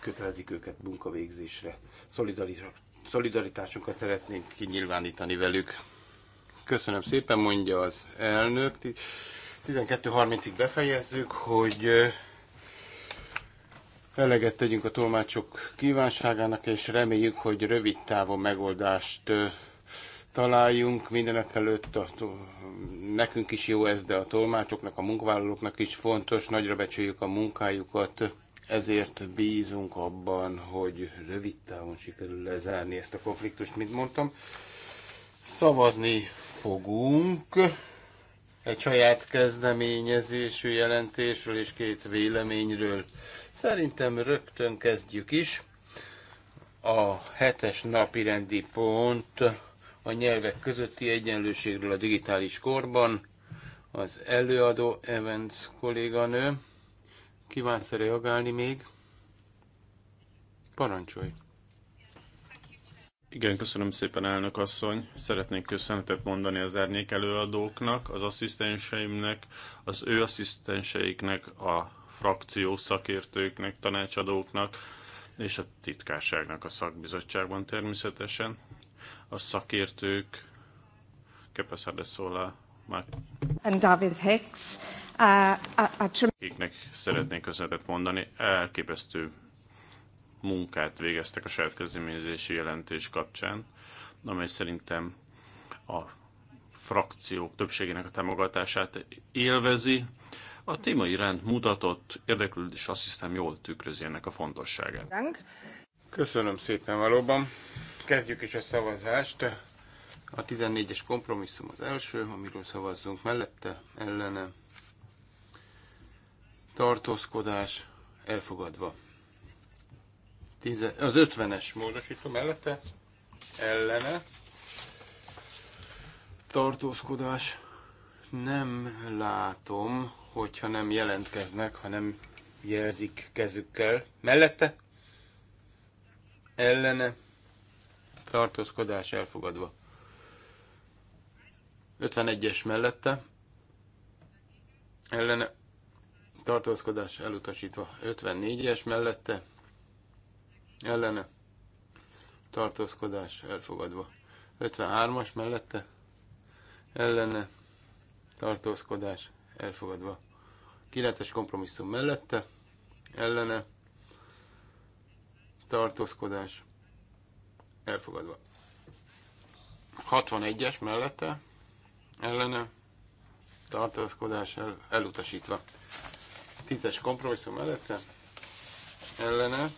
kötelezik őket munkavégzésre. Szolidaritásunkat szeretnénk kinyilvánítani velük. Köszönöm szépen, mondja az elnök. 12.30-ig befejezzük, hogy eleget tegyünk a tolmácsok kívánságának, és reméljük, hogy rövid távon megoldást találjunk. Mindenek előtt a, nekünk is jó ez, de a tolmácsoknak, a munkavállalóknak is fontos. Nagyra becsüljük a munkájukat ezért bízunk abban, hogy rövid távon sikerül lezárni ezt a konfliktust, mint mondtam. Szavazni fogunk egy saját kezdeményezésű jelentésről és két véleményről. Szerintem rögtön kezdjük is. A hetes napi rendi pont a nyelvek közötti egyenlőségről a digitális korban. Az előadó Evans kolléganő kívánsz -e reagálni még? Parancsolj! Igen, köszönöm szépen, elnök asszony. Szeretnék köszönetet mondani az árnyék előadóknak, az asszisztenseimnek, az ő asszisztenseiknek, a frakció szakértőknek, tanácsadóknak, és a titkárságnak a szakbizottságban természetesen. A szakértők, Kepeszade Szóla, már... And David Hicks. Uh, a, Akiknek szeretnék köszönetet mondani, elképesztő munkát végeztek a saját kezdeményezési jelentés kapcsán, amely szerintem a frakciók többségének a támogatását élvezi. A téma iránt mutatott érdeklődés azt hiszem jól tükrözi ennek a fontosságát. Köszönöm szépen valóban. Kezdjük is a szavazást. A 14-es kompromisszum az első, amiről szavazzunk mellette, ellene. Tartózkodás elfogadva. Tize, az 50-es módosító mellette, ellene. Tartózkodás nem látom, hogyha nem jelentkeznek, hanem jelzik kezükkel. Mellette, ellene, tartózkodás elfogadva. 51-es mellette ellene tartózkodás elutasítva. 54-es mellette ellene tartózkodás elfogadva. 53-as mellette ellene tartózkodás elfogadva. 9-es kompromisszum mellette ellene tartózkodás elfogadva. 61-es mellette ellene tartózkodás el, elutasítva. Tízes kompromisszum mellette ellene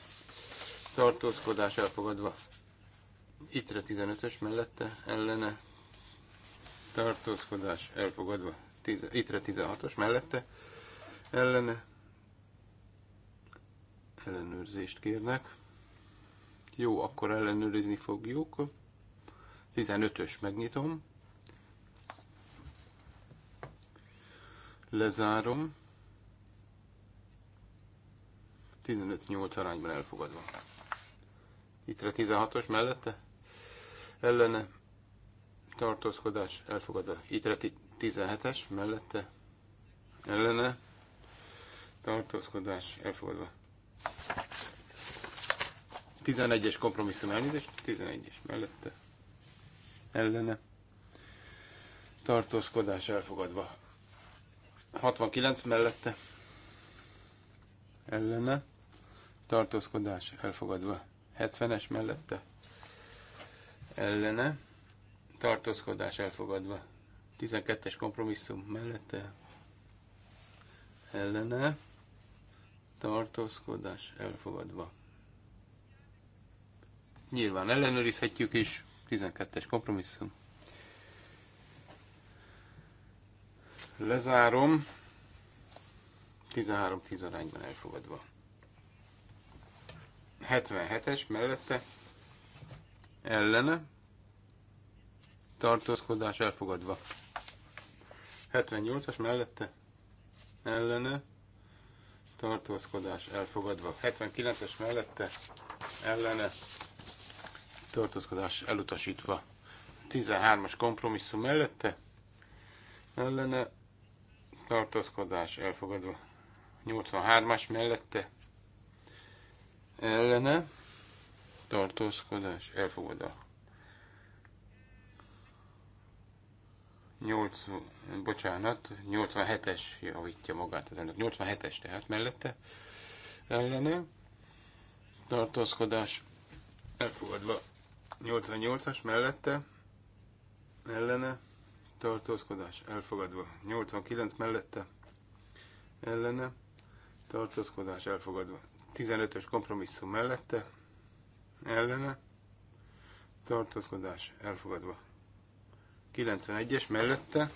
tartózkodás elfogadva. Ittre 15-ös mellette ellene tartózkodás elfogadva. Tíz, itre 16-os mellette ellene ellenőrzést kérnek. Jó, akkor ellenőrizni fogjuk. 15-ös megnyitom. Lezárom. 15-8 arányban elfogadva. Itt a 16-os mellette? Ellene tartózkodás elfogadva. Itt a 17-es mellette? Ellene tartózkodás elfogadva. 11-es kompromisszum elnézést, 11-es mellette, ellene, tartózkodás elfogadva. 69 mellette ellene tartózkodás elfogadva. 70-es mellette ellene tartózkodás elfogadva. 12-es kompromisszum mellette ellene tartózkodás elfogadva. Nyilván ellenőrizhetjük is. 12-es kompromisszum. Lezárom. 13-10 arányban elfogadva. 77-es mellette ellene tartózkodás elfogadva. 78-as mellette ellene tartózkodás elfogadva. 79-es mellette ellene tartózkodás elutasítva. 13-as kompromisszum mellette ellene tartózkodás elfogadva. 83-as mellette ellene tartózkodás elfogadva. 8, bocsánat, 87-es javítja magát az elnök. 87-es tehát mellette ellene tartózkodás elfogadva. 88-as mellette ellene tartózkodás elfogadva. 89 mellette ellene tartózkodás elfogadva. 15-ös kompromisszum mellette ellene tartózkodás elfogadva. 91-es mellette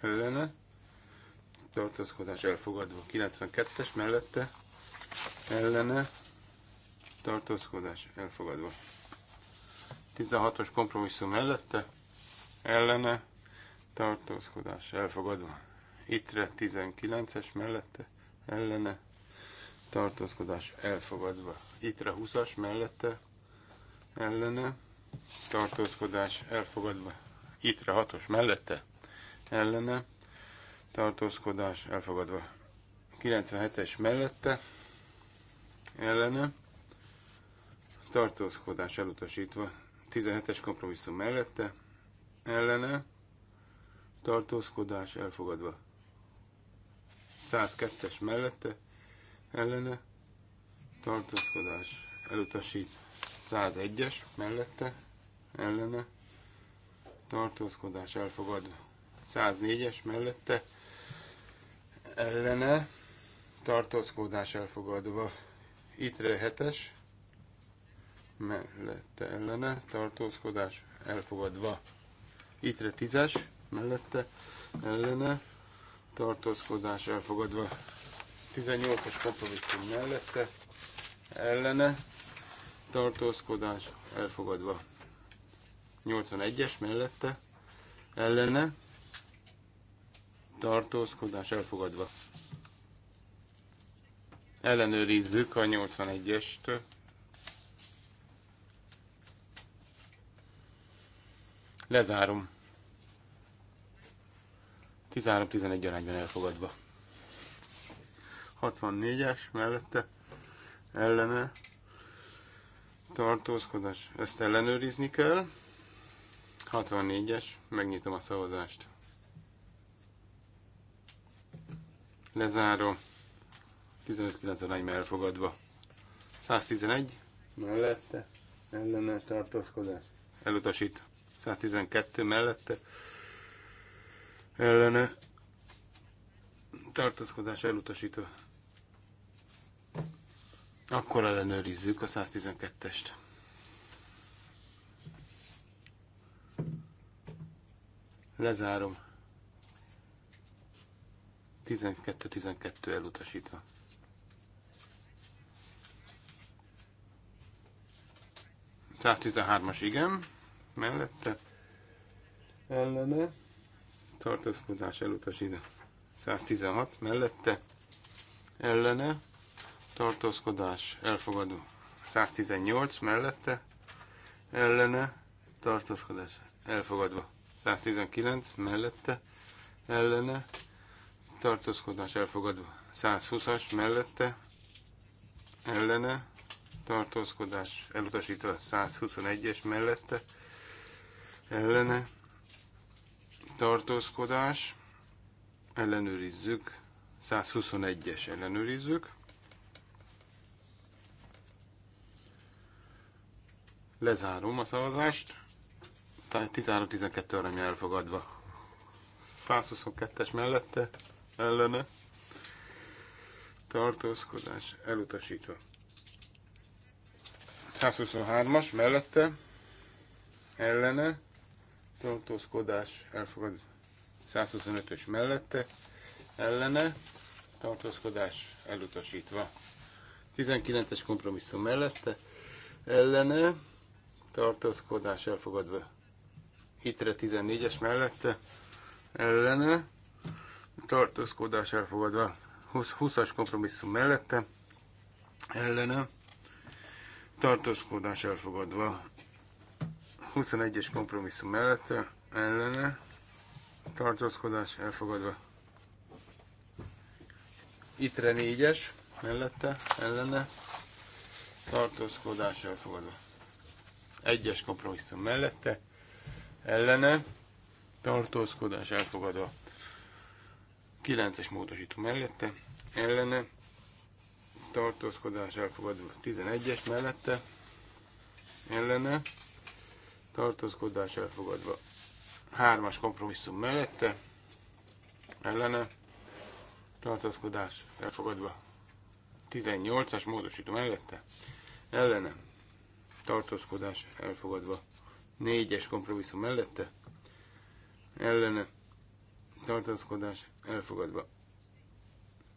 ellene tartózkodás elfogadva. 92-es mellette ellene tartózkodás elfogadva. 16-os kompromisszum mellette ellene tartózkodás elfogadva. Ittre 19-es mellette ellene tartózkodás elfogadva. Ittre 20-as mellette ellene tartózkodás elfogadva. Ittre 6-os mellette ellene tartózkodás elfogadva. 97-es mellette ellene tartózkodás elutasítva. 17-es kompromisszum mellette ellene tartózkodás elfogadva. 102-es mellette ellene tartózkodás elutasít. 101-es mellette ellene tartózkodás elfogad. 104-es mellette ellene tartózkodás elfogadva. Itre 7-es mellette ellene tartózkodás elfogadva ittre 10-es, mellette, ellene, tartózkodás elfogadva. 18-as kompromisszum mellette, ellene, tartózkodás elfogadva. 81-es mellette, ellene, tartózkodás elfogadva. Ellenőrizzük a 81-est. Lezárom. 13-11 arányban elfogadva. 64-es mellette ellene tartózkodás. Ezt ellenőrizni kell. 64-es, megnyitom a szavazást. Lezárom. 15-9 arányban elfogadva. 111 mellette ellene tartózkodás. Elutasítom. 212 mellette ellene tartózkodás elutasítva. Akkor ellenőrizzük a 112-est. Lezárom. 12-12 elutasítva. Száztizenhármas igen mellette ellene tartózkodás elutasítva. 116 mellette ellene tartózkodás elfogadó. 118 mellette ellene tartózkodás elfogadva. 119 mellette ellene tartózkodás elfogadva. 120-as mellette ellene tartózkodás elutasítva. 121-es mellette ellene tartózkodás, ellenőrizzük, 121-es ellenőrizzük. Lezárom a szavazást, 13-12 arany elfogadva. 122-es mellette, ellene, tartózkodás elutasítva. 123-as mellette, ellene, tartózkodás elfogad 125-ös mellette, ellene, tartózkodás elutasítva. 19-es kompromisszum mellette, ellene, tartózkodás elfogadva. Hitre 14-es mellette, ellene, tartózkodás elfogadva. 20-as kompromisszum mellette, ellene, tartózkodás elfogadva. 21-es kompromisszum mellette ellene tartózkodás elfogadva. Itre 4-es mellette ellene tartózkodás elfogadva. Egyes kompromisszum mellette ellene tartózkodás elfogadva. 9-es módosító mellette ellene tartózkodás elfogadva. 11-es mellette ellene tartózkodás elfogadva. Hármas kompromisszum mellette, ellene, tartózkodás elfogadva. 18-as módosító mellette, ellene, tartózkodás elfogadva. 4-es kompromisszum mellette, ellene, tartózkodás elfogadva.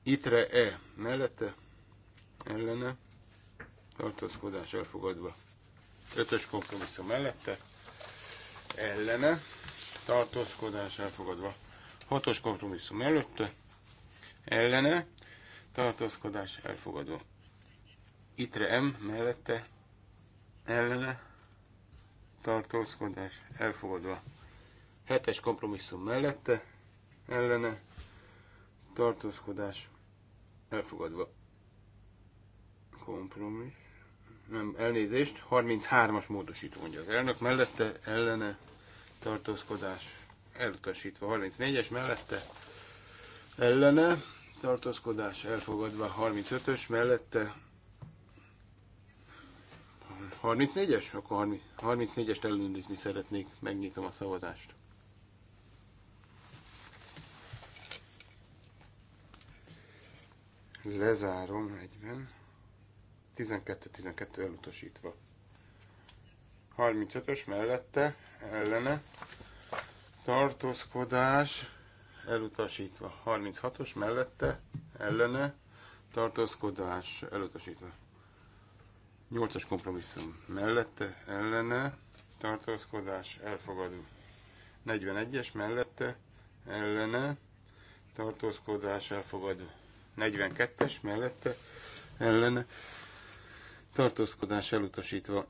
Itre E mellette, ellene, tartózkodás elfogadva. Ötös kompromisszum mellette, ellene, tartózkodás elfogadva. Hatos kompromisszum előtte, ellene, tartózkodás elfogadva. Itre M mellette, ellene, tartózkodás elfogadva. Hetes kompromisszum mellette, ellene, tartózkodás elfogadva. Kompromiss nem, elnézést, 33-as módosító mondja az elnök, mellette ellene tartózkodás elutasítva, 34-es mellette ellene tartózkodás elfogadva, 35-ös mellette 34-es? Akkor 34-est ellenőrizni szeretnék, megnyitom a szavazást. Lezárom egyben. 12-12 elutasítva. 35-ös mellette, ellene, tartózkodás, elutasítva. 36-os mellette, ellene, tartózkodás, elutasítva. 8-as kompromisszum mellette, ellene, tartózkodás, elfogadó. 41-es mellette, ellene, tartózkodás, elfogadó. 42-es mellette, ellene, tartózkodás elutasítva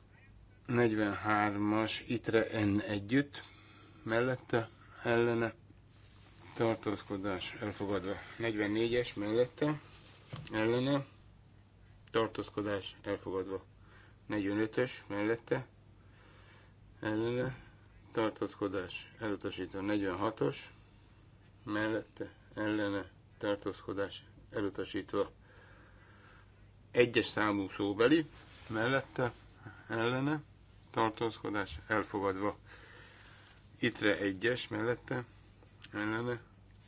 43-as itre n együtt, mellette, ellene, tartózkodás elfogadva 44-es mellette, ellene, tartózkodás elfogadva 45-ös mellette, ellene, tartózkodás elutasítva 46-os, mellette, ellene, tartózkodás elutasítva egyes számú szóbeli, mellette, ellene, tartózkodás elfogadva. Itre egyes, mellette, ellene,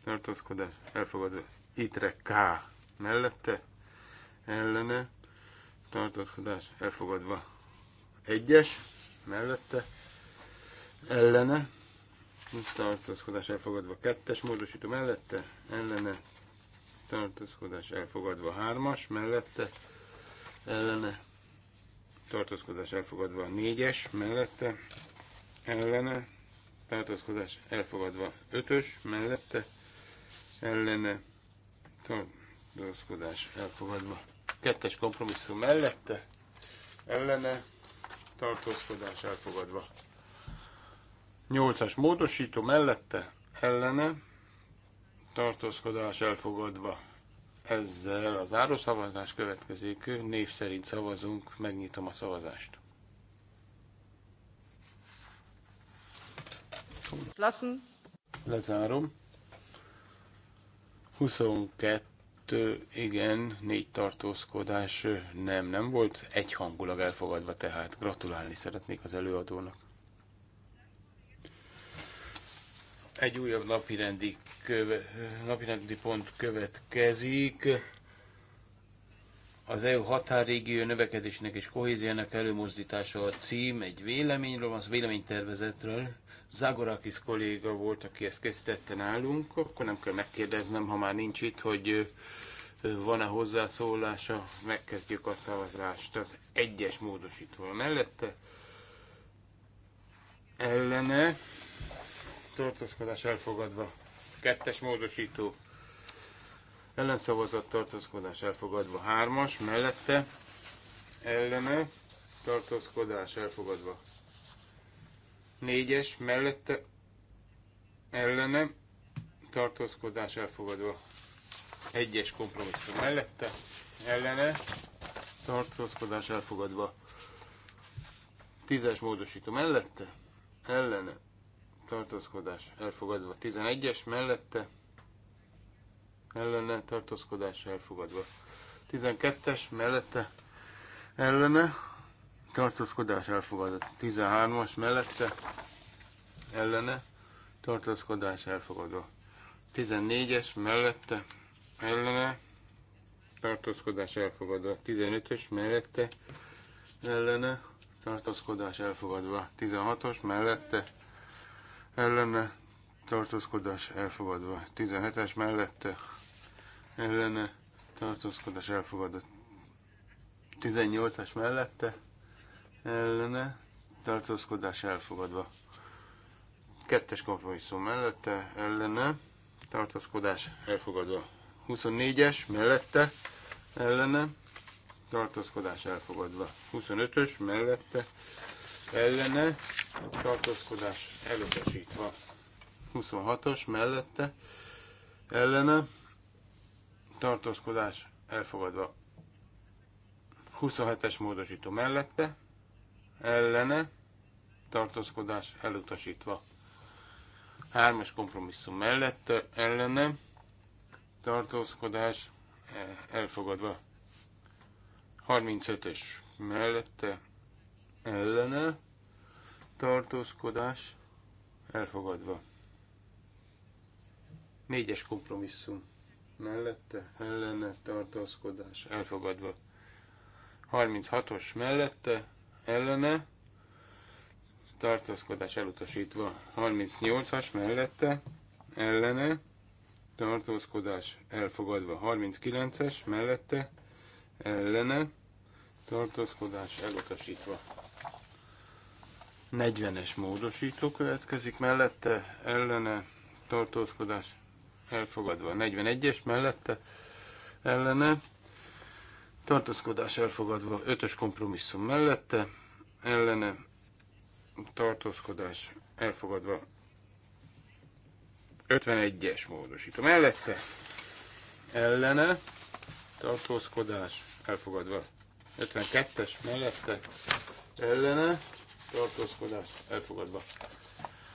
tartózkodás elfogadva. Itre K, mellette, ellene, tartózkodás elfogadva. Egyes, mellette, ellene, tartózkodás elfogadva. Kettes módosító mellette, ellene, tartózkodás elfogadva. Hármas, mellette, ellene tartózkodás elfogadva a négyes mellette, ellene tartózkodás elfogadva ötös mellette, ellene tartózkodás elfogadva kettes kompromisszum mellette, ellene tartózkodás elfogadva. nyolcas módosító mellette, ellene tartózkodás elfogadva ezzel az árószavazás következik. Név szerint szavazunk, megnyitom a szavazást. Lassen. Lezárom. 22, igen, négy tartózkodás nem, nem volt. Egyhangulag elfogadva tehát. Gratulálni szeretnék az előadónak. Egy újabb napirendi, köve, napirendi pont következik. Az EU határrégió növekedésének és kohéziának előmozdítása a cím, egy véleményről, az véleménytervezetről. Zagorakis kolléga volt, aki ezt készítette nálunk, akkor nem kell megkérdeznem, ha már nincs itt, hogy van-e hozzászólása, megkezdjük a szavazást az egyes módosítóval mellette. Ellene tartózkodás elfogadva. Kettes módosító ellenszavazat tartózkodás elfogadva. Hármas mellette ellene tartózkodás elfogadva. Négyes mellette ellene tartózkodás elfogadva. Egyes kompromisszum mellette ellene tartózkodás elfogadva. Tízes módosító mellette ellene tartózkodás elfogadva. 11-es mellette ellene tartózkodás elfogadva. 12-es mellette ellene tartózkodás elfogadva. 13-as mellette ellene tartózkodás elfogadva. 14-es mellette ellene tartózkodás elfogadva. 15-ös mellette ellene tartózkodás elfogadva. 16-os mellette ellene tartózkodás elfogadva. 17-es mellette ellene tartózkodás elfogadva. 18-as mellette ellene tartózkodás elfogadva. Kettes kompromisszum mellette ellene tartózkodás elfogadva. 24-es mellette ellene tartózkodás elfogadva. 25-ös mellette ellene tartózkodás elutasítva. 26-os mellette ellene tartózkodás elfogadva. 27-es módosító mellette ellene tartózkodás elutasítva. 3-as kompromisszum mellette ellene tartózkodás eh, elfogadva. 35-ös mellette ellene tartózkodás elfogadva. Négyes kompromisszum mellette ellene tartózkodás elfogadva. 36-os mellette ellene tartózkodás elutasítva. 38-as mellette ellene tartózkodás elfogadva. 39-es mellette ellene tartózkodás elutasítva. 40-es módosító következik, mellette ellene tartózkodás elfogadva. 41-es mellette ellene tartózkodás elfogadva. 5-ös kompromisszum mellette ellene tartózkodás elfogadva. 51-es módosító mellette ellene tartózkodás elfogadva. 52-es mellette ellene tartózkodás elfogadva.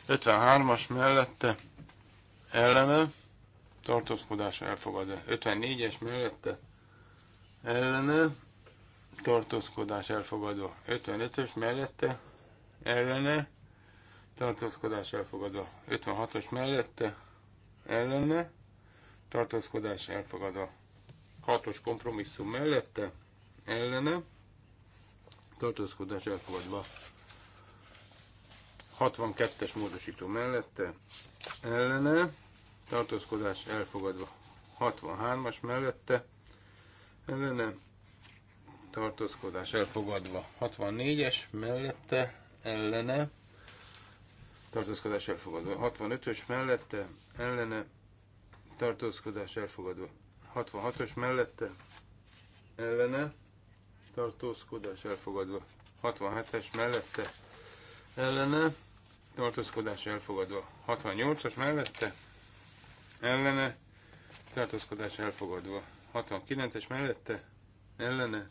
53-as mellette ellene tartózkodás elfogadva. 54-es mellette ellene tartózkodás elfogadva. 55-ös mellette ellene tartózkodás elfogadva. 56-os mellette ellene tartózkodás elfogadva. 6-os kompromisszum mellette ellene tartózkodás elfogadva. 62-es módosító mellette ellene, tartózkodás elfogadva 63-as mellette ellene, tartózkodás elfogadva 64-es mellette ellene, tartózkodás elfogadva 65-ös mellette ellene, tartózkodás elfogadva 66-os mellette ellene, tartózkodás elfogadva 67-es mellette ellene, tartózkodás elfogadva. 68-as mellette, ellene, tartózkodás elfogadva. 69-es mellette, ellene,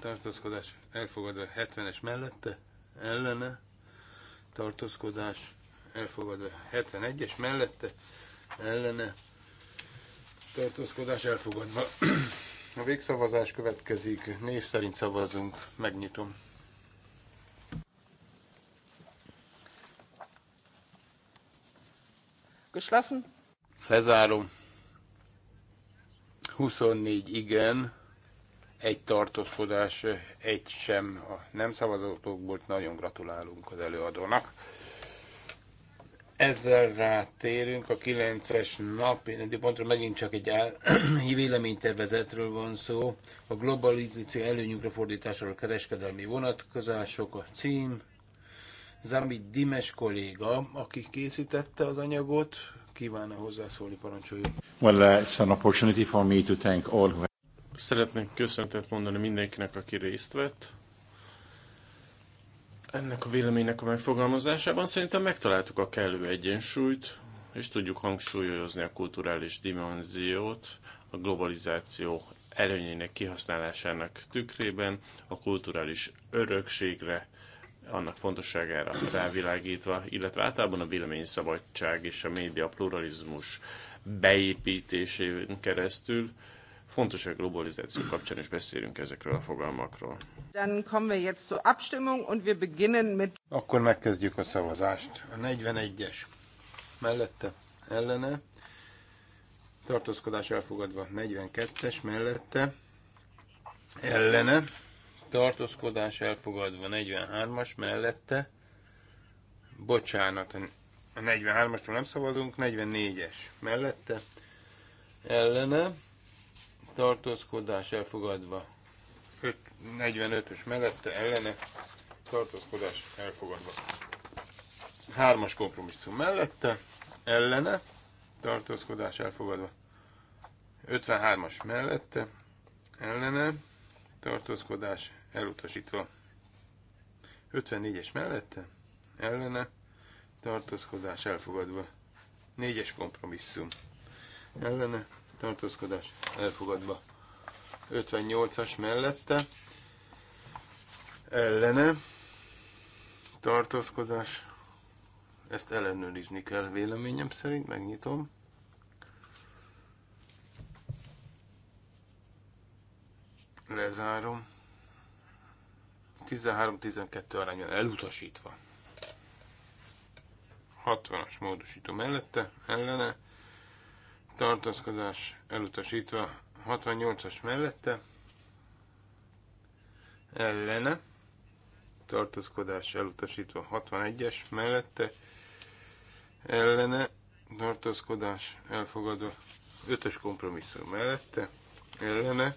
tartózkodás elfogadva. 70-es mellette, ellene, tartózkodás elfogadva. 71-es mellette, ellene, tartózkodás elfogadva. A végszavazás következik, név szerint szavazunk, megnyitom. Geschlossen. Lezárom. 24 igen, egy tartózkodás, egy sem a nem szavazatokból. Nagyon gratulálunk az előadónak. Ezzel rátérünk a 9-es eddig pontra, megint csak egy áll, véleménytervezetről van szó. A globalizáció előnyünkre fordításról a kereskedelmi vonatkozások, a cím, Zambi Dimes kolléga, aki készítette az anyagot, kívánna hozzászólni, parancsoljuk. Well, uh, it's an opportunity for me to thank all who... Szeretnék köszöntet mondani mindenkinek, aki részt vett. Ennek a véleménynek a megfogalmazásában szerintem megtaláltuk a kellő egyensúlyt, és tudjuk hangsúlyozni a kulturális dimenziót, a globalizáció előnyének kihasználásának tükrében, a kulturális örökségre annak fontosságára rávilágítva, illetve általában a véleményszabadság és a média pluralizmus beépítésén keresztül fontos, a globalizáció kapcsán is beszélünk ezekről a fogalmakról. Dann kommen wir jetzt zur Abstimmung und wir beginnen mit... Akkor megkezdjük a szavazást. A 41-es mellette ellene, tartózkodás elfogadva 42-es mellette ellene, tartózkodás elfogadva 43-as mellette. Bocsánat, a 43-asról nem szavazunk, 44-es mellette. Ellene tartózkodás elfogadva 45-ös mellette, ellene tartózkodás elfogadva. Hármas kompromisszum mellette, ellene tartózkodás elfogadva. 53-as mellette, ellene tartózkodás elutasítva. 54-es mellette, ellene, tartózkodás elfogadva. 4-es kompromisszum, ellene, tartózkodás elfogadva. 58-as mellette, ellene, tartózkodás, ezt ellenőrizni kell véleményem szerint, megnyitom. Lezárom. 13-12 arányban elutasítva. 60-as módosító mellette, ellene, Tartaszkodás elutasítva, 68-as mellette, ellene, Tartaszkodás elutasítva, 61-es mellette, ellene, Tartaszkodás elfogadva, 5-ös kompromisszum mellette, ellene,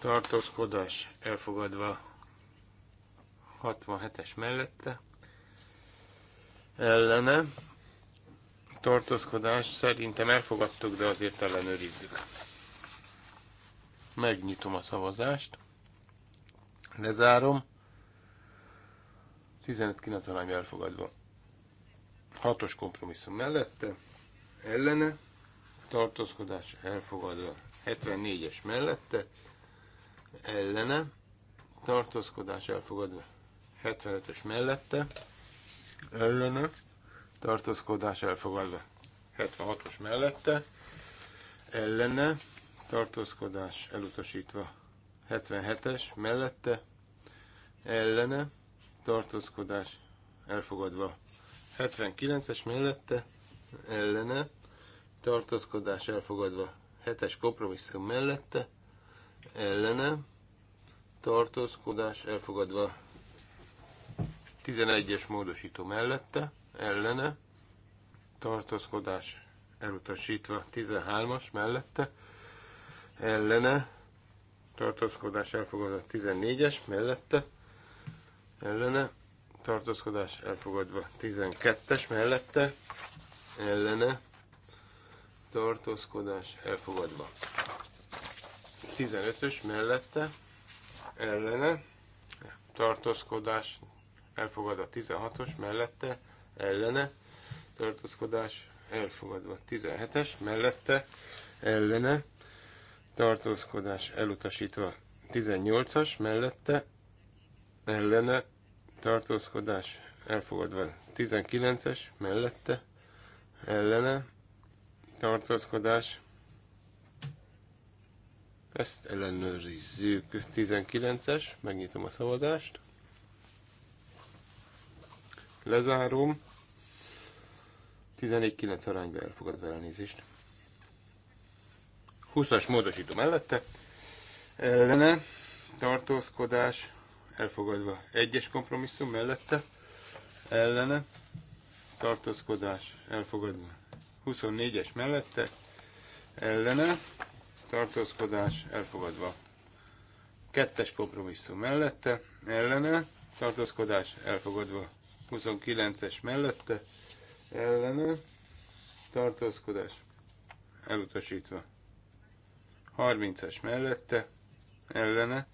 tartózkodás elfogadva 67-es mellette, ellene tartózkodás szerintem elfogadtuk, de azért ellenőrizzük. Megnyitom a szavazást, lezárom, 15-9 arány elfogadva. 6-os kompromisszum mellette, ellene tartózkodás elfogadva. 74-es mellette, ellene, tartózkodás elfogadva 75-ös mellette, ellene, tartózkodás elfogadva 76-os mellette, ellene, tartózkodás elutasítva 77-es mellette, ellene, tartózkodás elfogadva 79-es mellette, ellene, tartózkodás elfogadva 7-es kompromisszum mellette, ellene, tartózkodás elfogadva 11-es módosító mellette, ellene, tartózkodás elutasítva 13-as mellette, ellene, tartózkodás elfogadva 14-es mellette, ellene, tartózkodás elfogadva 12-es mellette, ellene, tartózkodás elfogadva 15-ös mellette ellene tartózkodás elfogad a 16-os mellette ellene tartózkodás elfogadva 17-es mellette ellene tartózkodás elutasítva 18-as mellette ellene tartózkodás elfogadva 19-es mellette ellene tartózkodás ezt ellenőrizzük. 19-es, megnyitom a szavazást. Lezárom. 14-9 arányba elfogadva elnézést. 20-as módosító mellette. Ellene tartózkodás elfogadva. Egyes kompromisszum mellette. Ellene tartózkodás elfogadva. 24-es mellette. Ellene tartózkodás elfogadva. Kettes kompromisszum mellette, ellene, tartózkodás elfogadva. 29-es mellette, ellene, tartózkodás elutasítva. 30-es mellette, ellene,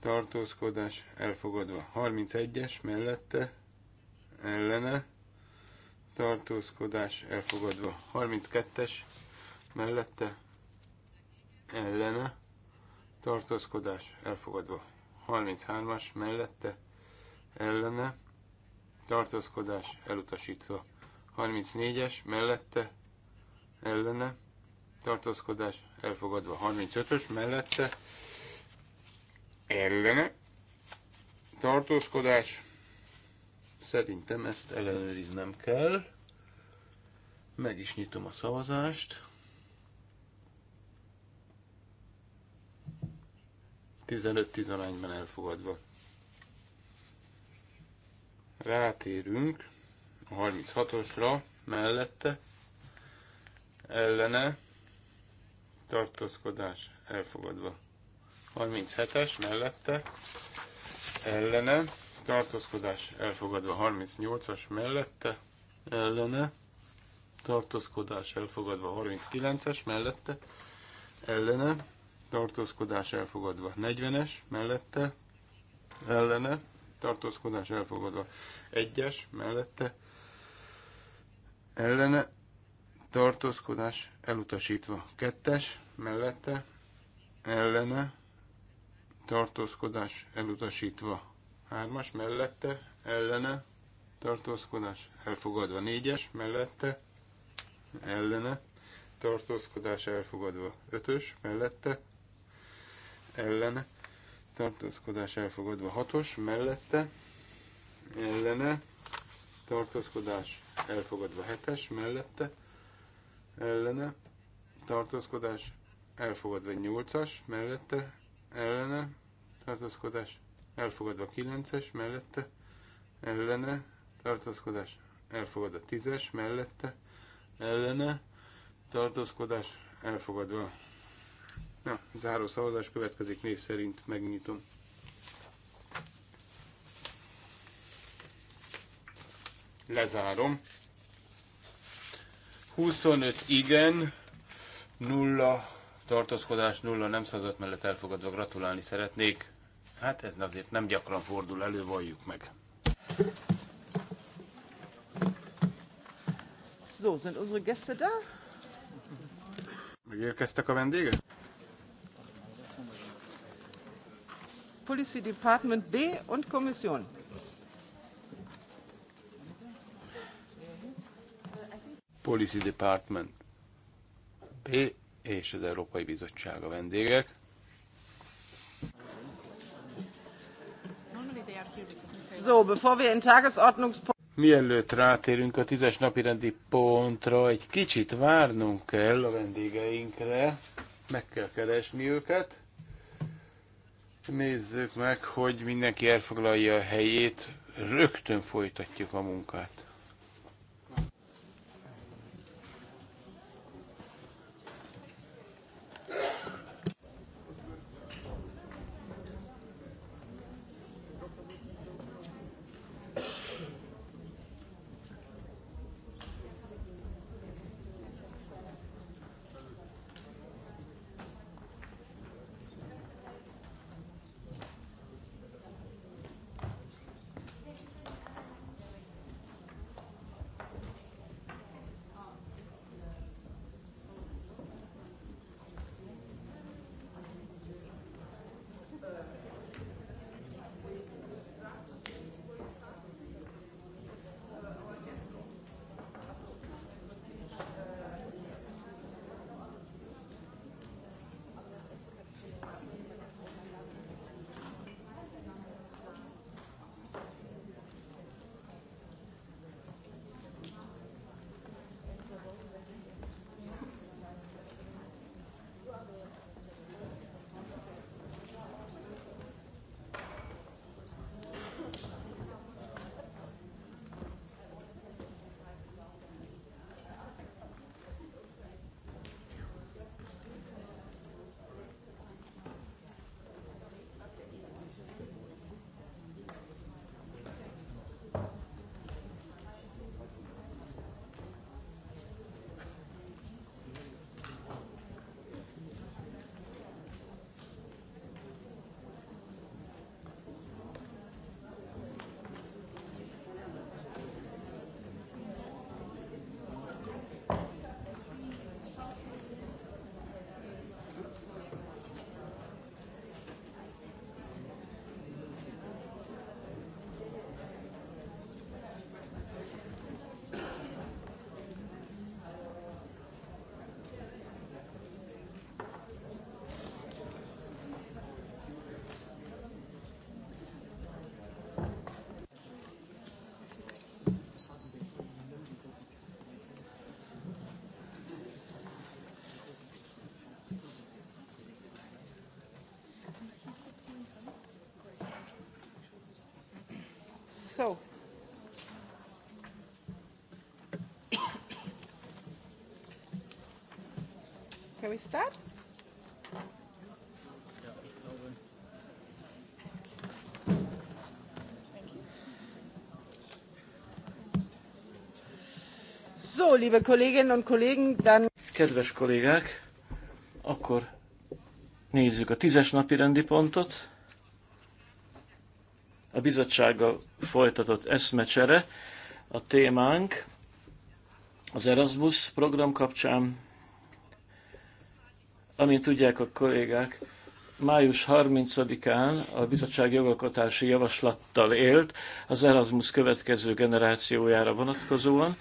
tartózkodás elfogadva. 31-es mellette, ellene, tartózkodás elfogadva. 32-es mellette, ellene, tartózkodás elfogadva. 33-as mellette, ellene, tartózkodás elutasítva. 34-es mellette, ellene, tartózkodás elfogadva. 35-ös mellette, ellene, tartózkodás Szerintem ezt ellenőriznem kell. Meg is nyitom a szavazást. 15-11-ben elfogadva. Rátérünk a 36-osra, mellette, ellene, tartózkodás elfogadva. 37-es mellette, ellene, tartózkodás elfogadva. 38-as mellette, ellene, tartózkodás elfogadva. 39-es mellette, ellene, tartózkodás elfogadva. 40-es mellette ellene tartózkodás elfogadva. 1-es mellette ellene tartózkodás elutasítva. 2-es mellette ellene tartózkodás elutasítva. 3-as mellette ellene tartózkodás elfogadva. 4-es mellette ellene tartózkodás elfogadva. 5-ös mellette ellene tartózkodás elfogadva hatos mellette ellene tartózkodás elfogadva hetes mellette ellene tartózkodás elfogadva nyolcas mellette ellene tartózkodás elfogadva kilences mellette ellene tartózkodás elfogadva tízes mellette ellene tartózkodás elfogadva Na, záró szavazás következik név szerint, megnyitom. Lezárom. 25 igen, 0 tartózkodás, 0 nem szavazat mellett elfogadva gratulálni szeretnék. Hát ez azért nem gyakran fordul elő, valljuk meg. So, sind unsere Gäste da? Megérkeztek a vendégek? Policy Department B und Kommission. Policy Department B és az Európai Bizottság a vendégek. So, bevor wir in Tagesordnungspunkt Mielőtt rátérünk a tízes napi rendi pontra, egy kicsit várnunk kell a vendégeinkre, meg kell keresni őket. Nézzük meg, hogy mindenki elfoglalja a helyét. Rögtön folytatjuk a munkát. szó. Can we start? So, liebe Kolleginnen und Kollegen, dann... Kedves kollégák, akkor nézzük a tízes napi rendi pontot a bizottsággal folytatott eszmecsere a témánk az Erasmus program kapcsán. Amint tudják a kollégák, május 30-án a bizottság jogalkotási javaslattal élt az Erasmus következő generációjára vonatkozóan.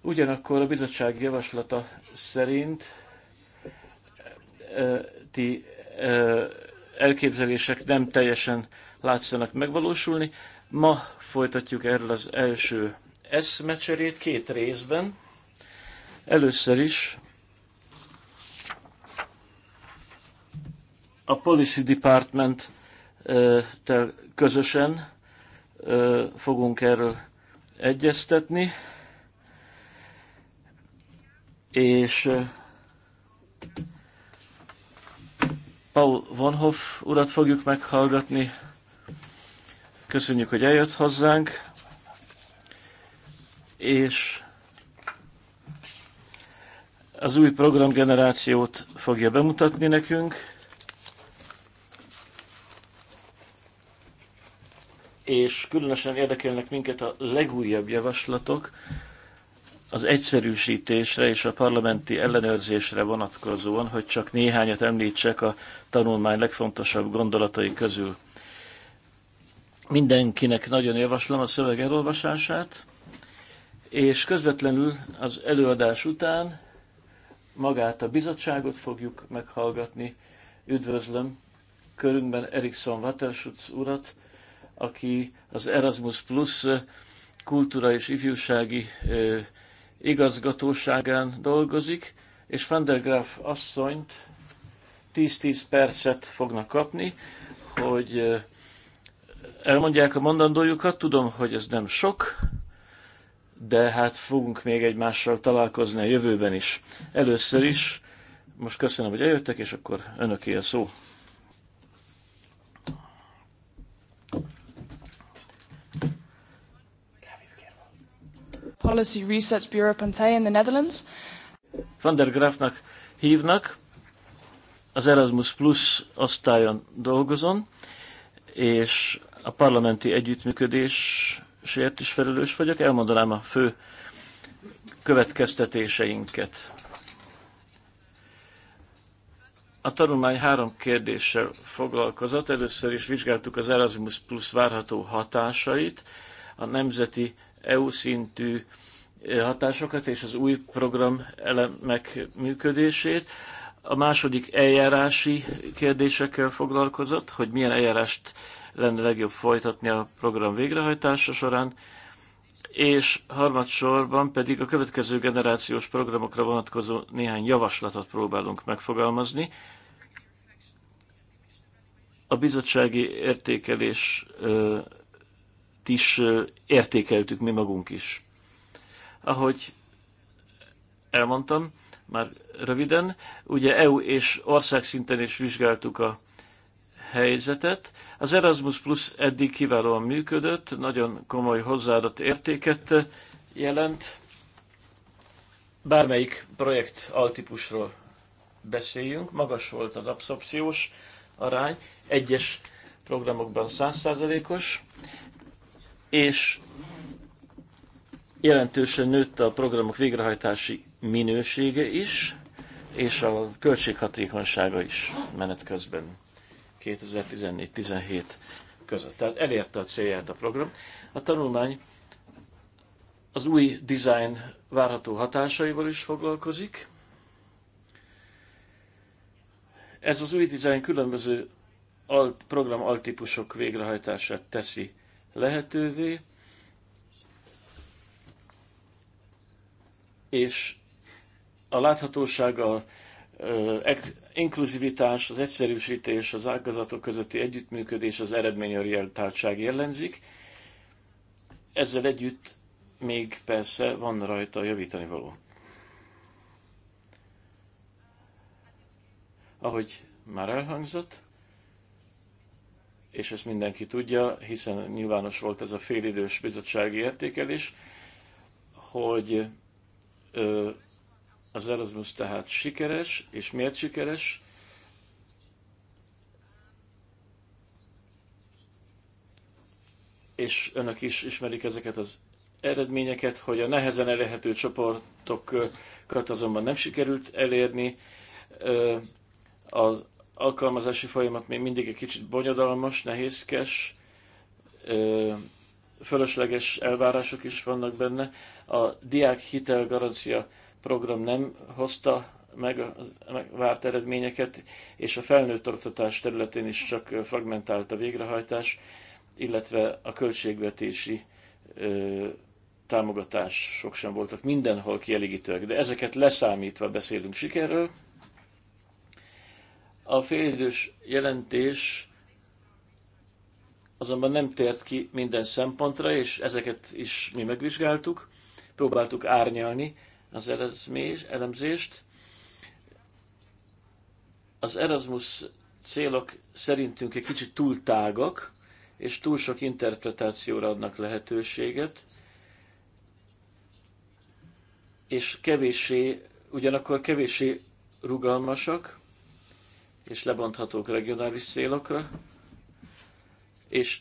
Ugyanakkor a bizottság javaslata szerint eh, ti eh, elképzelések nem teljesen látszanak megvalósulni. Ma folytatjuk erről az első eszmecserét két részben. Először is a Policy Department-tel közösen fogunk erről egyeztetni, és Paul Vonhoff urat fogjuk meghallgatni. Köszönjük, hogy eljött hozzánk. És az új programgenerációt fogja bemutatni nekünk. És különösen érdekelnek minket a legújabb javaslatok, az egyszerűsítésre és a parlamenti ellenőrzésre vonatkozóan, hogy csak néhányat említsek a tanulmány legfontosabb gondolatai közül. Mindenkinek nagyon javaslom a szöveg elolvasását, és közvetlenül az előadás után magát a bizottságot fogjuk meghallgatni. Üdvözlöm körünkben Erikson Waterschutz urat, aki az Erasmus Plus kultúra és ifjúsági igazgatóságán dolgozik, és Van der Graaf asszonyt 10-10 percet fognak kapni, hogy elmondják a mondandójukat. Tudom, hogy ez nem sok, de hát fogunk még egymással találkozni a jövőben is. Először is most köszönöm, hogy eljöttek, és akkor önöké a szó. Policy Research Bureau Panté in the Netherlands. Van der Graafnak hívnak, az Erasmus Plus osztályon dolgozom, és a parlamenti együttműködésért is felelős vagyok. Elmondanám a fő következtetéseinket. A tanulmány három kérdéssel foglalkozott. Először is vizsgáltuk az Erasmus Plus várható hatásait, a nemzeti EU szintű hatásokat és az új program elemek működését. A második eljárási kérdésekkel foglalkozott, hogy milyen eljárást lenne legjobb folytatni a program végrehajtása során, és harmadsorban pedig a következő generációs programokra vonatkozó néhány javaslatot próbálunk megfogalmazni. A bizottsági értékelés is értékeltük mi magunk is. Ahogy elmondtam, már röviden, ugye EU és ország szinten is vizsgáltuk a helyzetet. Az Erasmus Plus eddig kiválóan működött, nagyon komoly hozzáadott értéket jelent. Bármelyik projekt altípusról beszéljünk, magas volt az abszorpciós arány, egyes programokban 100 és jelentősen nőtt a programok végrehajtási minősége is, és a költséghatékonysága is menet közben 2014-17 között. Tehát elérte a célját a program. A tanulmány az új design várható hatásaival is foglalkozik. Ez az új design különböző alt, program altípusok végrehajtását teszi lehetővé, és a láthatóság, a inkluzivitás, az egyszerűsítés, az ágazatok közötti együttműködés, az eredményorientáltság jellemzik. Ezzel együtt még persze van rajta javítani való. Ahogy már elhangzott, és ezt mindenki tudja, hiszen nyilvános volt ez a félidős bizottsági értékelés, hogy az Erasmus tehát sikeres, és miért sikeres? És önök is ismerik ezeket az eredményeket, hogy a nehezen elérhető csoportokat azonban nem sikerült elérni, az alkalmazási folyamat még mindig egy kicsit bonyodalmas, nehézkes, fölösleges elvárások is vannak benne. A diák hitelgarancia program nem hozta meg a várt eredményeket, és a felnőtt oktatás területén is csak fragmentált a végrehajtás, illetve a költségvetési ö, támogatások sem voltak mindenhol kielégítőek. De ezeket leszámítva beszélünk sikerről. A félidős jelentés azonban nem tért ki minden szempontra, és ezeket is mi megvizsgáltuk, próbáltuk árnyalni az elemzést. Az Erasmus célok szerintünk egy kicsit túl tágak, és túl sok interpretációra adnak lehetőséget, és kevéssé, ugyanakkor kevéssé rugalmasak, és lebonthatók regionális szélokra, és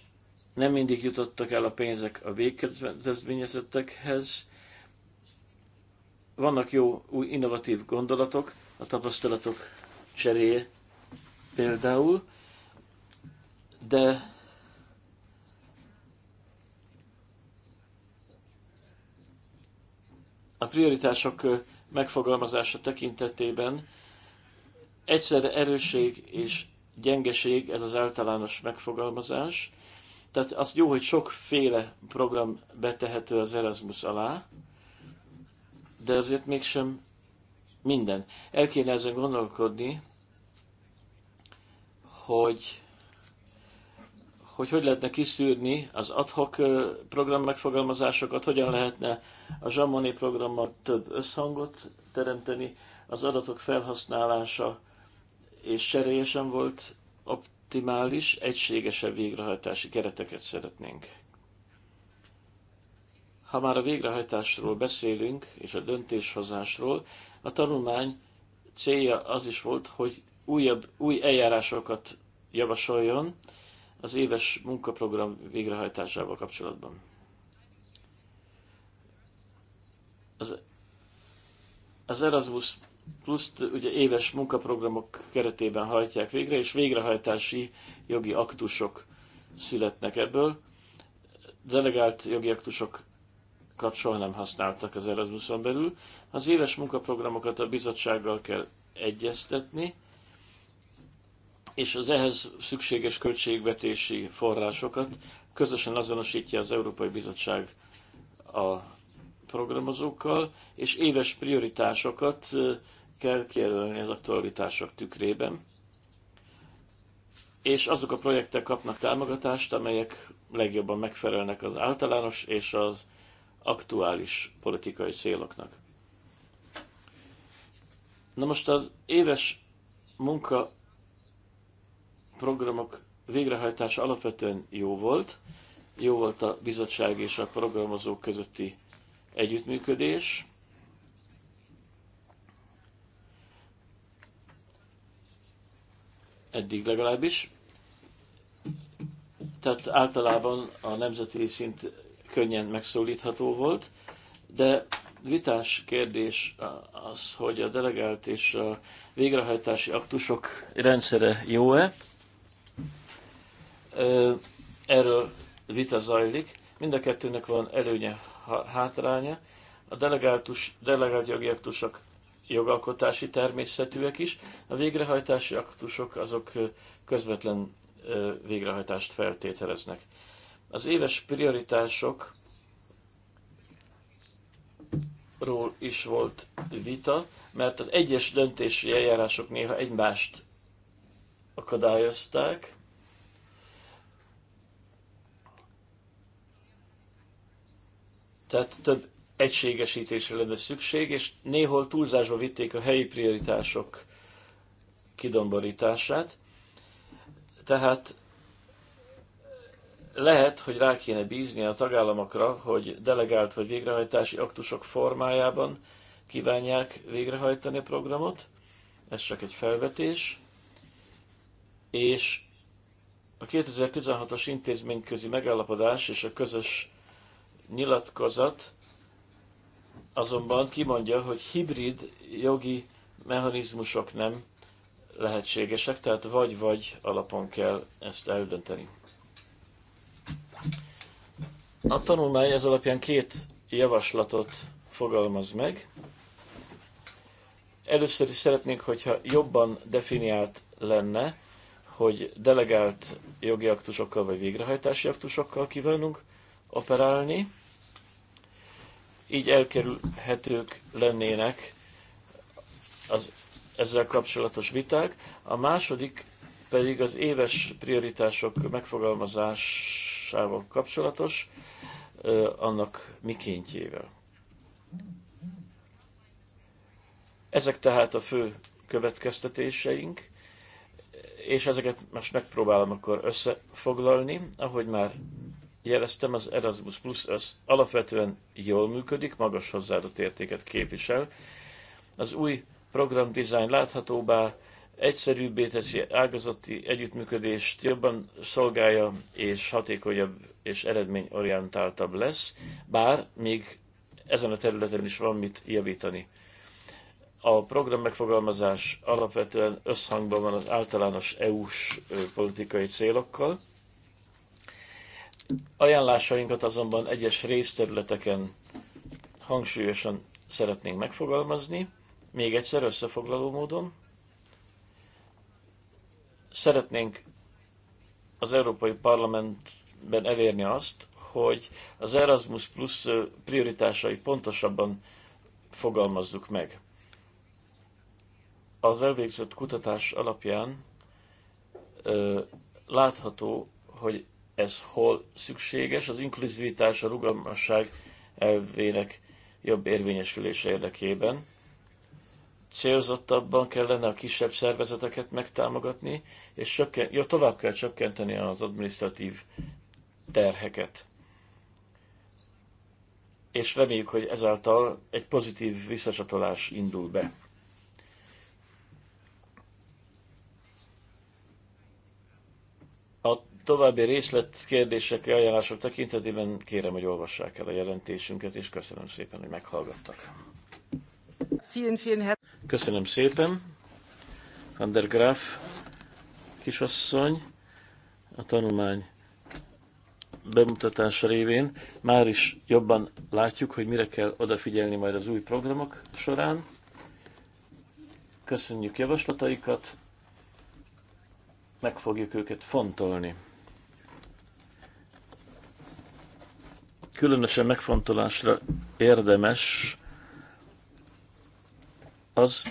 nem mindig jutottak el a pénzek a végkedvezményezettekhez. Vannak jó, új innovatív gondolatok, a tapasztalatok cseréje például, de a prioritások megfogalmazása tekintetében egyszerre erősség és gyengeség, ez az általános megfogalmazás. Tehát az jó, hogy sokféle program betehető az Erasmus alá, de azért mégsem minden. El kéne ezen gondolkodni, hogy hogy hogy lehetne kiszűrni az adhok program megfogalmazásokat, hogyan lehetne a Zsamoni programmal több összhangot teremteni, az adatok felhasználása és cseréje sem volt optimális, egységesebb végrehajtási kereteket szeretnénk. Ha már a végrehajtásról beszélünk, és a döntéshozásról, a tanulmány célja az is volt, hogy újabb, új eljárásokat javasoljon az éves munkaprogram végrehajtásával kapcsolatban. Az, az Erasmus pluszt ugye éves munkaprogramok keretében hajtják végre, és végrehajtási jogi aktusok születnek ebből. Delegált jogi aktusokat soha nem használtak az Erasmuson belül. Az éves munkaprogramokat a bizottsággal kell egyeztetni, és az ehhez szükséges költségvetési forrásokat közösen azonosítja az Európai Bizottság a programozókkal, és éves prioritásokat kell kijelölni az aktualitások tükrében. És azok a projektek kapnak támogatást, amelyek legjobban megfelelnek az általános és az aktuális politikai céloknak. Na most az éves munka programok végrehajtása alapvetően jó volt. Jó volt a bizottság és a programozók közötti együttműködés. Eddig legalábbis. Tehát általában a nemzeti szint könnyen megszólítható volt, de vitás kérdés az, hogy a delegált és a végrehajtási aktusok rendszere jó-e. Erről vita zajlik. Mind a kettőnek van előnye, hátránya. A delegáltus, delegált jogi aktusok jogalkotási természetűek is, a végrehajtási aktusok azok közvetlen végrehajtást feltételeznek. Az éves prioritások ról is volt vita, mert az egyes döntési eljárások néha egymást akadályozták, Tehát több egységesítésre lenne szükség, és néhol túlzásba vitték a helyi prioritások kidomborítását. Tehát lehet, hogy rá kéne bízni a tagállamokra, hogy delegált vagy végrehajtási aktusok formájában kívánják végrehajtani a programot. Ez csak egy felvetés. És a 2016-os intézményközi megállapodás és a közös nyilatkozat azonban kimondja, hogy hibrid jogi mechanizmusok nem lehetségesek, tehát vagy-vagy alapon kell ezt eldönteni. A tanulmány ez alapján két javaslatot fogalmaz meg. Először is szeretnénk, hogyha jobban definiált lenne, hogy delegált jogi aktusokkal vagy végrehajtási aktusokkal kívánunk operálni, így elkerülhetők lennének az ezzel kapcsolatos viták. A második pedig az éves prioritások megfogalmazásával kapcsolatos, annak mikéntjével. Ezek tehát a fő következtetéseink, és ezeket most megpróbálom akkor összefoglalni, ahogy már jeleztem, az Erasmus Plus az alapvetően jól működik, magas hozzáadott értéket képvisel. Az új programdizájn láthatóbbá, egyszerűbbé teszi ágazati együttműködést, jobban szolgálja és hatékonyabb és eredményorientáltabb lesz, bár még ezen a területen is van mit javítani. A program megfogalmazás alapvetően összhangban van az általános EU-s politikai célokkal, Ajánlásainkat azonban egyes részterületeken hangsúlyosan szeretnénk megfogalmazni, még egyszer összefoglaló módon. Szeretnénk az Európai Parlamentben elérni azt, hogy az Erasmus Plus prioritásai pontosabban fogalmazzuk meg. Az elvégzett kutatás alapján ö, látható, hogy ez hol szükséges, az inkluzivitás, a rugalmasság elvének jobb érvényesülése érdekében. Célzottabban kellene a kisebb szervezeteket megtámogatni, és csökken, jó, tovább kell csökkenteni az administratív terheket. És reméljük, hogy ezáltal egy pozitív visszacsatolás indul be. További részlet kérdések, ajánlások tekintetében kérem, hogy olvassák el a jelentésünket, és köszönöm szépen, hogy meghallgattak. Köszönöm szépen, Van der kisasszony, a tanulmány bemutatása révén már is jobban látjuk, hogy mire kell odafigyelni majd az új programok során. Köszönjük javaslataikat, meg fogjuk őket fontolni. különösen megfontolásra érdemes az,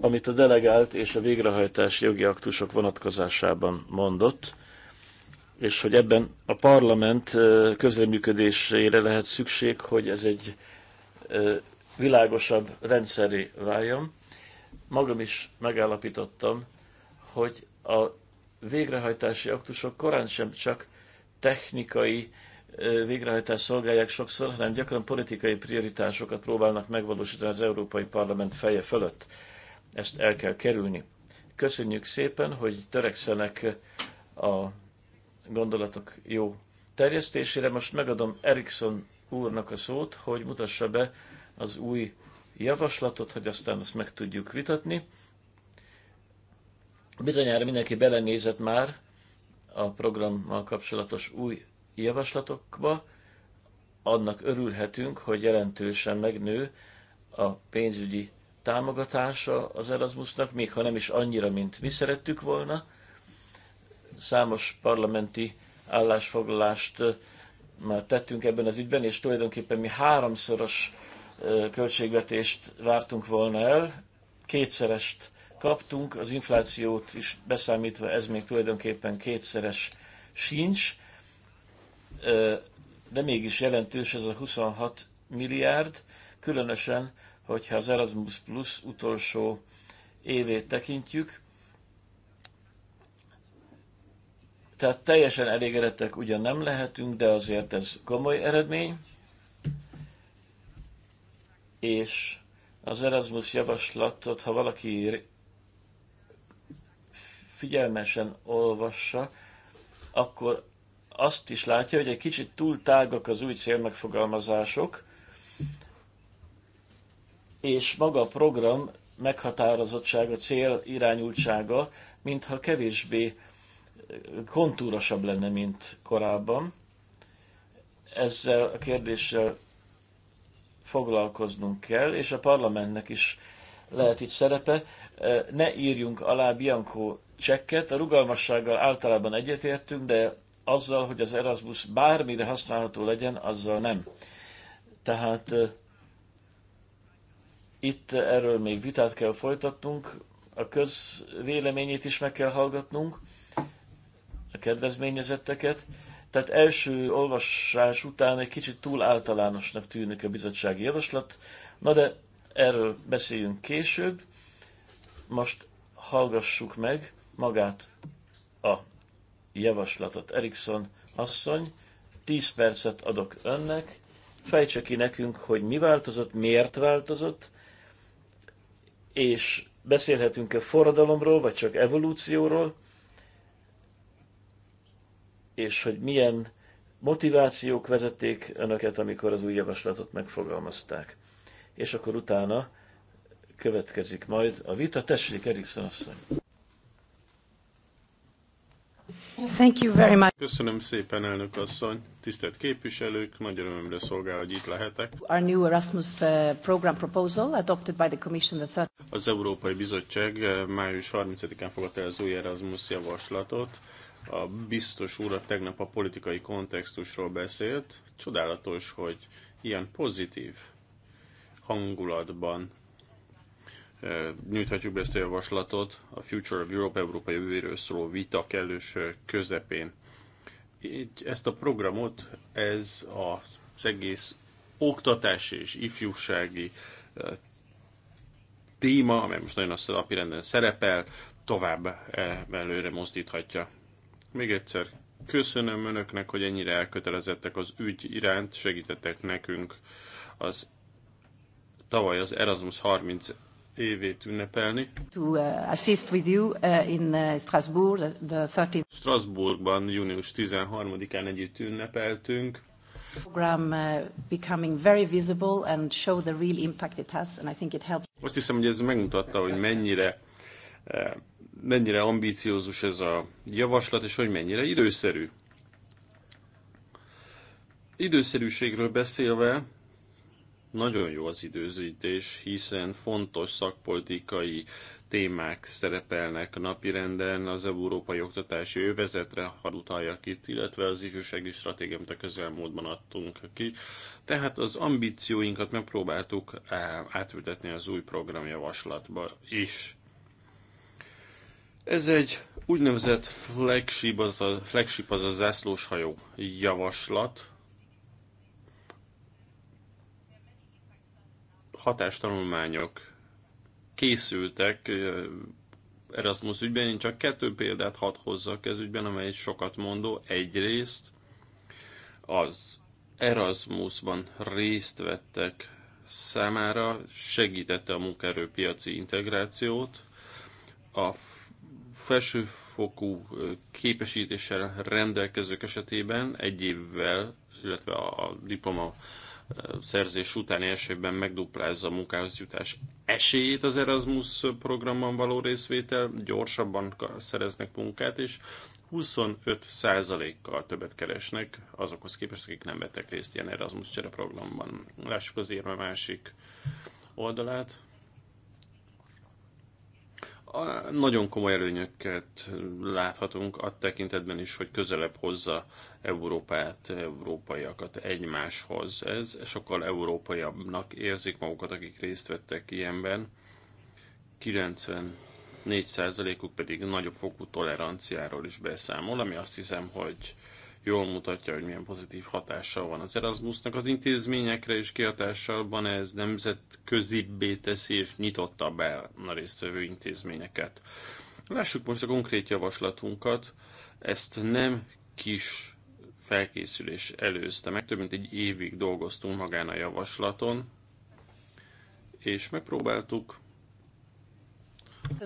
amit a delegált és a végrehajtási jogi aktusok vonatkozásában mondott, és hogy ebben a parlament közreműködésére lehet szükség, hogy ez egy világosabb rendszeré váljon. Magam is megállapítottam, hogy a végrehajtási aktusok korán sem csak technikai végrehajtás szolgálják sokszor, hanem gyakran politikai prioritásokat próbálnak megvalósítani az Európai Parlament feje fölött. Ezt el kell kerülni. Köszönjük szépen, hogy törekszenek a gondolatok jó terjesztésére. Most megadom Erikson úrnak a szót, hogy mutassa be az új javaslatot, hogy aztán azt meg tudjuk vitatni. Bizonyára mindenki belenézett már a programmal kapcsolatos új javaslatokba, annak örülhetünk, hogy jelentősen megnő a pénzügyi támogatása az Erasmusnak, még ha nem is annyira, mint mi szerettük volna. Számos parlamenti állásfoglalást már tettünk ebben az ügyben, és tulajdonképpen mi háromszoros költségvetést vártunk volna el, kétszerest kaptunk, az inflációt is beszámítva ez még tulajdonképpen kétszeres sincs, de mégis jelentős ez a 26 milliárd, különösen, hogyha az Erasmus Plus utolsó évét tekintjük. Tehát teljesen elégedettek ugyan nem lehetünk, de azért ez komoly eredmény. És az Erasmus javaslatot, ha valaki figyelmesen olvassa, akkor azt is látja, hogy egy kicsit túl tágak az új célmegfogalmazások, és maga a program meghatározottsága, cél irányultsága, mintha kevésbé eh, kontúrosabb lenne, mint korábban. Ezzel a kérdéssel foglalkoznunk kell, és a parlamentnek is lehet itt szerepe. Eh, ne írjunk alá Bianco csekket, a rugalmassággal általában egyetértünk, de azzal, hogy az Erasmus bármire használható legyen, azzal nem. Tehát itt erről még vitát kell folytatnunk, a közvéleményét is meg kell hallgatnunk, a kedvezményezetteket. Tehát első olvasás után egy kicsit túl általánosnak tűnik a bizottsági javaslat. Na de erről beszéljünk később. Most hallgassuk meg magát a javaslatot. Erikson asszony, 10 percet adok önnek, fejtse ki nekünk, hogy mi változott, miért változott, és beszélhetünk-e forradalomról, vagy csak evolúcióról, és hogy milyen motivációk vezették önöket, amikor az új javaslatot megfogalmazták. És akkor utána következik majd a vita. Tessék, Erikson asszony! Thank you very much. Köszönöm szépen, elnök asszony. Tisztelt képviselők, nagy örömömre szolgál, hogy itt lehetek. Our new Erasmus uh, program proposal adopted by the Commission the third... Az Európai Bizottság uh, május 30-án fogadta el az új Erasmus javaslatot. A biztos úr a tegnap a politikai kontextusról beszélt. Csodálatos, hogy ilyen pozitív hangulatban nyújthatjuk be ezt a javaslatot a Future of Europe Európa jövőjéről szóló vita kellős közepén. Így ezt a programot ez az egész oktatási és ifjúsági téma, amely most nagyon azt a napirenden szerepel, tovább előre mozdíthatja. Még egyszer köszönöm Önöknek, hogy ennyire elkötelezettek az ügy iránt, segítettek nekünk az tavaly az Erasmus 30 évét ünnepelni. To uh, assist with you uh, in uh, Strasbourg, the 13 Strasbourgban június 13-án együtt ünnepeltünk. Program uh, becoming very visible and show the real impact it has, and I think it helps. Azt hiszem, hogy ez megmutatta, hogy mennyire uh, mennyire ambíciózus ez a javaslat, és hogy mennyire időszerű. Időszerűségről beszélve, nagyon jó az időzítés, hiszen fontos szakpolitikai témák szerepelnek a napirenden, az európai oktatási övezetre ha utaljak itt, illetve az ifjúsági stratégia, amit a közelmódban adtunk ki. Tehát az ambícióinkat megpróbáltuk átültetni az új programjavaslatba is. Ez egy úgynevezett flagship, az a, flagship az a zászlóshajó javaslat, hatástanulmányok készültek Erasmus ügyben, én csak kettő példát hadd hozzak ez ügyben, amely sokat mondó. Egyrészt az Erasmusban részt vettek számára segítette a munkaerőpiaci integrációt, a felsőfokú képesítéssel rendelkezők esetében egy évvel, illetve a diploma szerzés utáni évben megduplázza a munkához jutás esélyét az Erasmus programban való részvétel, gyorsabban szereznek munkát, és 25%-kal többet keresnek azokhoz képest, akik nem vettek részt ilyen Erasmus csereprogramban. programban. Lássuk az érme másik oldalát nagyon komoly előnyöket láthatunk a tekintetben is, hogy közelebb hozza Európát, európaiakat egymáshoz. Ez sokkal európaiabbnak érzik magukat, akik részt vettek ilyenben. 94%-uk pedig nagyobb fokú toleranciáról is beszámol, ami azt hiszem, hogy jól mutatja, hogy milyen pozitív hatással van az Erasmusnak az intézményekre, és kihatással van ez nemzetközibbé teszi és be a résztvevő intézményeket. Lássuk most a konkrét javaslatunkat. Ezt nem kis felkészülés előzte meg, több mint egy évig dolgoztunk magán a javaslaton, és megpróbáltuk.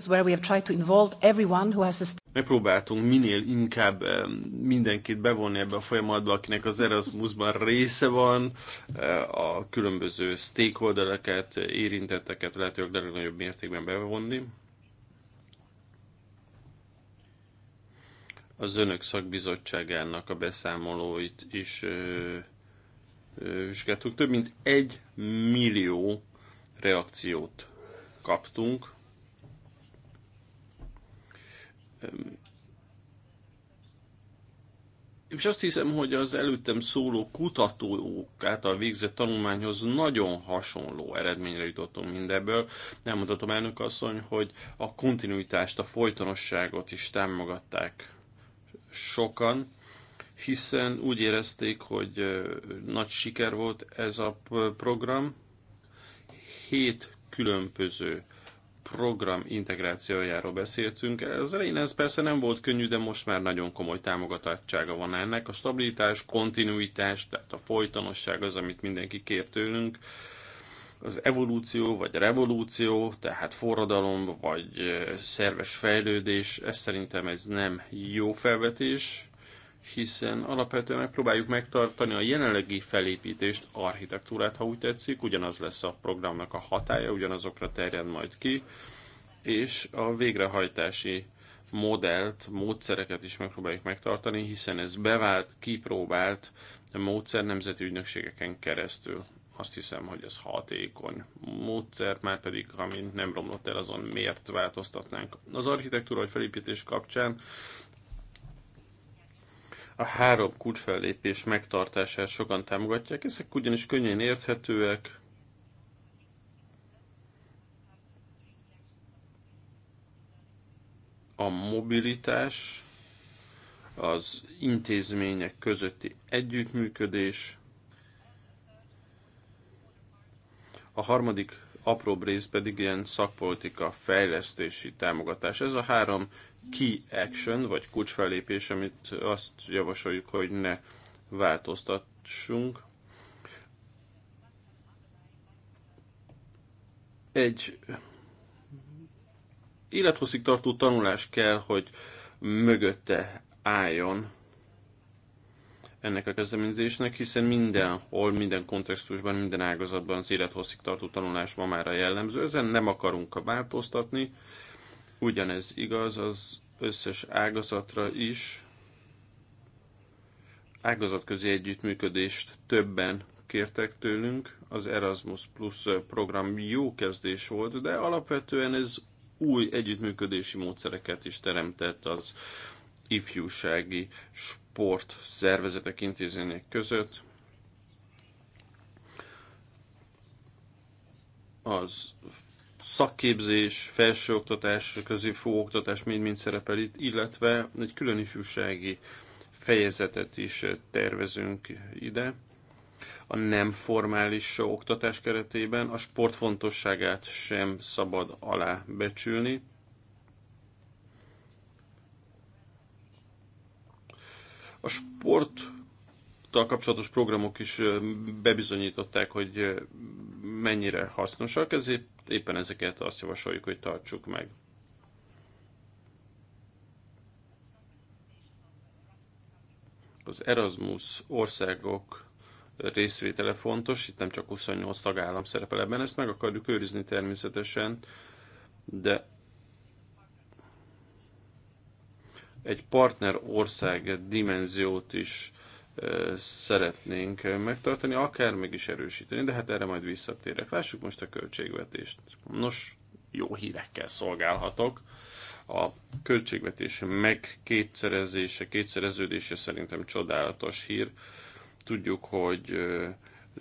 Where we have tried to involve everyone who has a megpróbáltunk minél inkább eh, mindenkit bevonni ebbe a folyamatba, akinek az Erasmusban része van, eh, a különböző stakeholdereket, érintetteket lehetőleg legnagyobb mértékben bevonni. Az önök szakbizottságának a beszámolóit is eh, vizsgáltuk. Több mint egy millió reakciót kaptunk és azt hiszem, hogy az előttem szóló kutatók által végzett tanulmányhoz nagyon hasonló eredményre jutottunk mindebből. Nem mondhatom elnök asszony, hogy a kontinuitást, a folytonosságot is támogatták sokan, hiszen úgy érezték, hogy nagy siker volt ez a program. Hét különböző program integrációjáról beszéltünk. Az elején ez persze nem volt könnyű, de most már nagyon komoly támogatottsága van ennek. A stabilitás, kontinuitás, tehát a folytonosság az, amit mindenki kér tőlünk. Az evolúció vagy revolúció, tehát forradalom vagy szerves fejlődés, ez szerintem ez nem jó felvetés hiszen alapvetően megpróbáljuk megtartani a jelenlegi felépítést, architektúrát, ha úgy tetszik, ugyanaz lesz a programnak a hatája, ugyanazokra terjed majd ki, és a végrehajtási modellt, módszereket is megpróbáljuk megtartani, hiszen ez bevált, kipróbált módszer nemzeti ügynökségeken keresztül. Azt hiszem, hogy ez hatékony módszer, már pedig, amint nem romlott el, azon miért változtatnánk. Az architektúra vagy felépítés kapcsán a három kulcsfellépés megtartását sokan támogatják, ezek ugyanis könnyen érthetőek, a mobilitás, az intézmények közötti együttműködés, a harmadik apróbb rész pedig ilyen szakpolitika fejlesztési támogatás. Ez a három key action, vagy kulcsfellépés, amit azt javasoljuk, hogy ne változtassunk. Egy élethosszig tartó tanulás kell, hogy mögötte álljon ennek a kezdeményezésnek, hiszen mindenhol, minden kontextusban, minden ágazatban az élethosszig tartó tanulás ma már a jellemző. Ezen nem akarunk változtatni, Ugyanez igaz az összes ágazatra is. Ágazatközi együttműködést többen kértek tőlünk. Az Erasmus Plus program jó kezdés volt, de alapvetően ez új együttműködési módszereket is teremtett az ifjúsági sport szervezetek intézmények között. Az szakképzés, felsőoktatás, középfogóoktatás mind-mind szerepel itt, illetve egy külön ifjúsági fejezetet is tervezünk ide. A nem formális oktatás keretében a sport fontosságát sem szabad alábecsülni. A sport kapcsolatos programok is bebizonyították, hogy mennyire hasznosak, ezért éppen ezeket azt javasoljuk, hogy tartsuk meg. Az Erasmus országok részvétele fontos, itt nem csak 28 tagállam szerepel ebben, ezt meg akarjuk őrizni természetesen, de egy partner ország dimenziót is szeretnénk megtartani, akár meg is erősíteni, de hát erre majd visszatérek. Lássuk most a költségvetést. Nos, jó hírekkel szolgálhatok. A költségvetés megkétszerezése, kétszereződése szerintem csodálatos hír. Tudjuk, hogy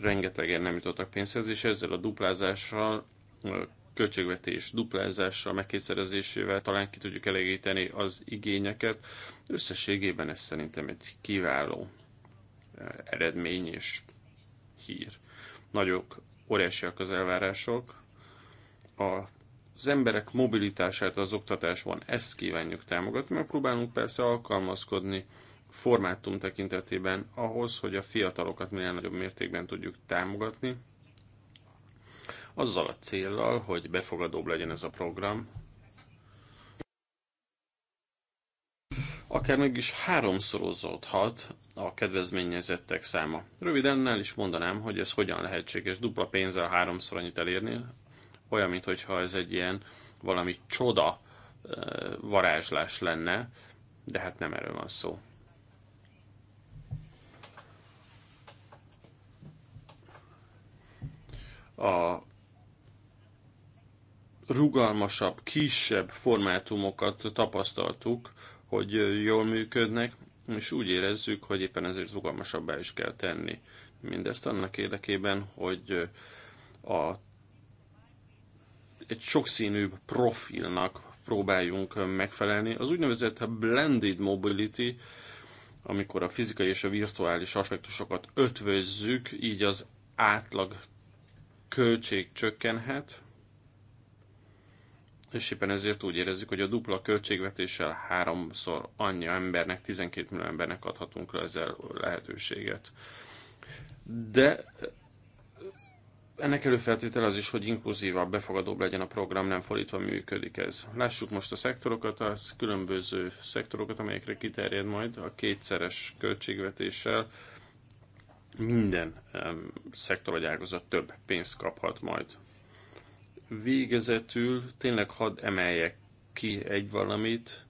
rengetegen nem jutottak pénzhez, és ezzel a duplázással, a költségvetés duplázással, megkétszerezésével talán ki tudjuk elégíteni az igényeket. Összességében ez szerintem egy kiváló eredmény és hír. Nagyok, óriásiak az elvárások. Az emberek mobilitását az oktatásban ezt kívánjuk támogatni, mert próbálunk persze alkalmazkodni formátum tekintetében ahhoz, hogy a fiatalokat minél nagyobb mértékben tudjuk támogatni, azzal a célral, hogy befogadóbb legyen ez a program. Akár mégis is háromszorozódhat a kedvezményezettek száma. Röviden el is mondanám, hogy ez hogyan lehetséges dupla pénzzel háromszor annyit elérni, olyan, mintha ez egy ilyen valami csoda eh, varázslás lenne, de hát nem erről van szó. A rugalmasabb, kisebb formátumokat tapasztaltuk, hogy jól működnek, és úgy érezzük, hogy éppen ezért rugalmasabbá is kell tenni mindezt annak érdekében, hogy a, egy sokszínűbb profilnak próbáljunk megfelelni. Az úgynevezett blended mobility, amikor a fizikai és a virtuális aspektusokat ötvözzük, így az átlag költség csökkenhet, és éppen ezért úgy érezzük, hogy a dupla költségvetéssel háromszor annyi embernek, 12 millió embernek adhatunk le ezzel lehetőséget. De ennek előfeltétele az is, hogy inkluzívabb, befogadóbb legyen a program, nem fordítva működik ez. Lássuk most a szektorokat, a különböző szektorokat, amelyekre kiterjed majd a kétszeres költségvetéssel. Minden um, szektor vagy ágazat több pénzt kaphat majd Végezetül tényleg hadd emeljek ki egy valamit,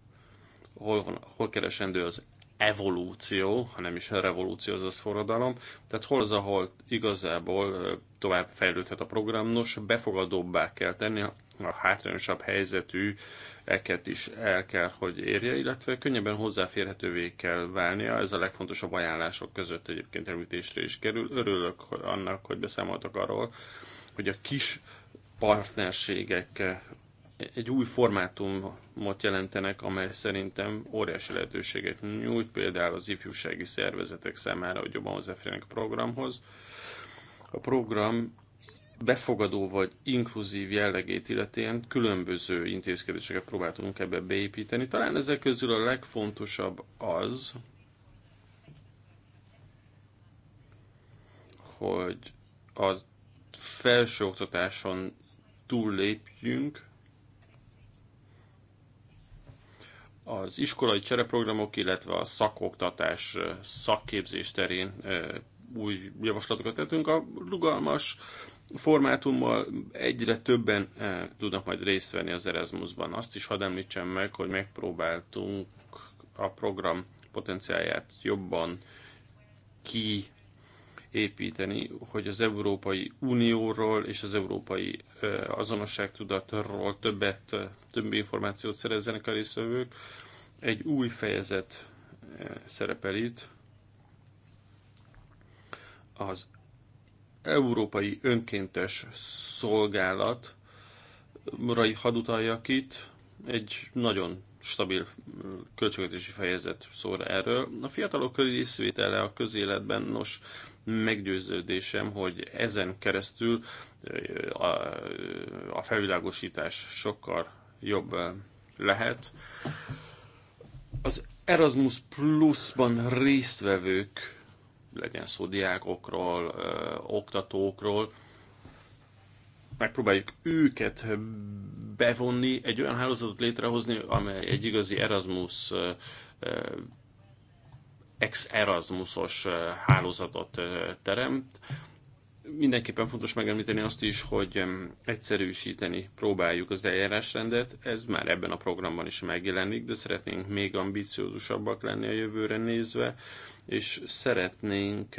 hol, van, hol keresendő az evolúció, hanem is a revolúció, az az forradalom. Tehát hol az, ahol igazából tovább fejlődhet a program. Nos, befogadóbbá kell tenni, a hátrányosabb helyzetű eket is el kell, hogy érje, illetve könnyebben hozzáférhetővé kell válnia. Ez a legfontosabb ajánlások között egyébként említésre is kerül. Örülök annak, hogy beszámoltak arról, hogy a kis partnerségek eh, egy új formátumot jelentenek, amely szerintem óriási lehetőséget nyújt, például az ifjúsági szervezetek számára, hogy jobban hozzáférjenek a programhoz. A program befogadó vagy inkluzív jellegét illetően különböző intézkedéseket próbáltunk ebbe beépíteni. Talán ezek közül a legfontosabb az, hogy a felsőoktatáson túllépjünk az iskolai csereprogramok, illetve a szakoktatás, szakképzés terén új javaslatokat tettünk. A rugalmas formátummal egyre többen tudnak majd részt venni az Erasmusban. Azt is hadd említsem meg, hogy megpróbáltunk a program potenciáját jobban ki építeni, hogy az Európai Unióról és az Európai Azonosságtudatról többet, több információt szerezzenek a részvevők. Egy új fejezet szerepel itt, az Európai Önkéntes Szolgálat, Rai hadutaljak itt, egy nagyon stabil költségvetési fejezet szól erről. A fiatalok részvétele a közéletben, nos, meggyőződésem, hogy ezen keresztül a, a felvilágosítás sokkal jobb lehet. Az Erasmus Plus-ban résztvevők, legyen szó diákokról, oktatókról, megpróbáljuk őket bevonni, egy olyan hálózatot létrehozni, amely egy igazi Erasmus ex-Erasmusos hálózatot teremt. Mindenképpen fontos megemlíteni azt is, hogy egyszerűsíteni próbáljuk az eljárásrendet, ez már ebben a programban is megjelenik, de szeretnénk még ambiciózusabbak lenni a jövőre nézve, és szeretnénk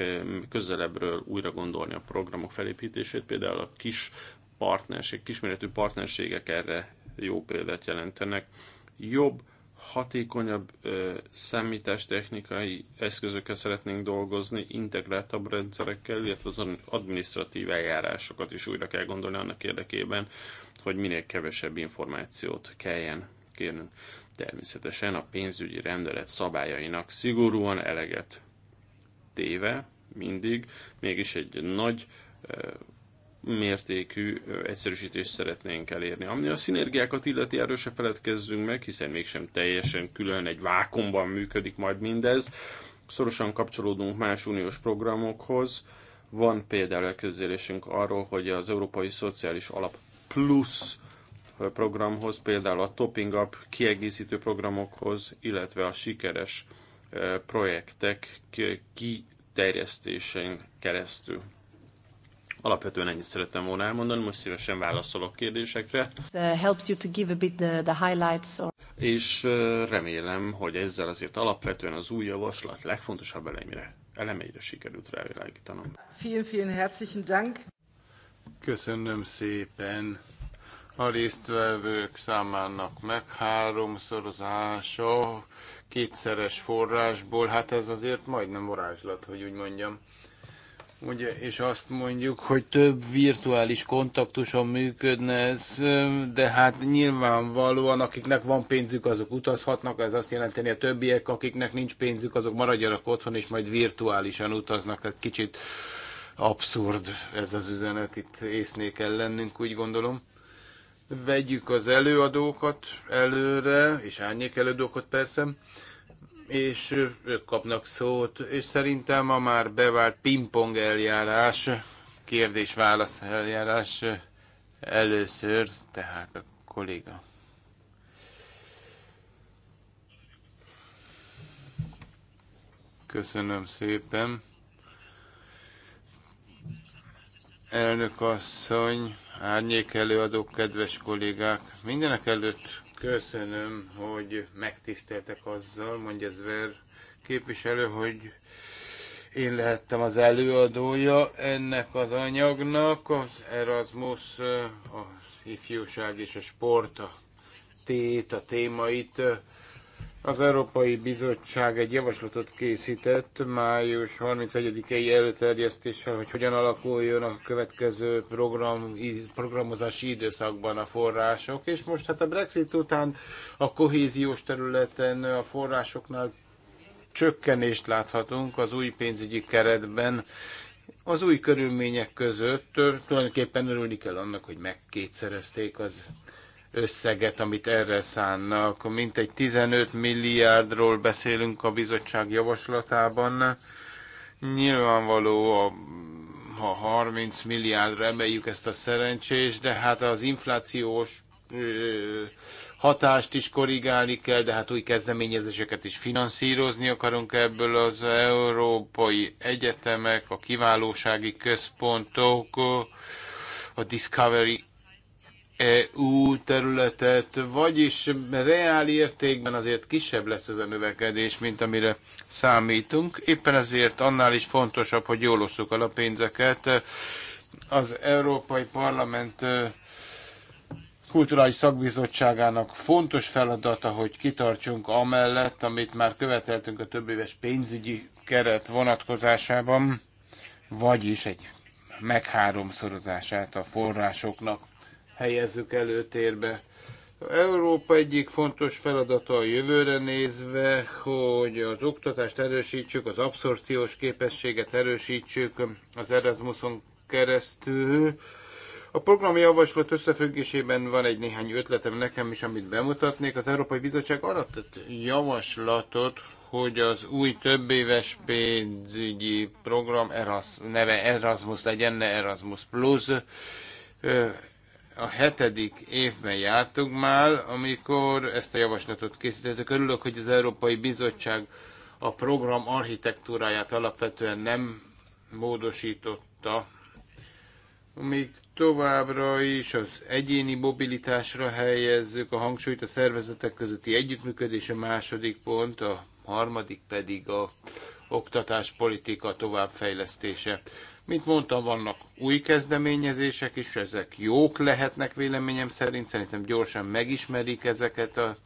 közelebbről újra gondolni a programok felépítését, például a kis partnerség, kisméretű partnerségek erre jó példát jelentenek. Jobb hatékonyabb ö, számítástechnikai eszközökkel szeretnénk dolgozni, integráltabb rendszerekkel, illetve az administratív eljárásokat is újra kell gondolni annak érdekében, hogy minél kevesebb információt kelljen kérnünk. Természetesen a pénzügyi rendelet szabályainak szigorúan eleget téve mindig, mégis egy nagy ö, mértékű egyszerűsítést szeretnénk elérni. Ami a szinergiákat illeti, erről se feledkezzünk meg, hiszen mégsem teljesen külön egy vákumban működik majd mindez. Szorosan kapcsolódunk más uniós programokhoz. Van például elképzelésünk arról, hogy az Európai Szociális Alap Plusz programhoz, például a Topping Up kiegészítő programokhoz, illetve a sikeres projektek kiterjesztésén keresztül. Alapvetően ennyit szerettem volna elmondani, most szívesen válaszolok kérdésekre. Uh, helps you to give a bit the, the highlights or... És uh, remélem, hogy ezzel azért alapvetően az új javaslat legfontosabb elemére, elemeire sikerült rávilágítanom. Vielen, vielen herzlichen Dank. Köszönöm szépen a résztvevők számának meg háromszorozása, kétszeres forrásból, hát ez azért majdnem varázslat, hogy úgy mondjam. Ugye, és azt mondjuk, hogy több virtuális kontaktuson működne ez, de hát nyilvánvalóan, akiknek van pénzük, azok utazhatnak, ez azt hogy a többiek, akiknek nincs pénzük, azok maradjanak otthon, és majd virtuálisan utaznak. Ez kicsit abszurd ez az üzenet, itt észnék kell lennünk, úgy gondolom. Vegyük az előadókat előre, és árnyék előadókat persze, és ők kapnak szót, és szerintem a már bevált pingpong eljárás, kérdés-válasz eljárás először, tehát a kolléga. Köszönöm szépen. Elnök asszony, árnyék előadók, kedves kollégák, mindenek előtt Köszönöm, hogy megtiszteltek azzal, mondja Zver képviselő, hogy én lehettem az előadója ennek az anyagnak, az Erasmus, eh, a ifjúság és a sport a tét, a témait eh, az Európai Bizottság egy javaslatot készített május 31-i előterjesztéssel, hogy hogyan alakuljon a következő program, programozási időszakban a források, és most hát a Brexit után a kohéziós területen a forrásoknál csökkenést láthatunk az új pénzügyi keretben. Az új körülmények között tulajdonképpen örülni kell annak, hogy megkétszerezték az összeget, amit erre szánnak. Mintegy 15 milliárdról beszélünk a bizottság javaslatában. Nyilvánvaló a ha 30 milliárdra emeljük ezt a szerencsés, de hát az inflációs ö, hatást is korrigálni kell, de hát új kezdeményezéseket is finanszírozni akarunk ebből az európai egyetemek, a kiválósági központok, a Discovery EU területet, vagyis reál értékben azért kisebb lesz ez a növekedés, mint amire számítunk. Éppen ezért annál is fontosabb, hogy jól osszuk el a pénzeket. Az Európai Parlament Kulturális Szakbizottságának fontos feladata, hogy kitartsunk amellett, amit már követeltünk a éves pénzügyi keret vonatkozásában, vagyis egy megháromszorozását a forrásoknak helyezzük előtérbe. Európa egyik fontos feladata a jövőre nézve, hogy az oktatást erősítsük, az abszorciós képességet erősítsük az Erasmuson keresztül. A program javaslat összefüggésében van egy néhány ötletem nekem is, amit bemutatnék. Az Európai Bizottság arra tett javaslatot, hogy az új többéves pénzügyi program Erasmus, neve Erasmus legyen, ne Erasmus Plus a hetedik évben jártunk már, amikor ezt a javaslatot készítettük. Örülök, hogy az Európai Bizottság a program architektúráját alapvetően nem módosította, még továbbra is az egyéni mobilitásra helyezzük a hangsúlyt a szervezetek közötti együttműködés, a második pont, a harmadik pedig a oktatáspolitika továbbfejlesztése. Mint mondtam, vannak új kezdeményezések is, ezek jók lehetnek véleményem szerint, szerintem gyorsan megismerik ezeket a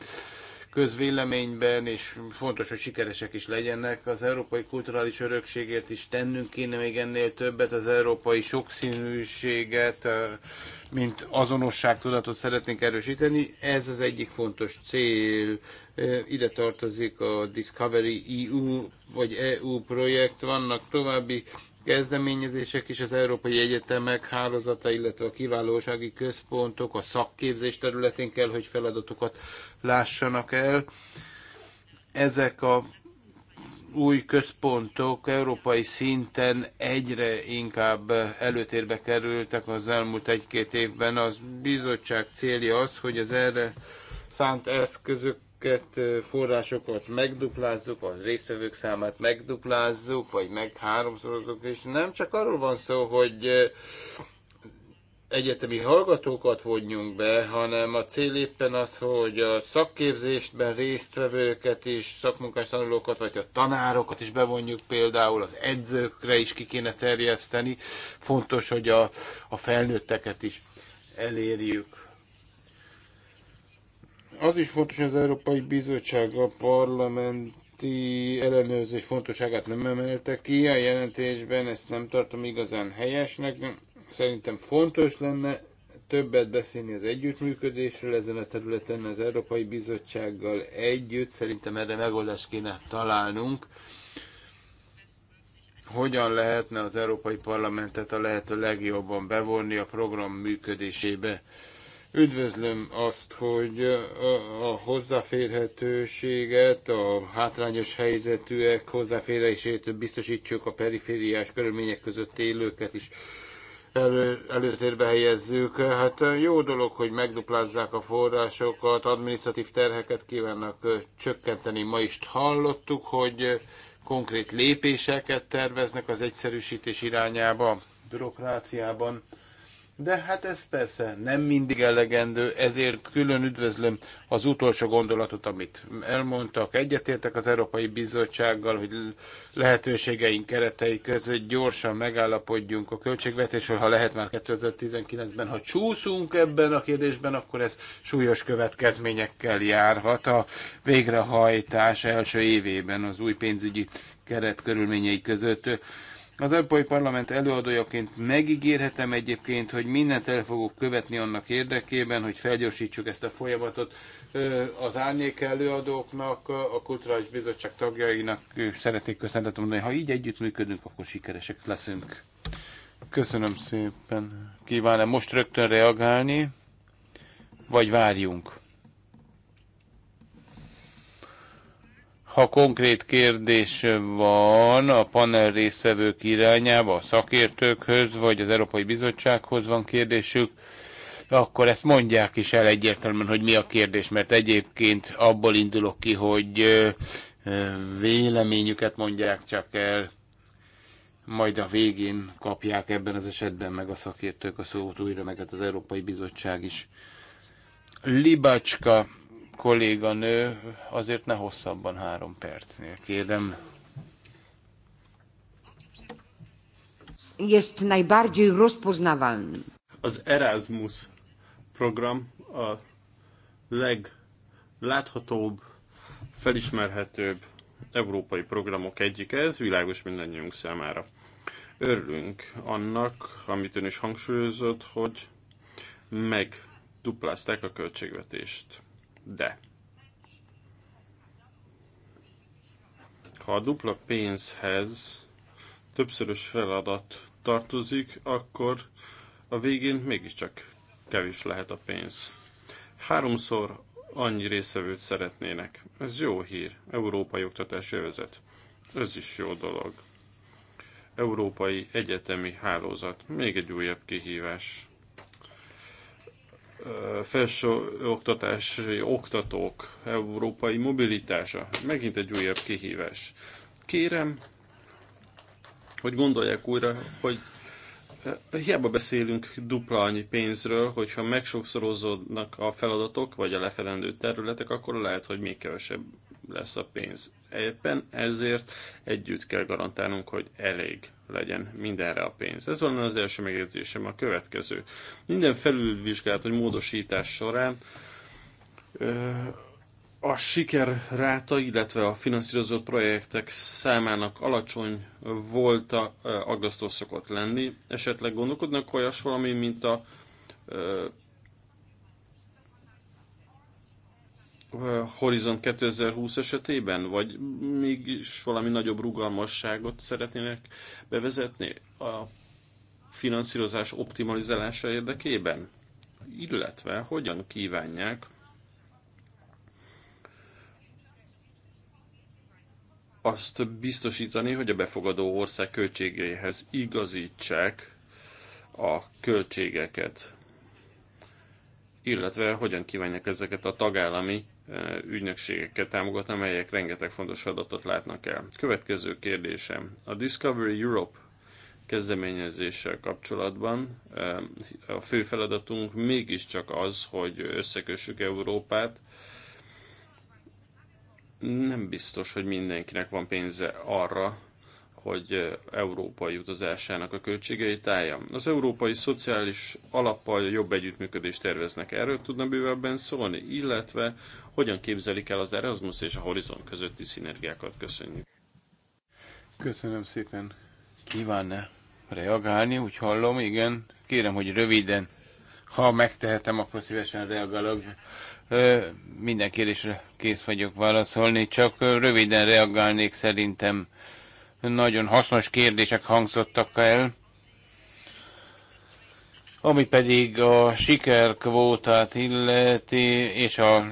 közvéleményben, és fontos, hogy sikeresek is legyenek. Az európai kulturális örökségért is tennünk kéne még ennél többet, az európai sokszínűséget, mint azonosságtudatot szeretnénk erősíteni. Ez az egyik fontos cél. Ide tartozik a Discovery EU vagy EU projekt, vannak további kezdeményezések is az Európai Egyetemek hálózata, illetve a kiválósági központok a szakképzés területén kell, hogy feladatokat lássanak el. Ezek a új központok európai szinten egyre inkább előtérbe kerültek az elmúlt egy-két évben. Az bizottság célja az, hogy az erre szánt eszközök forrásokat megduplázzuk, a részvevők számát megduplázzuk, vagy meg háromszorozunk, és nem csak arról van szó, hogy egyetemi hallgatókat vonjunk be, hanem a cél éppen az, hogy a szakképzésben résztvevőket is, szakmunkás tanulókat, vagy a tanárokat is bevonjuk például, az edzőkre is ki kéne terjeszteni. Fontos, hogy a, a felnőtteket is elérjük. Az is fontos, hogy az Európai Bizottság a parlamenti ellenőrzés fontosságát nem emelte ki a jelentésben, ezt nem tartom igazán helyesnek, de szerintem fontos lenne többet beszélni az együttműködésről ezen a területen, az Európai Bizottsággal együtt, szerintem erre megoldást kéne találnunk hogyan lehetne az Európai Parlamentet a lehető legjobban bevonni a program működésébe. Üdvözlöm azt, hogy a hozzáférhetőséget, a hátrányos helyzetűek hozzáférését biztosítsuk a perifériás körülmények között élőket is elő, előtérbe helyezzük. Hát jó dolog, hogy megduplázzák a forrásokat, administratív terheket kívánnak csökkenteni. Ma is hallottuk, hogy konkrét lépéseket terveznek az egyszerűsítés irányába, bürokráciában de hát ez persze nem mindig elegendő, ezért külön üdvözlöm az utolsó gondolatot, amit elmondtak. Egyetértek az Európai Bizottsággal, hogy lehetőségeink keretei között gyorsan megállapodjunk a költségvetésről, ha lehet már 2019-ben. Ha csúszunk ebben a kérdésben, akkor ez súlyos következményekkel járhat a végrehajtás első évében az új pénzügyi keret körülményei között az Európai Parlament előadójaként megígérhetem egyébként, hogy mindent el fogok követni annak érdekében, hogy felgyorsítsuk ezt a folyamatot. Az árnyék előadóknak, a Kulturális Bizottság tagjainak szeretnék köszönetet mondani. Ha így együttműködünk, akkor sikeresek leszünk. Köszönöm szépen. Kívánom most rögtön reagálni, vagy várjunk? Ha konkrét kérdés van a panel részvevők irányába, a szakértőkhöz, vagy az Európai Bizottsághoz van kérdésük, akkor ezt mondják is el egyértelműen, hogy mi a kérdés, mert egyébként abból indulok ki, hogy véleményüket mondják csak el, majd a végén kapják ebben az esetben meg a szakértők a szót újra, meg hát az Európai Bizottság is. Libacska kolléganő, azért ne hosszabban három percnél, kérem. Jest najbardziej rozpoznawalny. Az Erasmus program a legláthatóbb, felismerhetőbb európai programok egyik ez, világos mindannyiunk számára. Örülünk annak, amit ön is hangsúlyozott, hogy megduplázták a költségvetést de ha a dupla pénzhez többszörös feladat tartozik, akkor a végén mégiscsak kevés lehet a pénz. Háromszor annyi részevőt szeretnének. Ez jó hír. Európai Oktatási Övezet. Ez is jó dolog. Európai Egyetemi Hálózat. Még egy újabb kihívás felsőoktatási oktatók európai mobilitása. Megint egy újabb kihívás. Kérem, hogy gondolják újra, hogy eh, hiába beszélünk dupla annyi pénzről, hogyha megsokszorozódnak a feladatok, vagy a lefedendő területek, akkor lehet, hogy még kevesebb lesz a pénz. Éppen ezért együtt kell garantálnunk, hogy elég legyen mindenre a pénz. Ez volna az első megjegyzésem, a következő. Minden felülvizsgálat vagy módosítás során a siker ráta illetve a finanszírozott projektek számának alacsony volt a aggasztó szokott lenni. Esetleg gondolkodnak olyas valami, mint a Horizon 2020 esetében, vagy mégis valami nagyobb rugalmasságot szeretnének bevezetni a finanszírozás optimalizálása érdekében? Illetve hogyan kívánják azt biztosítani, hogy a befogadó ország költségeihez igazítsák a költségeket, illetve hogyan kívánják ezeket a tagállami Eh, ügynökségekkel támogat, amelyek rengeteg fontos adatot látnak el. Következő kérdésem. A Discovery Europe kezdeményezéssel kapcsolatban eh, a fő feladatunk mégiscsak az, hogy összekössük Európát. Nem biztos, hogy mindenkinek van pénze arra, hogy európai utazásának a költségeit állja. Az európai szociális alappal jobb együttműködést terveznek, erről tudna bővebben szólni, illetve hogyan képzelik el az Erasmus és a Horizon közötti szinergiákat. Köszönjük. Köszönöm szépen. Kívánne reagálni, úgy hallom, igen. Kérem, hogy röviden, ha megtehetem, akkor szívesen reagálok. Minden kérdésre kész vagyok válaszolni, csak röviden reagálnék szerintem nagyon hasznos kérdések hangzottak el, ami pedig a sikerkvótát illeti, és a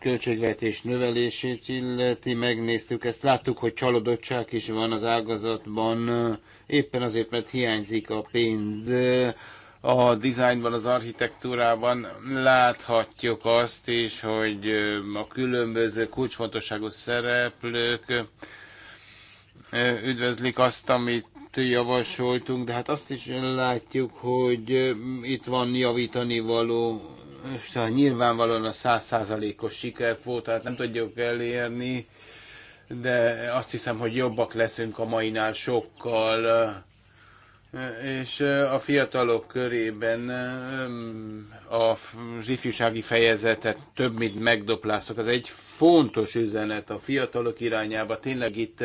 költségvetés növelését illeti, megnéztük ezt, láttuk, hogy csalódottság is van az ágazatban, éppen azért, mert hiányzik a pénz a dizájnban, az architektúrában láthatjuk azt is, hogy a különböző kulcsfontosságú szereplők üdvözlik azt, amit javasoltunk, de hát azt is látjuk, hogy itt van javítani való, szóval nyilvánvalóan a százszázalékos tehát nem tudjuk elérni, de azt hiszem, hogy jobbak leszünk a mainál sokkal és a fiatalok körében a ifjúsági fejezetet több mint megdopláztak. Az egy fontos üzenet a fiatalok irányába. Tényleg itt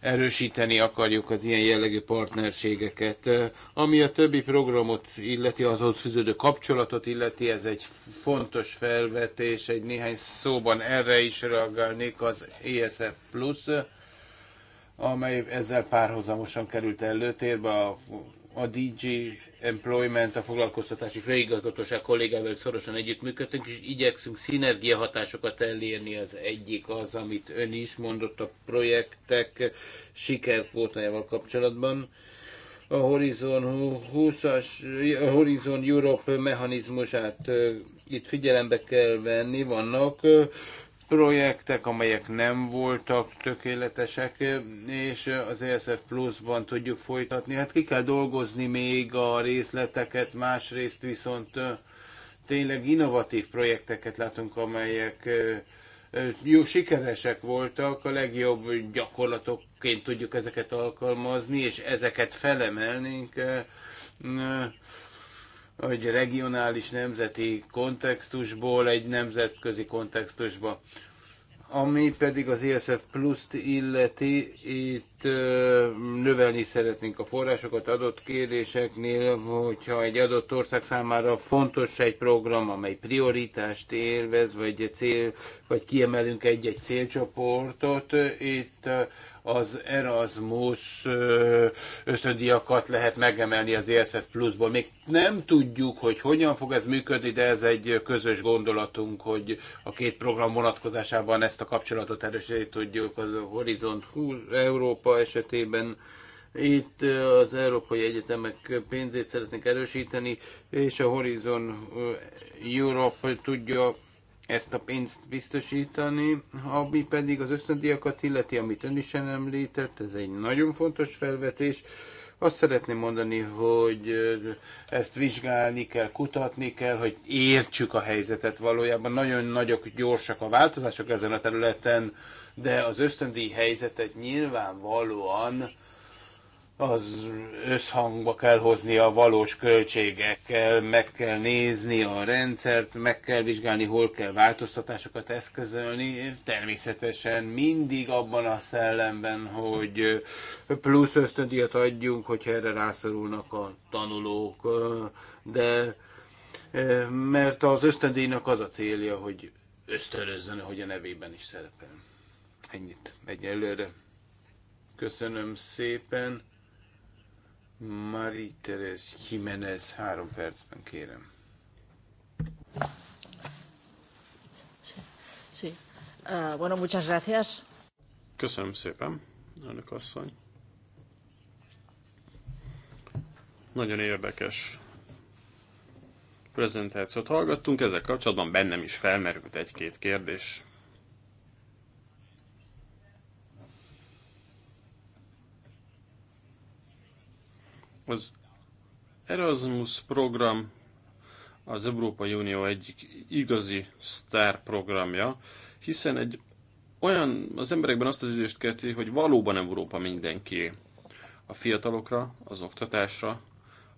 erősíteni akarjuk az ilyen jellegű partnerségeket. Ami a többi programot illeti, azhoz fűződő kapcsolatot illeti, ez egy fontos felvetés. Egy néhány szóban erre is reagálnék az ESF Plus amely ezzel párhuzamosan került előtérbe a, a DG Employment, a foglalkoztatási főigazgatóság kollégával szorosan együttműködtünk, és igyekszünk szinergiahatásokat elérni. Az egyik az, amit ön is mondott a projektek sikerkvótájával kapcsolatban. A Horizon 20-as, a Horizon Europe mechanizmusát itt figyelembe kell venni, vannak projektek, amelyek nem voltak tökéletesek, és az ESF Plus-ban tudjuk folytatni. Hát ki kell dolgozni még a részleteket, másrészt viszont tényleg innovatív projekteket látunk, amelyek jó sikeresek voltak, a legjobb gyakorlatokként tudjuk ezeket alkalmazni, és ezeket felemelnénk egy regionális nemzeti kontextusból egy nemzetközi kontextusba. Ami pedig az ESF pluszt illeti, itt ö, növelni szeretnénk a forrásokat adott kérdéseknél, hogyha egy adott ország számára fontos egy program, amely prioritást élvez, vagy, cél, vagy kiemelünk egy-egy célcsoportot, itt az Erasmus ösztöndiakat lehet megemelni az ESF pluszból. Még nem tudjuk, hogy hogyan fog ez működni, de ez egy közös gondolatunk, hogy a két program vonatkozásában ezt a kapcsolatot erősíteni tudjuk. Az Horizont 20 Európa esetében itt az Európai Egyetemek pénzét szeretnék erősíteni, és a Horizon Europe tudja ezt a pénzt biztosítani, ami pedig az ösztöndiakat illeti, amit ön is említett, ez egy nagyon fontos felvetés. Azt szeretném mondani, hogy ezt vizsgálni kell, kutatni kell, hogy értsük a helyzetet valójában. Nagyon nagyok, gyorsak a változások ezen a területen, de az ösztöndíj helyzetet nyilvánvalóan az összhangba kell hozni a valós költségekkel, meg kell nézni a rendszert, meg kell vizsgálni, hol kell változtatásokat eszközölni. Természetesen mindig abban a szellemben, hogy plusz ösztöndíjat adjunk, hogyha erre rászorulnak a tanulók, de mert az ösztöndíjnak az a célja, hogy ösztönözzön, hogy a nevében is szerepel. Ennyit egyelőre. Köszönöm szépen. Mari Teres Jiménez három percben kérem. Sí. Uh, bueno, muchas gracias. Köszönöm szépen, önök asszony. Nagyon érdekes prezentációt hallgattunk, ezzel kapcsolatban bennem is felmerült egy-két kérdés. Az Erasmus program az Európai Unió egyik igazi sztár programja, hiszen egy olyan, az emberekben azt az érzést kelti, hogy valóban Európa mindenki. A fiatalokra, az oktatásra,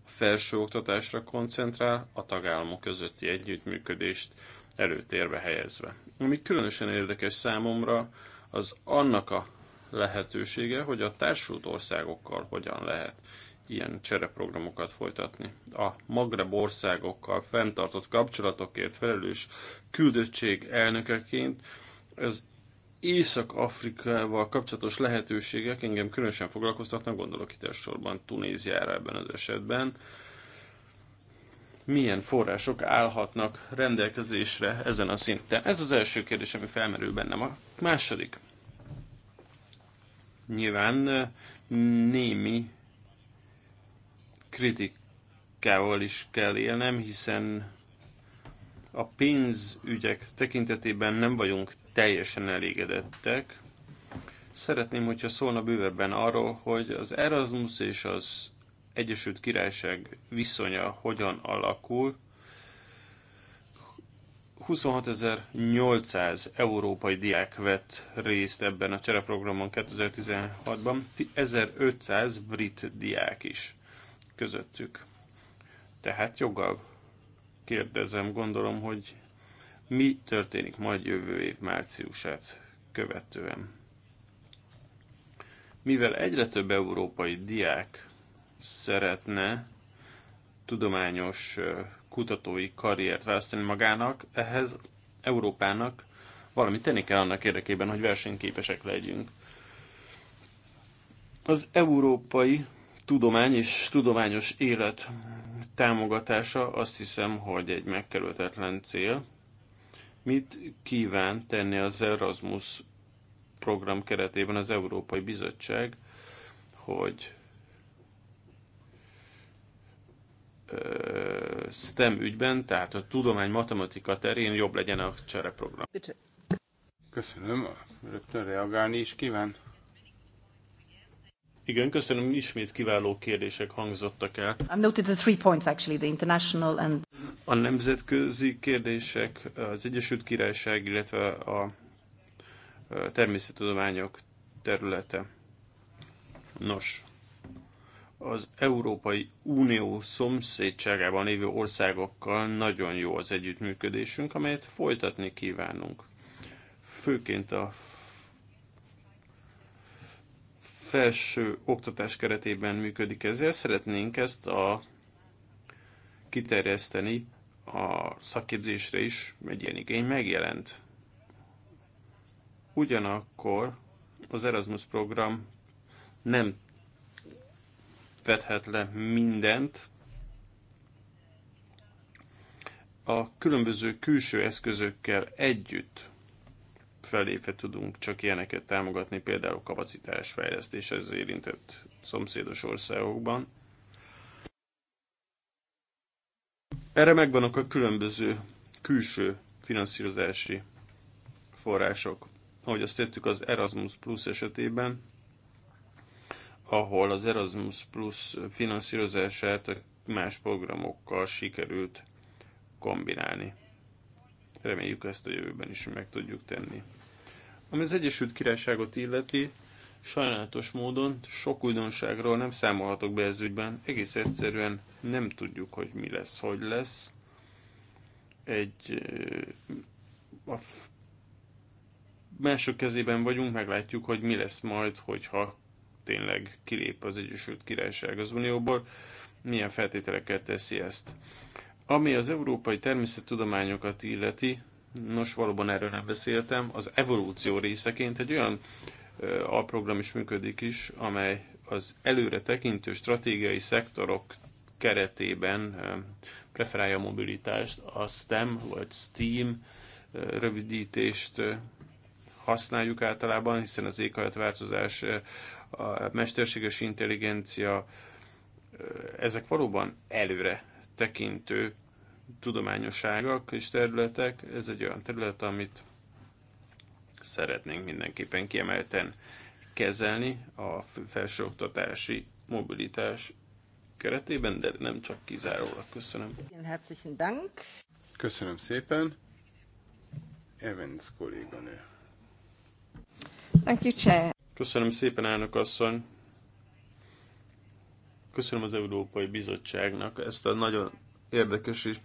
a felsőoktatásra koncentrál, a tagállamok közötti együttműködést előtérbe helyezve. Ami különösen érdekes számomra, az annak a lehetősége, hogy a társult országokkal hogyan lehet ilyen csereprogramokat folytatni. A Magreb országokkal fenntartott kapcsolatokért felelős küldöttség elnökeként az Észak-Afrikával kapcsolatos lehetőségek engem különösen foglalkoztatnak, gondolok itt elsősorban Tunéziára ebben az esetben. Milyen források állhatnak rendelkezésre ezen a szinten? Ez az első kérdés, ami felmerül bennem. A második. Nyilván eh, némi kritikával is kell élnem, hiszen a pénzügyek tekintetében nem vagyunk teljesen elégedettek. Szeretném, hogyha szólna bővebben arról, hogy az Erasmus és az Egyesült Királyság viszonya hogyan alakul. 26.800 európai diák vett részt ebben a csereprogramon 2016-ban, 1500 brit diák is közöttük. Tehát joggal kérdezem, gondolom, hogy mi történik majd jövő év márciusát követően. Mivel egyre több európai diák szeretne tudományos kutatói karriert választani magának, ehhez Európának valamit tenni kell annak érdekében, hogy versenyképesek legyünk. Az európai tudomány és tudományos élet támogatása azt hiszem, hogy egy megkerülhetetlen cél. Mit kíván tenni az Erasmus program keretében az Európai Bizottság, hogy STEM ügyben, tehát a tudomány matematika terén jobb legyen a csereprogram. Köszönöm, rögtön reagálni is kíván. Igen, köszönöm, ismét kiváló kérdések hangzottak el. I've noted the three points actually, the international and... A nemzetközi kérdések, az Egyesült Királyság, illetve a természettudományok területe. Nos, az Európai Unió szomszédságában lévő országokkal nagyon jó az együttműködésünk, amelyet folytatni kívánunk. Főként a felső oktatás keretében működik ez. Ezért szeretnénk ezt a kiterjeszteni a szakképzésre is egy ilyen igény megjelent. Ugyanakkor az Erasmus program nem vethet le mindent. A különböző külső eszközökkel együtt fellépve tudunk csak ilyeneket támogatni, például fejlesztés az érintett szomszédos országokban. Erre megvannak a különböző külső finanszírozási források. Ahogy azt tettük az Erasmus Plus esetében, ahol az Erasmus Plus finanszírozását más programokkal sikerült kombinálni. Reméljük ezt a jövőben is meg tudjuk tenni. Ami az Egyesült Királyságot illeti, sajnálatos módon sok újdonságról nem számolhatok be ez ügyben, egész egyszerűen nem tudjuk, hogy mi lesz, hogy lesz. Egy a mások kezében vagyunk, meglátjuk, hogy mi lesz majd, hogyha tényleg kilép az Egyesült Királyság az Unióból, milyen feltételekkel teszi ezt. Ami az európai természettudományokat illeti, Nos, valóban erről nem beszéltem. Az evolúció részeként egy olyan alprogram is működik is, amely az előre tekintő stratégiai szektorok keretében preferálja a mobilitást, a STEM vagy STEAM rövidítést használjuk általában, hiszen az éghajlatváltozás, a mesterséges intelligencia, ezek valóban előre tekintő Tudományoságok és területek. Ez egy olyan terület, amit szeretnénk mindenképpen kiemelten kezelni a felsőoktatási mobilitás keretében, de nem csak kizárólag. Köszönöm. Köszönöm szépen. Evans kolléganő. Köszönöm szépen, elnök asszony. Köszönöm az Európai Bizottságnak ezt a nagyon érdekes és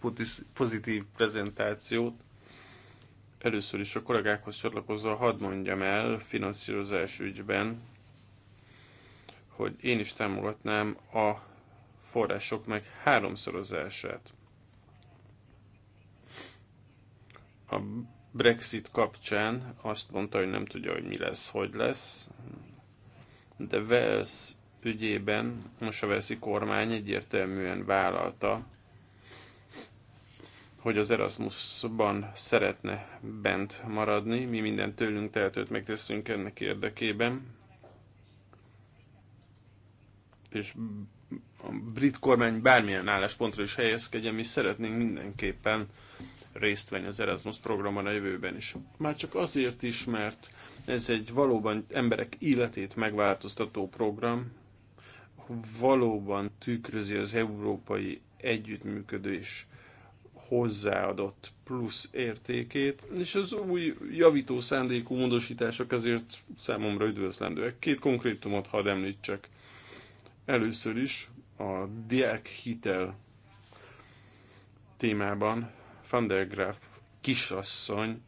pozitív prezentációt. Először is a kollégákhoz csatlakozva hadd mondjam el finanszírozás ügyben, hogy én is támogatnám a források meg háromszorozását. A Brexit kapcsán azt mondta, hogy nem tudja, hogy mi lesz, hogy lesz, de Wales ügyében most a Velszi kormány egyértelműen vállalta, hogy az Erasmusban szeretne bent maradni. Mi minden tőlünk tehetőt megteszünk ennek érdekében. És a brit kormány bármilyen álláspontra is helyezkedjen, mi szeretnénk mindenképpen részt venni az Erasmus programban a jövőben is. Már csak azért is, mert ez egy valóban emberek életét megváltoztató program, valóban tükrözi az európai együttműködés hozzáadott plusz értékét, és az új javító szándékú módosítások azért számomra üdvözlendőek. Két konkrétumot hadd említsek. Először is a diák hitel témában Van der Graaf kisasszony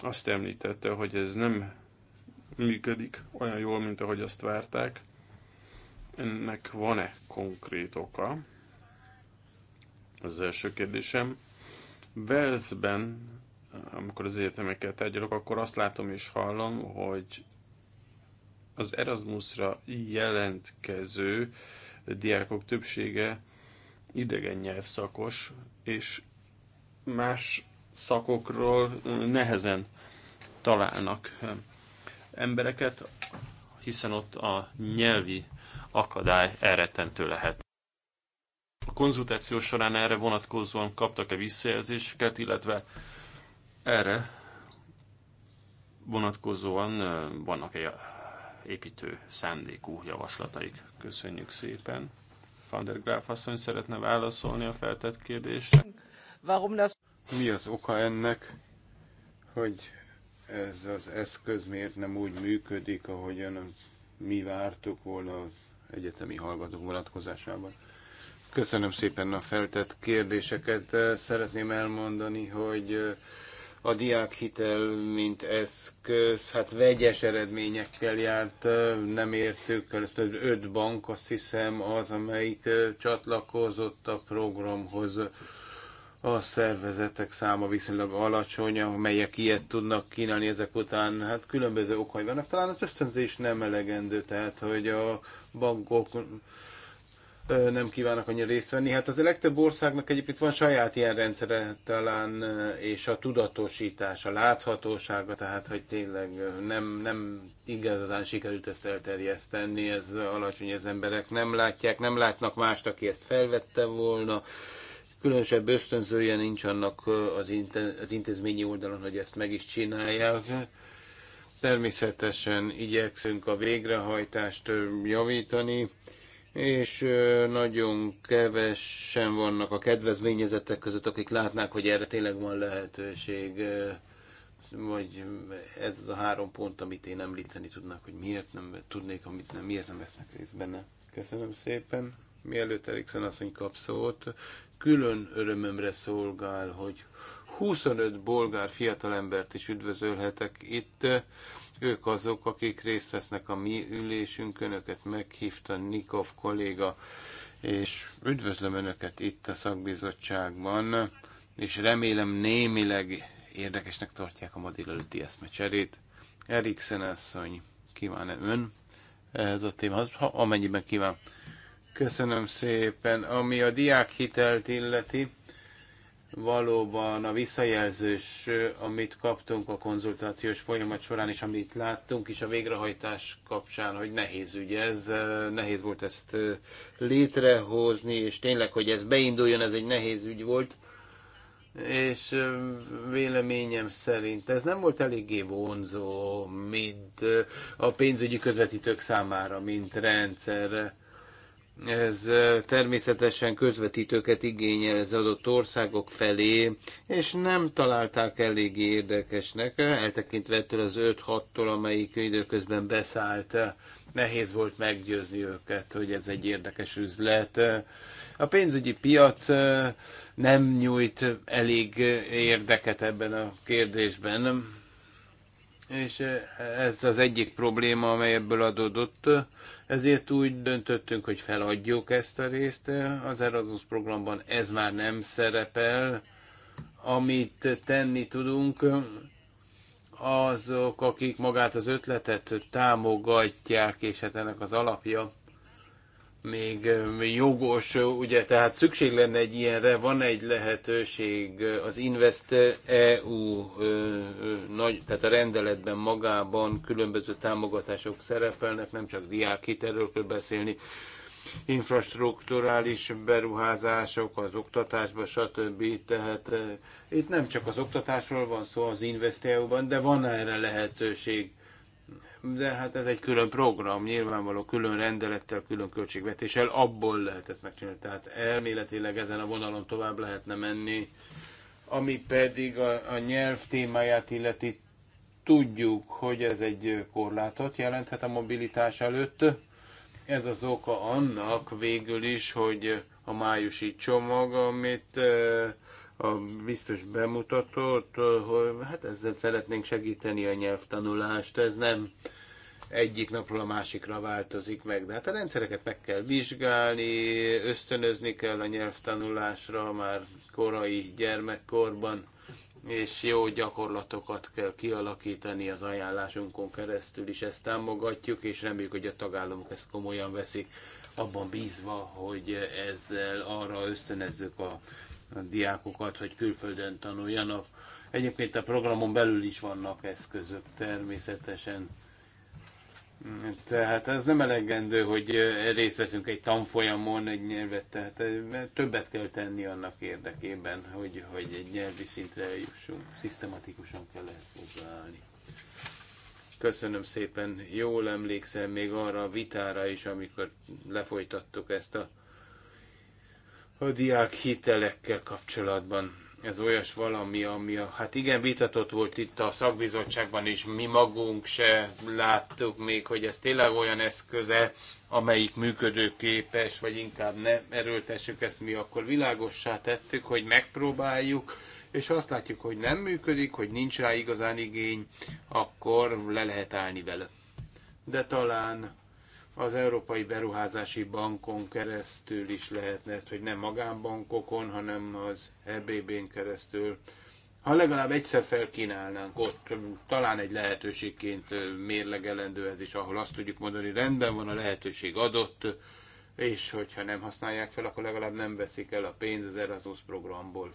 azt említette, hogy ez nem működik olyan jól, mint ahogy azt várták. Ennek van-e konkrét oka? az első kérdésem. Velszben, amikor az egyetemeket tárgyalok, akkor azt látom és hallom, hogy az Erasmusra jelentkező diákok többsége idegen nyelvszakos, és más szakokról nehezen találnak embereket, hiszen ott a nyelvi akadály elrettentő lehet. A konzultáció során erre vonatkozóan kaptak-e visszajelzéseket, illetve erre vonatkozóan vannak-e építő szándékú javaslataik? Köszönjük szépen. Van der Graaf asszony szeretne válaszolni a feltett kérdésre. Mi az oka ennek, hogy ez az eszköz miért nem úgy működik, ahogyan mi vártuk volna az egyetemi hallgatók vonatkozásában? Köszönöm szépen a feltett kérdéseket. Szeretném elmondani, hogy a diákhitel, mint eszköz, hát vegyes eredményekkel járt, nem értük el, ezt öt bank, azt hiszem, az, amelyik csatlakozott a programhoz. A szervezetek száma viszonylag alacsony, amelyek ilyet tudnak kínálni ezek után, hát különböző okai vannak. Talán az ösztönzés nem elegendő, tehát hogy a bankok nem kívánnak annyira részt venni. Hát az a legtöbb országnak egyébként van saját ilyen rendszere talán, és a tudatosítás, a láthatósága, tehát hogy tényleg nem, nem igazán sikerült ezt elterjeszteni, ez alacsony az emberek nem látják, nem látnak mást, aki ezt felvette volna. Különösebb ösztönzője nincs annak az, intéz, az intézményi oldalon, hogy ezt meg is csinálják. Természetesen igyekszünk a végrehajtást javítani és nagyon kevesen vannak a kedvezményezettek között, akik látnák, hogy erre tényleg van lehetőség, vagy ez az a három pont, amit én említeni tudnak, hogy miért nem tudnék, amit nem, miért nem vesznek részt benne. Köszönöm szépen. Mielőtt Erikson asszony kap szót, külön örömömre szolgál, hogy 25 bolgár fiatalembert is üdvözölhetek itt ők azok, akik részt vesznek a mi ülésünkön, őket meghívta Nikov kolléga, és üdvözlöm Önöket itt a szakbizottságban, és remélem némileg érdekesnek tartják a ma délelőtti eszmecserét. Eriksen asszony, kíván-e ön ez a téma, ha amennyiben kíván. Köszönöm szépen. Ami a diákhitelt illeti, valóban a visszajelzés, amit kaptunk a konzultációs folyamat során, és amit láttunk is a végrehajtás kapcsán, hogy nehéz ügy ez, nehéz volt ezt létrehozni, és tényleg, hogy ez beinduljon, ez egy nehéz ügy volt. És véleményem szerint ez nem volt eléggé vonzó, mint a pénzügyi közvetítők számára, mint rendszerre ez természetesen közvetítőket igényel az adott országok felé, és nem találták eléggé érdekesnek, eltekintve ettől az 5-6-tól, amelyik időközben beszállt. Nehéz volt meggyőzni őket, hogy ez egy érdekes üzlet. A pénzügyi piac nem nyújt elég érdeket ebben a kérdésben. És ez az egyik probléma, amely ebből adódott. Ezért úgy döntöttünk, hogy feladjuk ezt a részt. Az Erasmus programban ez már nem szerepel. Amit tenni tudunk, azok, akik magát az ötletet támogatják, és hát ennek az alapja még jogos, ugye, tehát szükség lenne egy ilyenre, van egy lehetőség az Invest EU nagy, tehát a rendeletben magában különböző támogatások szerepelnek, nem csak diákhitelről kell beszélni, infrastruktúrális beruházások az oktatásba, stb. Tehát itt nem csak az oktatásról van szó az invest eu ban de van erre lehetőség de hát ez egy külön program, nyilvánvaló külön rendelettel, külön költségvetéssel, abból lehet ezt megcsinálni. Tehát elméletileg ezen a vonalon tovább lehetne menni, ami pedig a, a nyelv témáját illeti, tudjuk, hogy ez egy korlátot jelenthet a mobilitás előtt. Ez az oka annak végül is, hogy a májusi csomag, amit eh, a biztos bemutatott, eh, hogy hát ezzel szeretnénk segíteni a nyelvtanulást, ez nem egyik napról a másikra változik meg. De hát a rendszereket meg kell vizsgálni, ösztönözni kell a nyelvtanulásra már korai gyermekkorban, és jó gyakorlatokat kell kialakítani az ajánlásunkon keresztül is, ezt támogatjuk, és reméljük, hogy a tagállamok ezt komolyan veszik, abban bízva, hogy ezzel arra ösztönezzük a, a diákokat, hogy külföldön tanuljanak. Egyébként a programon belül is vannak eszközök természetesen, tehát ez nem elegendő, hogy részt veszünk egy tanfolyamon, egy nyelvet, tehát többet kell tenni annak érdekében, hogy, hogy egy nyelvi szintre eljussunk. Szisztematikusan kell ezt hozzáállni. Köszönöm szépen, jól emlékszem még arra a vitára is, amikor lefolytattuk ezt a, a diák hitelekkel kapcsolatban ez olyas valami, ami a, hát igen, vitatott volt itt a szakbizottságban, és mi magunk se láttuk még, hogy ez tényleg olyan eszköze, amelyik működőképes, vagy inkább ne erőltessük ezt, mi akkor világossá tettük, hogy megpróbáljuk, és azt látjuk, hogy nem működik, hogy nincs rá igazán igény, akkor le lehet állni vele. De talán az Európai Beruházási Bankon keresztül is lehetne, hogy nem magánbankokon, hanem az EBB-n keresztül. Ha legalább egyszer felkínálnánk ott, talán egy lehetőségként mérlegelendő ez is, ahol azt tudjuk mondani, rendben van a lehetőség adott, és hogyha nem használják fel, akkor legalább nem veszik el a pénz az Erasmus programból.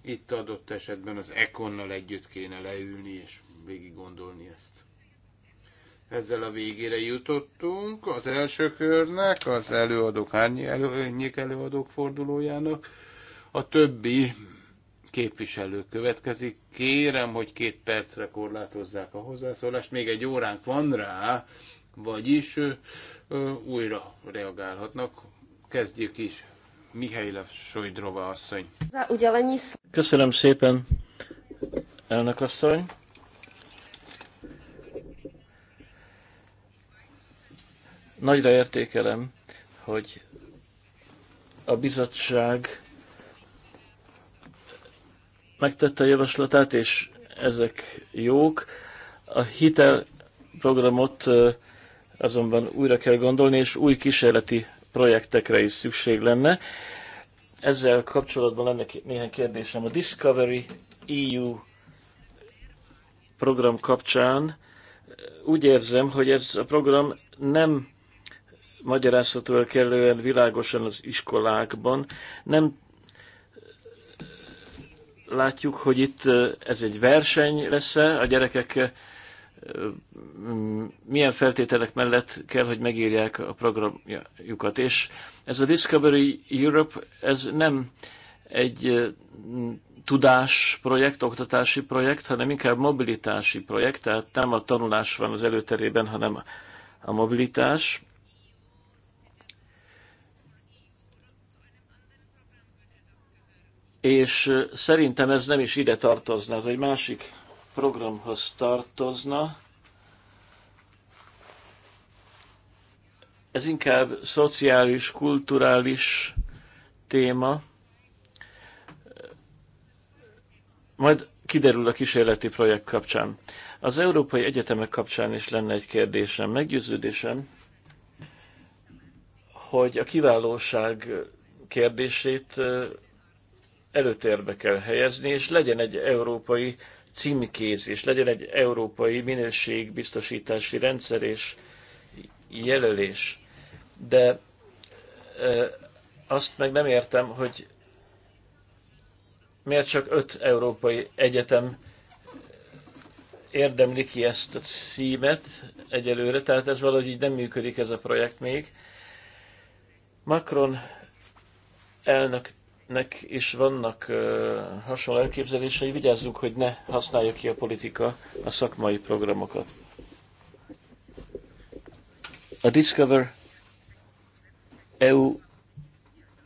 Itt adott esetben az Econnal együtt kéne leülni és végig gondolni ezt. Ezzel a végére jutottunk az első körnek, az előadók, elő, előadók fordulójának. A többi képviselő következik. Kérem, hogy két percre korlátozzák a hozzászólást. Még egy óránk van rá, vagyis ö, ö, újra reagálhatnak. Kezdjük is. Mihaila Sojdrova asszony. Köszönöm szépen, elnök asszony. Nagyra értékelem, hogy a bizottság megtette a javaslatát, és ezek jók. A hitelprogramot azonban újra kell gondolni, és új kísérleti projektekre is szükség lenne. Ezzel kapcsolatban lenne néhány kérdésem. A Discovery EU program kapcsán úgy érzem, hogy ez a program nem magyarázatra kellően világosan az iskolákban. Nem látjuk, hogy itt ez egy verseny lesz-e, a gyerekek milyen feltételek mellett kell, hogy megírják a programjukat. És ez a Discovery Europe, ez nem egy tudás projekt, oktatási projekt, hanem inkább mobilitási projekt, tehát nem a tanulás van az előterében, hanem a mobilitás. és szerintem ez nem is ide tartozna, ez egy másik programhoz tartozna. Ez inkább szociális, kulturális téma. Majd kiderül a kísérleti projekt kapcsán. Az európai egyetemek kapcsán is lenne egy kérdésem, meggyőződésem, hogy a kiválóság kérdését előtérbe kell helyezni, és legyen egy európai címkézés, legyen egy európai minőségbiztosítási rendszer és jelölés. De azt meg nem értem, hogy miért csak öt európai egyetem érdemli ki ezt a címet egyelőre, tehát ez valahogy így nem működik ez a projekt még. Macron elnök nek is vannak hasonló elképzelései, vigyázzunk, hogy ne használja ki a politika a szakmai programokat. A Discover EU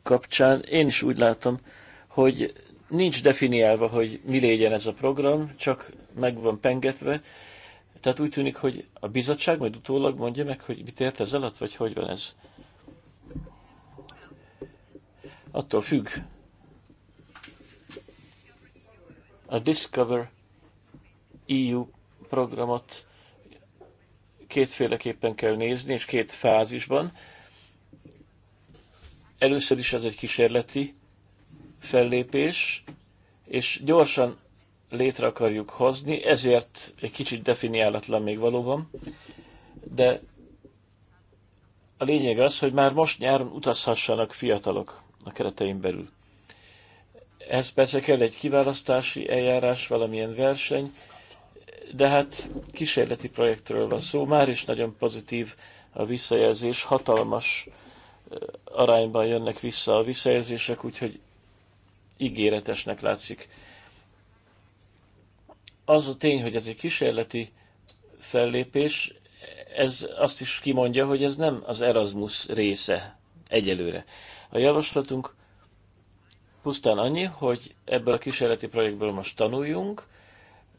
kapcsán én is úgy látom, hogy nincs definiálva, hogy mi legyen ez a program, csak meg van pengetve. Tehát úgy tűnik, hogy a bizottság majd utólag mondja meg, hogy mit ért ez alatt, vagy hogy van ez attól függ. A Discover EU programot kétféleképpen kell nézni, és két fázisban. Először is ez egy kísérleti fellépés, és gyorsan létre akarjuk hozni, ezért egy kicsit definiálatlan még valóban, de a lényeg az, hogy már most nyáron utazhassanak fiatalok a keretein belül. Ez persze kell egy kiválasztási eljárás, valamilyen verseny, de hát kísérleti projektről van szó. Már is nagyon pozitív a visszajelzés, hatalmas eh, arányban jönnek vissza a visszajelzések, úgyhogy ígéretesnek látszik. Az a tény, hogy ez egy kísérleti fellépés, ez azt is kimondja, hogy ez nem az Erasmus része egyelőre. A javaslatunk pusztán annyi, hogy ebből a kísérleti projektből most tanuljunk,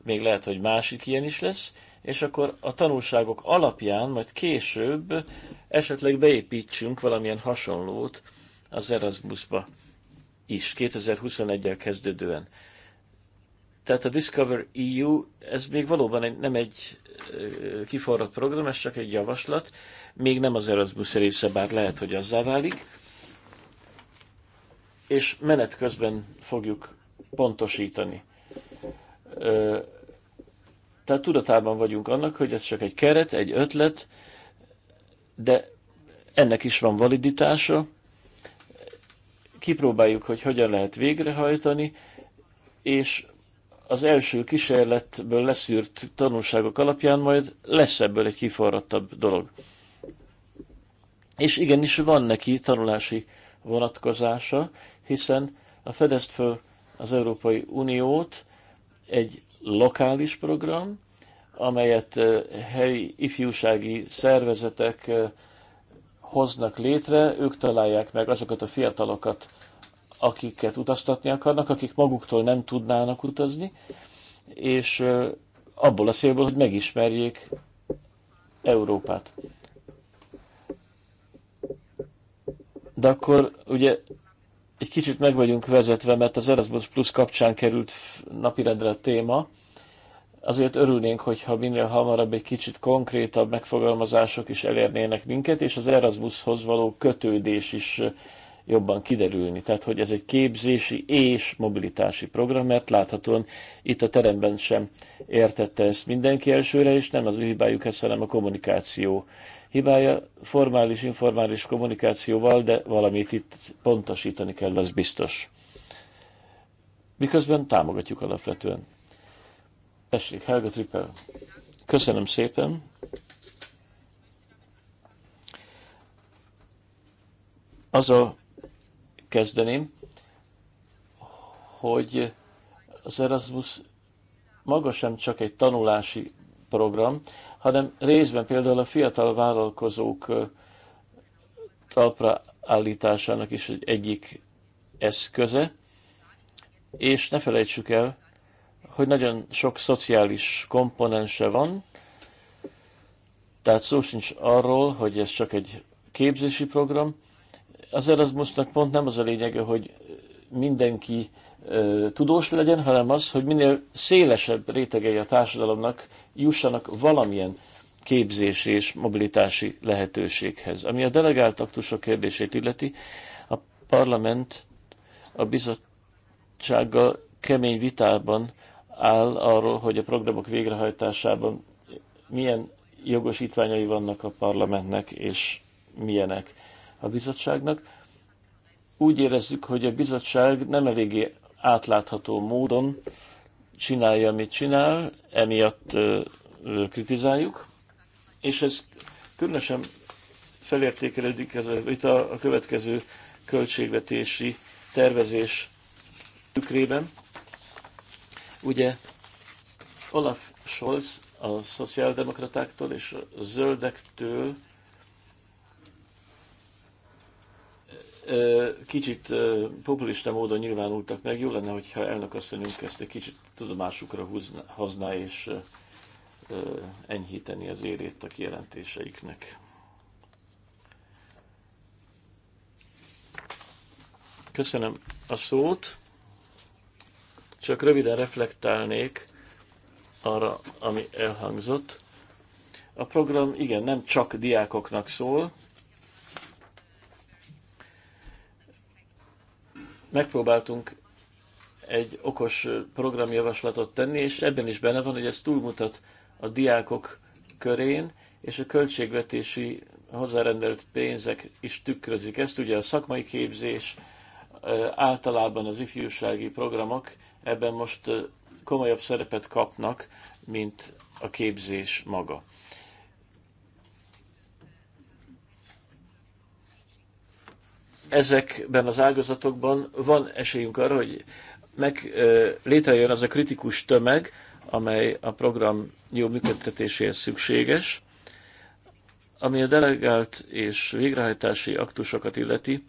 még lehet, hogy másik ilyen is lesz, és akkor a tanulságok alapján majd később esetleg beépítsünk valamilyen hasonlót az Erasmusba is, 2021-el kezdődően. Tehát a Discover EU, ez még valóban egy, nem egy kiforrott program, ez csak egy javaslat, még nem az Erasmus része, bár lehet, hogy azzá válik. És menet közben fogjuk pontosítani. Tehát tudatában vagyunk annak, hogy ez csak egy keret, egy ötlet, de ennek is van validitása. Kipróbáljuk, hogy hogyan lehet végrehajtani, és az első kísérletből leszűrt tanulságok alapján majd lesz ebből egy kiforrottabb dolog és igenis van neki tanulási vonatkozása, hiszen a fedezt föl az Európai Uniót egy lokális program, amelyet helyi ifjúsági szervezetek hoznak létre, ők találják meg azokat a fiatalokat, akiket utaztatni akarnak, akik maguktól nem tudnának utazni, és abból a szélből, hogy megismerjék Európát. de akkor ugye egy kicsit meg vagyunk vezetve, mert az Erasmus Plus kapcsán került napirendre a téma. Azért örülnénk, hogyha minél hamarabb egy kicsit konkrétabb megfogalmazások is elérnének minket, és az Erasmushoz való kötődés is jobban kiderülni. Tehát, hogy ez egy képzési és mobilitási program, mert láthatóan itt a teremben sem értette ezt mindenki elsőre, és nem az ő hibájuk ezt, hanem a kommunikáció hibája, formális, informális kommunikációval, de valamit itt pontosítani kell, az biztos. Miközben támogatjuk alapvetően. Tessék, Helga Trippel. Köszönöm szépen. a kezdeném, hogy az Erasmus maga sem csak egy tanulási program, hanem részben például a fiatal vállalkozók talpra állításának is egy egyik eszköze, és ne felejtsük el, hogy nagyon sok szociális komponense van, tehát szó sincs arról, hogy ez csak egy képzési program. Az Erasmusnak pont nem az a lényege, hogy mindenki tudós legyen, hanem az, hogy minél szélesebb rétegei a társadalomnak jussanak valamilyen képzési és mobilitási lehetőséghez. Ami a delegált aktusok kérdését illeti, a parlament a bizottsággal kemény vitában áll arról, hogy a programok végrehajtásában milyen jogosítványai vannak a parlamentnek, és milyenek a bizottságnak. Úgy érezzük, hogy a bizottság nem eléggé átlátható módon csinálja, amit csinál, emiatt kritizáljuk, és ez különösen felértékelődik ez a a, a következő költségvetési tervezés tükrében. Ugye Olaf Scholz a szociáldemokratáktól és a zöldektől kicsit populista módon nyilvánultak meg. Jó lenne, hogyha elnökasszonyunk ezt egy kicsit tudomásukra hozná és enyhíteni az érét a kijelentéseiknek. Köszönöm a szót. Csak röviden reflektálnék arra, ami elhangzott. A program igen, nem csak diákoknak szól, megpróbáltunk egy okos programjavaslatot tenni, és ebben is benne van, hogy ez túlmutat a diákok körén, és a költségvetési hozzárendelt pénzek is tükrözik ezt. Ugye a szakmai képzés, eh, általában az ifjúsági programok ebben most eh, komolyabb szerepet kapnak, mint a képzés maga. ezekben az ágazatokban van esélyünk arra, hogy meg létrejön az a kritikus tömeg, amely a program jó működtetéséhez szükséges, ami a delegált és végrehajtási aktusokat illeti,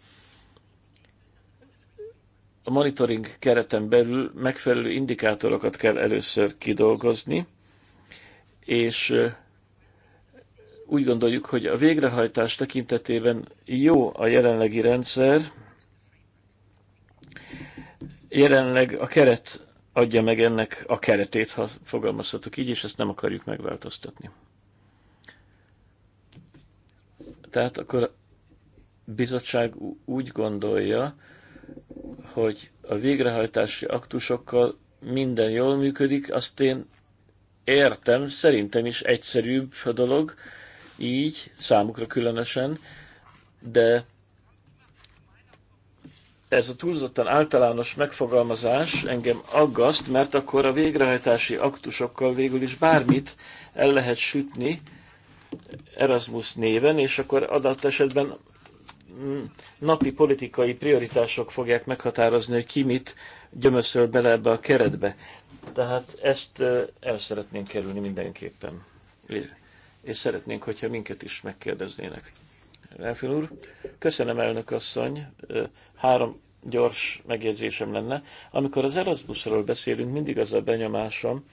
a monitoring kereten belül megfelelő indikátorokat kell először kidolgozni, és úgy gondoljuk, hogy a végrehajtás tekintetében jó a jelenlegi rendszer, jelenleg a keret adja meg ennek a keretét, ha fogalmazhatok így, és ezt nem akarjuk megváltoztatni. Tehát akkor a bizottság úgy gondolja, hogy a végrehajtási aktusokkal minden jól működik, azt én értem, szerintem is egyszerűbb a dolog, így, számukra különösen, de ez a túlzottan általános megfogalmazás engem aggaszt, mert akkor a végrehajtási aktusokkal végül is bármit el lehet sütni Erasmus néven, és akkor adott esetben mm, napi politikai prioritások fogják meghatározni, hogy ki mit gyömöszöl bele ebbe a keretbe. Tehát ezt el szeretnénk kerülni mindenképpen és szeretnénk, hogyha minket is megkérdeznének. Elfin úr, köszönöm elnök asszony, három gyors megjegyzésem lenne. Amikor az Erasmusról beszélünk, mindig az a benyomásom,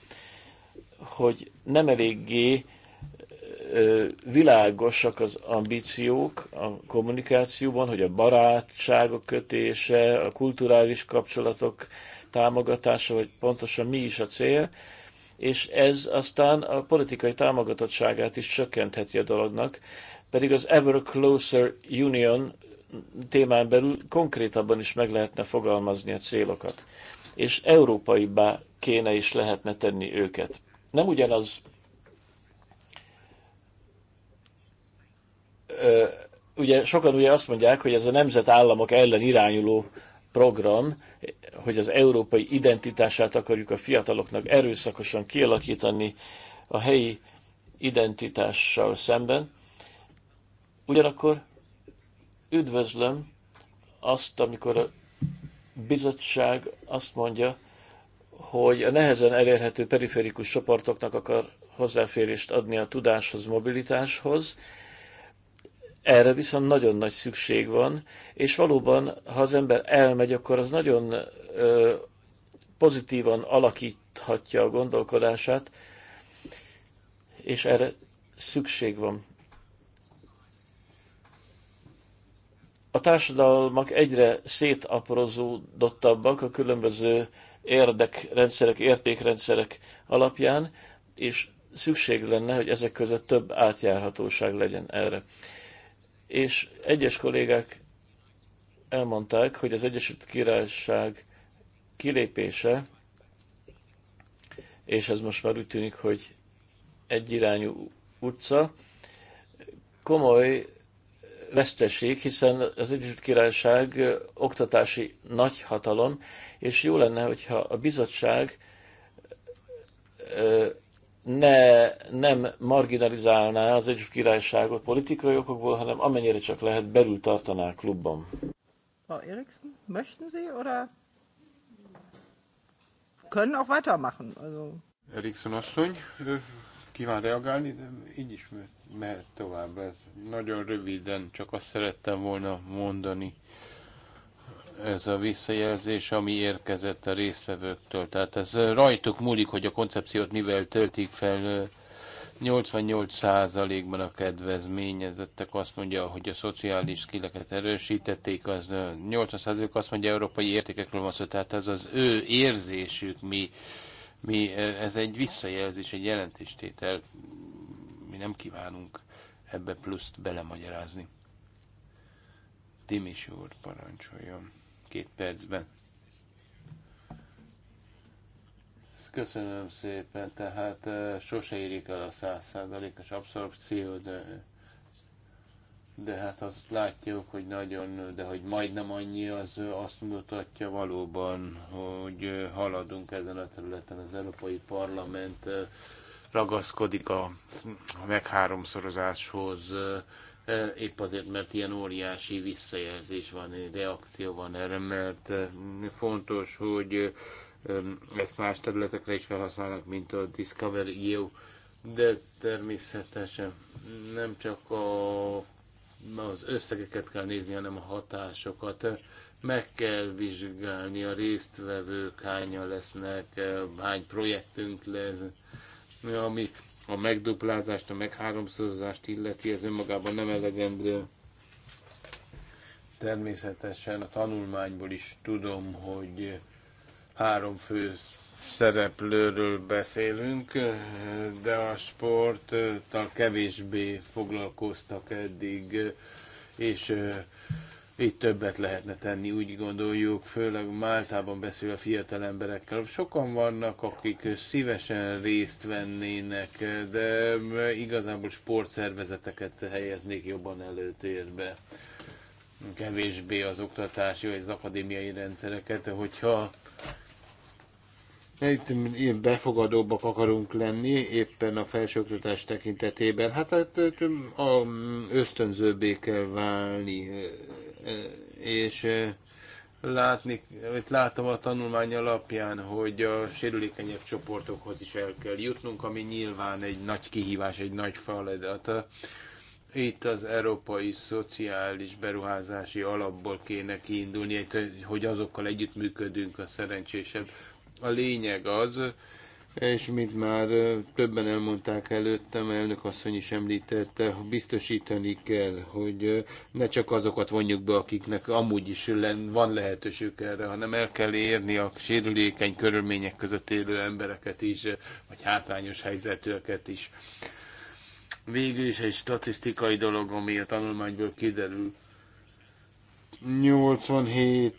hogy nem eléggé világosak az ambíciók a kommunikációban, hogy a barátságok kötése, a kulturális kapcsolatok támogatása, vagy pontosan mi is a cél, és ez aztán a politikai támogatottságát is csökkentheti a dolognak, pedig az Ever Closer Union témán belül konkrétabban is meg lehetne fogalmazni a célokat, és európaibbá kéne is lehetne tenni őket. Nem ugyanaz ugye sokan ugye azt mondják, hogy ez a nemzetállamok ellen irányuló program, hogy az európai identitását akarjuk a fiataloknak erőszakosan kialakítani a helyi identitással szemben. Ugyanakkor üdvözlöm azt, amikor a bizottság azt mondja, hogy a nehezen elérhető periférikus csoportoknak akar hozzáférést adni a tudáshoz, mobilitáshoz, erre viszont nagyon nagy szükség van, és valóban, ha az ember elmegy, akkor az nagyon ö, pozitívan alakíthatja a gondolkodását, és erre szükség van. A társadalmak egyre szétaprozódottabbak a különböző érdekrendszerek, értékrendszerek alapján, és szükség lenne, hogy ezek között több átjárhatóság legyen erre és egyes kollégák elmondták, hogy az Egyesült Királyság kilépése, és ez most már úgy tűnik, hogy egyirányú utca, komoly veszteség, hiszen az Egyesült Királyság oktatási nagyhatalom, és jó lenne, hogyha a bizottság ne, nem marginalizálná az Egyesült Királyságot politikai okokból, hanem amennyire csak lehet belül tartaná a klubban. Frau Eriksen, möchten Sie oder können auch weitermachen? Also. Eriksen asszony, kíván reagálni, de így is mehet tovább. Ez nagyon röviden, csak azt szerettem volna mondani, ez a visszajelzés, ami érkezett a résztvevőktől. Tehát ez rajtuk múlik, hogy a koncepciót mivel töltik fel. 88%-ban a kedvezményezettek azt mondja, hogy a szociális skilleket erősítették, az 80% azt mondja, európai értékekről van szó, tehát ez az ő érzésük, mi, mi, ez egy visszajelzés, egy jelentéstétel, mi nem kívánunk ebbe pluszt belemagyarázni. Dimis úr parancsoljon két percben. Köszönöm szépen, tehát eh, sose érik el a százszázalékos abszorpció, de, de hát azt látjuk, hogy nagyon, de hogy majdnem annyi, az azt mutatja valóban, hogy eh, haladunk ezen a területen. Az Európai Parlament eh, ragaszkodik a megháromszorozáshoz, épp azért, mert ilyen óriási visszajelzés van, reakció van erre, mert fontos, hogy ezt más területekre is felhasználnak, mint a Discovery EU, de természetesen nem csak a, az összegeket kell nézni, hanem a hatásokat. Meg kell vizsgálni a résztvevők, hányan lesznek, hány projektünk lesz, ami a megduplázást, a megháromszorozást illeti, ez önmagában nem elegendő. Természetesen a tanulmányból is tudom, hogy három fő szereplőről beszélünk, de a sporttal kevésbé foglalkoztak eddig, és itt többet lehetne tenni, úgy gondoljuk, főleg Máltában beszél a fiatal emberekkel. Sokan vannak, akik szívesen részt vennének, de igazából sportszervezeteket helyeznék jobban előtérbe. Kevésbé az oktatási vagy az akadémiai rendszereket, hogyha itt ilyen befogadóbbak akarunk lenni, éppen a felsőoktatás tekintetében. Hát, hát, hát a ösztönzőbbé kell válni és látni, itt látom a tanulmány alapján, hogy a sérülékenyebb csoportokhoz is el kell jutnunk, ami nyilván egy nagy kihívás, egy nagy feladat. Itt az Európai Szociális Beruházási Alapból kéne kiindulni, hogy azokkal együttműködünk a szerencsésebb. A lényeg az, és mint már többen elmondták előttem, elnök asszony is említette, biztosítani kell, hogy ne csak azokat vonjuk be, akiknek amúgy is van lehetőség erre, hanem el kell érni a sérülékeny körülmények között élő embereket is, vagy hátrányos helyzetőket is. Végül is egy statisztikai dolog, ami a tanulmányból kiderül. 87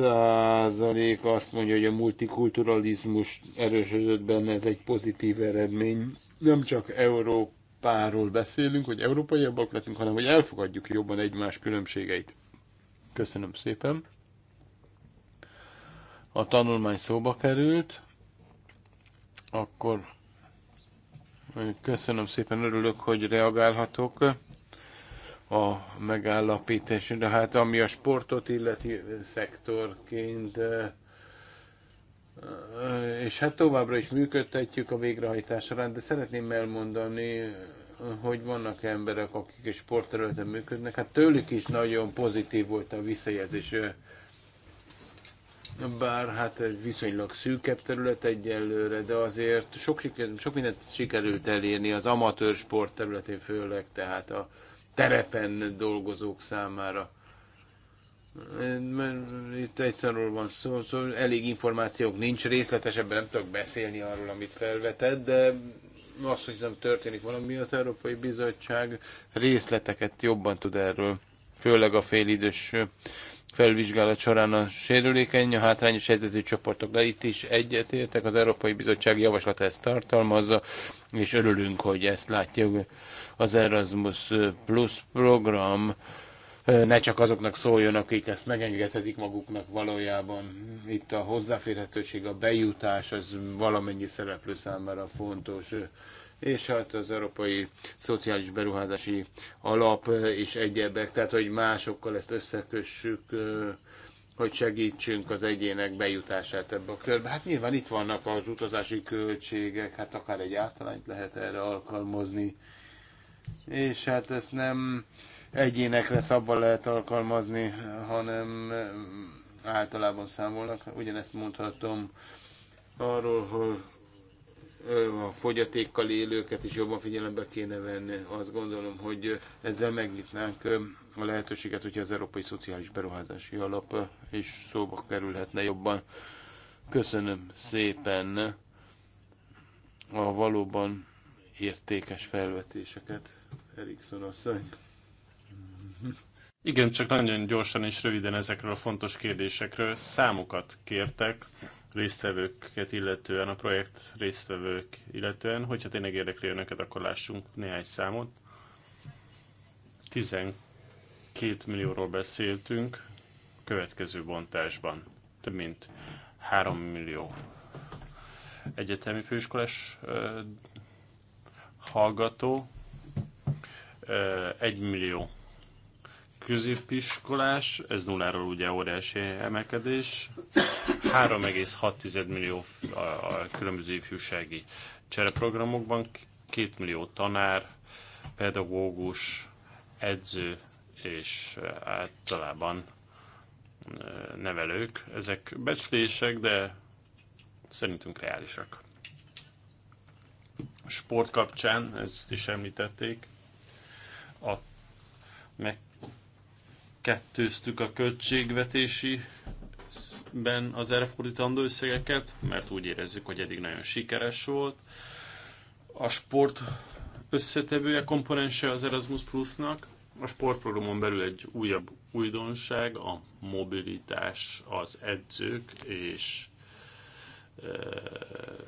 százalék azt mondja, hogy a multikulturalizmus erősödött benne, ez egy pozitív eredmény. Nem csak Európáról beszélünk, hogy európaiabbak lettünk, hanem hogy elfogadjuk jobban egymás különbségeit. Köszönöm szépen. A tanulmány szóba került, akkor köszönöm szépen, örülök, hogy reagálhatok a megállapítás, de hát ami a sportot illeti szektorként, és hát továbbra is működtetjük a végrehajtás során, de szeretném elmondani, hogy vannak emberek, akik a sportterületen működnek, hát tőlük is nagyon pozitív volt a visszajelzés, bár hát ez viszonylag szűkebb terület egyelőre, de azért sok, sok mindent sikerült elérni az amatőr sport területén főleg, tehát a, terepen dolgozók számára. Itt egyszerűen van szó, szó, szóval elég információk nincs, részletesebben nem tudok beszélni arról, amit felvetett, de azt, hogy nem történik valami, az Európai Bizottság részleteket jobban tud erről, főleg a félidős felvizsgálat során a sérülékeny, a hátrányos helyzetű de Itt is egyetértek, az Európai Bizottság javaslat ezt tartalmazza, és örülünk, hogy ezt látjuk. Az Erasmus Plus program ne csak azoknak szóljon, akik ezt megengedhetik maguknak valójában. Itt a hozzáférhetőség, a bejutás, az valamennyi szereplő számára fontos és hát az Európai Szociális Beruházási Alap és egyebek, tehát hogy másokkal ezt összekössük, hogy segítsünk az egyének bejutását ebbe a körbe. Hát nyilván itt vannak az utazási költségek, hát akár egy általányt lehet erre alkalmazni, és hát ezt nem egyénekre szabva lehet alkalmazni, hanem általában számolnak. Ugyanezt mondhatom arról, hogy a fogyatékkal élőket is jobban figyelembe kéne venni. Azt gondolom, hogy ezzel megnyitnánk a lehetőséget, hogyha az Európai Szociális Beruházási Alap is szóba kerülhetne jobban. Köszönöm szépen a valóban értékes felvetéseket, Erikson asszony. Igen, csak nagyon gyorsan és röviden ezekről a fontos kérdésekről. Számokat kértek, résztvevőket illetően, a projekt résztvevők illetően, hogyha tényleg érdekli önöket, akkor lássunk néhány számot. 12 millióról beszéltünk következő bontásban. Több mint 3 millió egyetemi főiskolás hallgató, 1 millió középiskolás, ez nulláról ugye óriási emelkedés, 3,6 millió a különböző ifjúsági csereprogramokban, 2 millió tanár, pedagógus, edző és e, általában e, nevelők. Ezek becslések, de szerintünk reálisak. A sport kapcsán, ezt is említették, a, kettőztük a költségvetési ben az erre fordítandó összegeket, mert úgy érezzük, hogy eddig nagyon sikeres volt. A sport összetevője, komponense az Erasmus Plusnak. A sportprogramon belül egy újabb újdonság, a mobilitás az edzők és eh,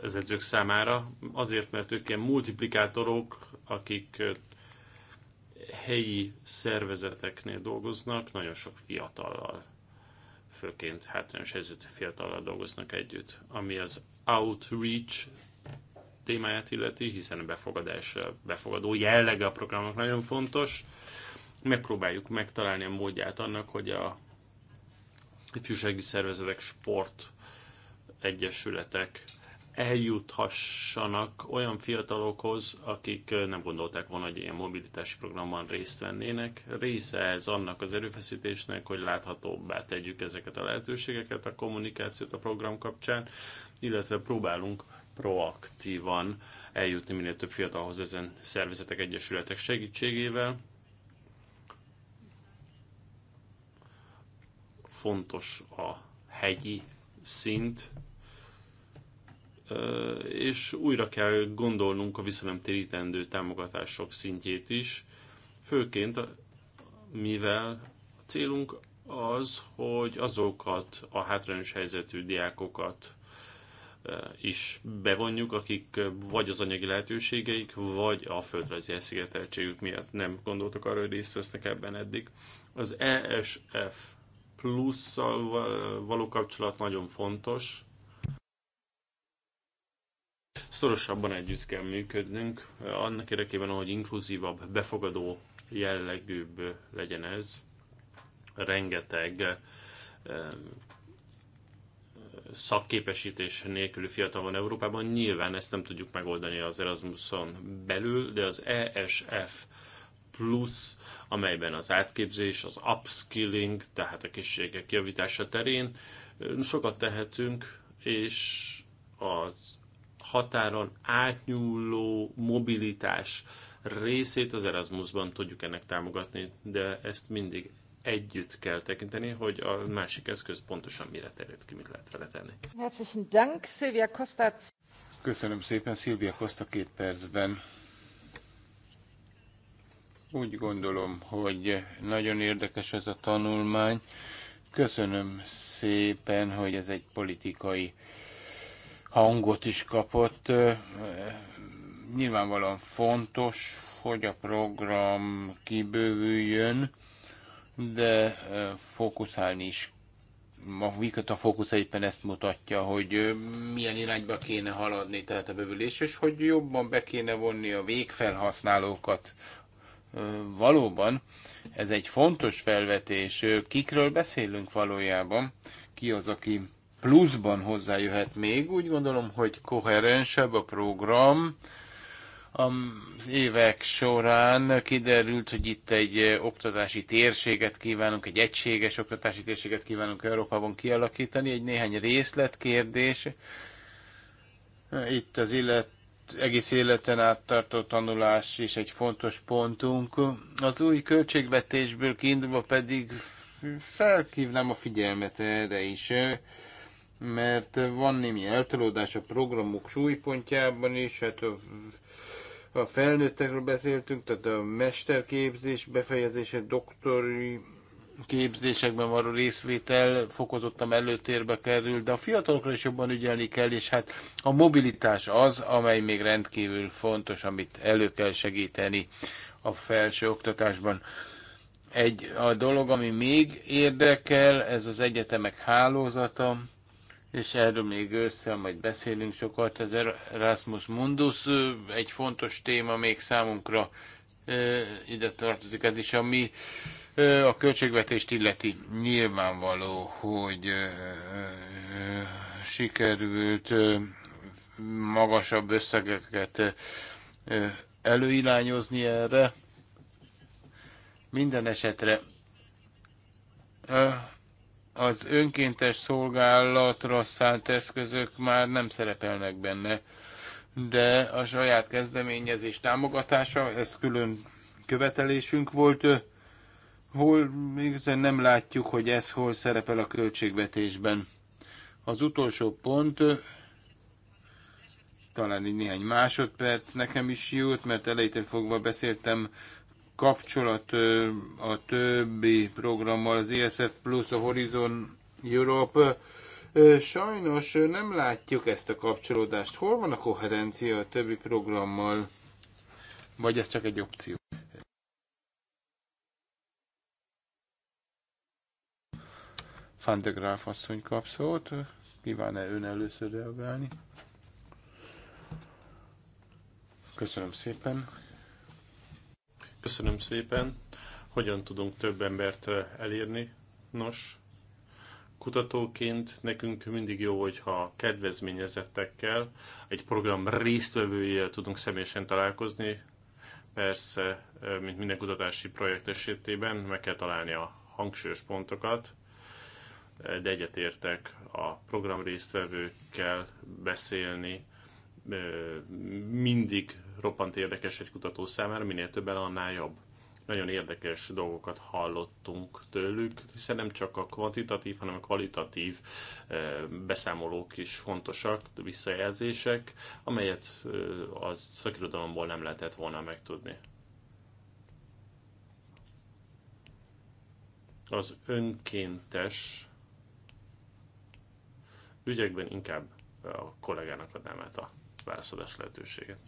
az edzők számára, azért, mert ők ilyen multiplikátorok, akik eh, helyi szervezeteknél dolgoznak, nagyon sok fiatallal főként hátrányos helyzetű fiatallal dolgoznak együtt, ami az outreach témáját illeti, hiszen a befogadás, befogadó jellege a programnak nagyon fontos. Megpróbáljuk megtalálni a módját annak, hogy a ifjúsági szervezetek, sport, egyesületek, eljuthassanak olyan fiatalokhoz, akik nem gondolták volna, hogy ilyen mobilitási programban részt vennének. Része ez annak az erőfeszítésnek, hogy láthatóbbá tegyük ezeket a lehetőségeket, a kommunikációt a program kapcsán, illetve próbálunk proaktívan eljutni minél több fiatalhoz ezen szervezetek, egyesületek segítségével. Fontos a hegyi szint, és újra kell gondolnunk a visszanemtérítendő támogatások szintjét is, főként mivel a célunk az, hogy azokat a hátrányos helyzetű diákokat is bevonjuk, akik vagy az anyagi lehetőségeik, vagy a földrajzi elszigeteltségük miatt nem gondoltak arra, hogy részt vesznek ebben eddig. Az ESF plusszal való kapcsolat nagyon fontos, Szorosabban együtt kell működnünk, annak érdekében, hogy inkluzívabb, befogadó jellegűbb legyen ez. Rengeteg eh, szakképesítés nélküli fiatal van Európában. Nyilván ezt nem tudjuk megoldani az Erasmuson belül, de az ESF plusz, amelyben az átképzés, az upskilling, tehát a készségek javítása terén eh, sokat tehetünk, és az határon átnyúló mobilitás részét az Erasmusban tudjuk ennek támogatni, de ezt mindig együtt kell tekinteni, hogy a másik eszköz pontosan mire terjed ki, mit lehet vele tenni. Silvia Köszönöm szépen, Silvia Costa két percben. Úgy gondolom, hogy nagyon érdekes ez a tanulmány. Köszönöm szépen, hogy ez egy politikai hangot is kapott. Nyilvánvalóan fontos, hogy a program kibővüljön, de fókuszálni is a Vikata fókusz éppen ezt mutatja, hogy milyen irányba kéne haladni, tehát a bővülés, és hogy jobban be kéne vonni a végfelhasználókat. Valóban ez egy fontos felvetés. Kikről beszélünk valójában? Ki az, aki pluszban hozzájöhet még. Úgy gondolom, hogy koherensebb a program. Az évek során kiderült, hogy itt egy oktatási térséget kívánunk, egy egységes oktatási térséget kívánunk Európában kialakítani, egy néhány részletkérdés. Itt az illet egész életen át tartó tanulás is egy fontos pontunk. Az új költségvetésből kiindulva pedig felhívnám a figyelmet erre is mert van némi eltolódás a programok súlypontjában is, hát a, a felnőttekről beszéltünk, tehát a mesterképzés befejezése, doktori képzésekben való részvétel fokozottan előtérbe kerül, de a fiatalokra is jobban ügyelni kell, és hát a mobilitás az, amely még rendkívül fontos, amit elő kell segíteni a felső oktatásban. Egy a dolog, ami még érdekel, ez az egyetemek hálózata, és erről még össze majd beszélünk sokat. Az Erasmus Mundus egy fontos téma még számunkra ide tartozik, ez is, ami a költségvetést illeti nyilvánvaló, hogy sikerült magasabb összegeket előirányozni erre. Minden esetre az önkéntes szolgálatra szánt eszközök már nem szerepelnek benne, de a saját kezdeményezés támogatása, ez külön követelésünk volt, hol még nem látjuk, hogy ez hol szerepel a költségvetésben. Az utolsó pont, talán így néhány másodperc nekem is jut, mert elejétől fogva beszéltem kapcsolat a többi programmal, az ESF Plus, a Horizon Europe. Sajnos nem látjuk ezt a kapcsolódást. Hol van a koherencia a többi programmal? Vagy ez csak egy opció? Van de Graaf asszony kap szót. Kíván-e ön először reagálni? Köszönöm szépen. Köszönöm szépen. Hogyan tudunk több embert eh, elérni? Nos, kutatóként nekünk mindig jó, hogyha kedvezményezettekkel, egy program résztvevőjével tudunk személyesen találkozni. Persze, eh, mint minden kutatási projekt esetében, meg kell találni a hangsúlyos pontokat, eh, de egyetértek a program résztvevőkkel beszélni, mindig roppant érdekes egy kutató számára, minél többen, annál jobb. Nagyon érdekes dolgokat hallottunk tőlük, hiszen nem csak a kvantitatív, hanem a kvalitatív eh, beszámolók is fontosak, visszajelzések, amelyet eh, a szakirodalomból nem lehetett volna megtudni. Az önkéntes ügyekben inkább a kollégának adnám át a válaszadás lehetőséget.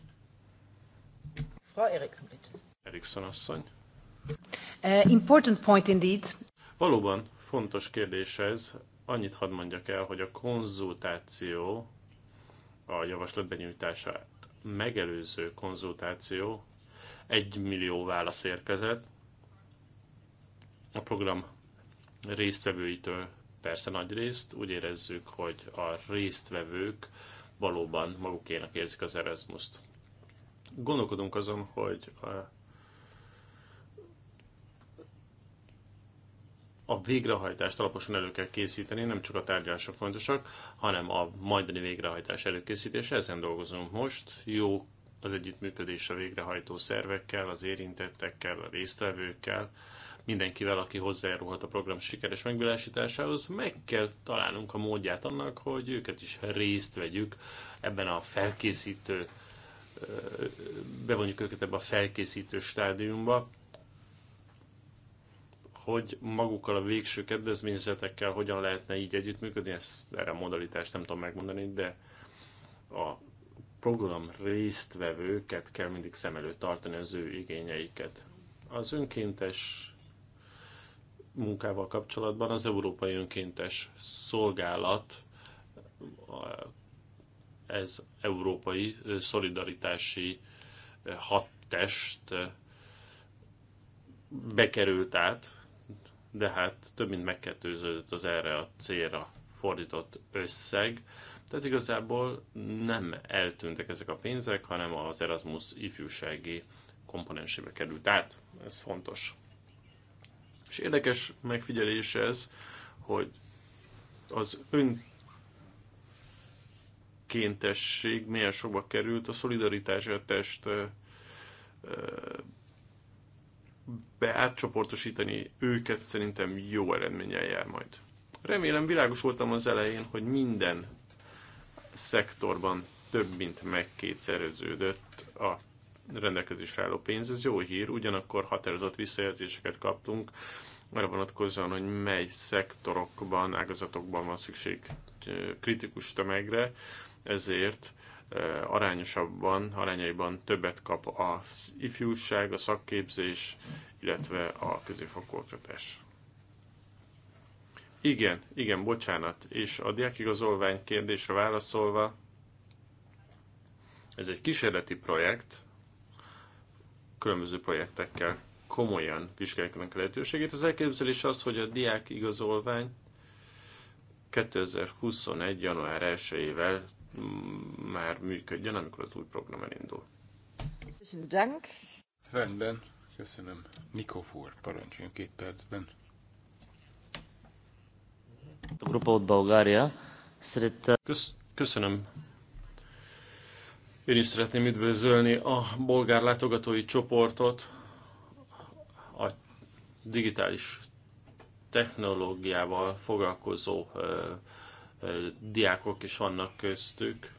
Frau Eriksson, bitte. Eriksson asszony. Uh, important point indeed. Valóban fontos kérdés ez. Annyit hadd mondjak el, hogy a konzultáció, a javaslat benyújtását megelőző konzultáció, egy millió válasz érkezett. A program résztvevőitől persze nagy részt. Úgy érezzük, hogy a résztvevők valóban magukénak érzik az Erasmus-t. Gondolkodunk azon, hogy a, a végrehajtást alaposan elő kell készíteni, nem csak a tárgyalások fontosak, hanem a majdani végrehajtás előkészítése, ezen dolgozunk most. Jó az együttműködés a végrehajtó szervekkel, az érintettekkel, a résztvevőkkel, mindenkivel, aki hozzájárulhat a program sikeres megvilágításához, meg kell találnunk a módját annak, hogy őket is részt vegyük ebben a felkészítő bevonjuk őket ebbe a felkészítő stádiumba, hogy magukkal a végső kedvezményezetekkel hogyan lehetne így együttműködni, ezt erre a modalitást nem tudom megmondani, de a program résztvevőket kell mindig szem előtt tartani az ő igényeiket. Az önkéntes munkával kapcsolatban az Európai Önkéntes Szolgálat ez európai szolidaritási hattest bekerült át, de hát több mint megkettőződött az erre a célra fordított összeg. Tehát igazából nem eltűntek ezek a pénzek, hanem az Erasmus ifjúsági komponensébe került át. Ez fontos. És érdekes megfigyelés ez, hogy az ön önkéntesség milyen sokba került, a a test beátcsoportosítani őket szerintem jó eredménnyel jár majd. Remélem világos voltam az elején, hogy minden szektorban több mint megkétszereződött a rendelkezésre álló pénz. Ez jó hír, ugyanakkor határozott visszajelzéseket kaptunk arra vonatkozóan, hogy mely szektorokban, ágazatokban van szükség kritikus tömegre ezért eh, arányosabban, arányaiban többet kap az ifjúság, a szakképzés, illetve a középfokoktatás. Igen, igen, bocsánat. És a diákigazolvány kérdésre válaszolva, ez egy kísérleti projekt, különböző projektekkel komolyan vizsgáljuk a lehetőségét. Az elképzelés az, hogy a diákigazolvány 2021. január 1-ével már működjön, amikor az új program elindul. Rendben, köszönöm. Nikofor, parancsoljon két percben. Grupa Bulgária. Eh, köszönöm. Én is szeretném üdvözölni a bolgár látogatói csoportot a digitális technológiával foglalkozó eh, diákok is vannak köztük.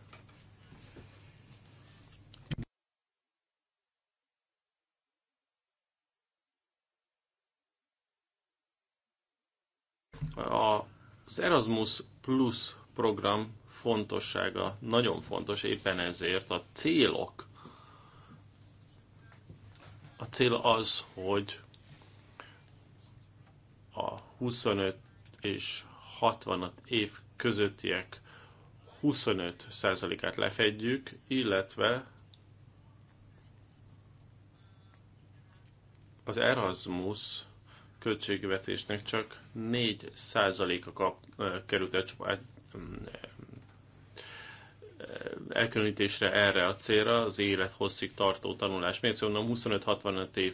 Az Erasmus Plus program fontossága nagyon fontos, éppen ezért a célok. A cél az, hogy a 25 és 65 év közöttiek 25%-át lefedjük, illetve az Erasmus költségvetésnek csak 4%-a kap, került el, elkülönítésre erre a célra, az élet hosszig tartó tanulás. Miért szóval 25-65 év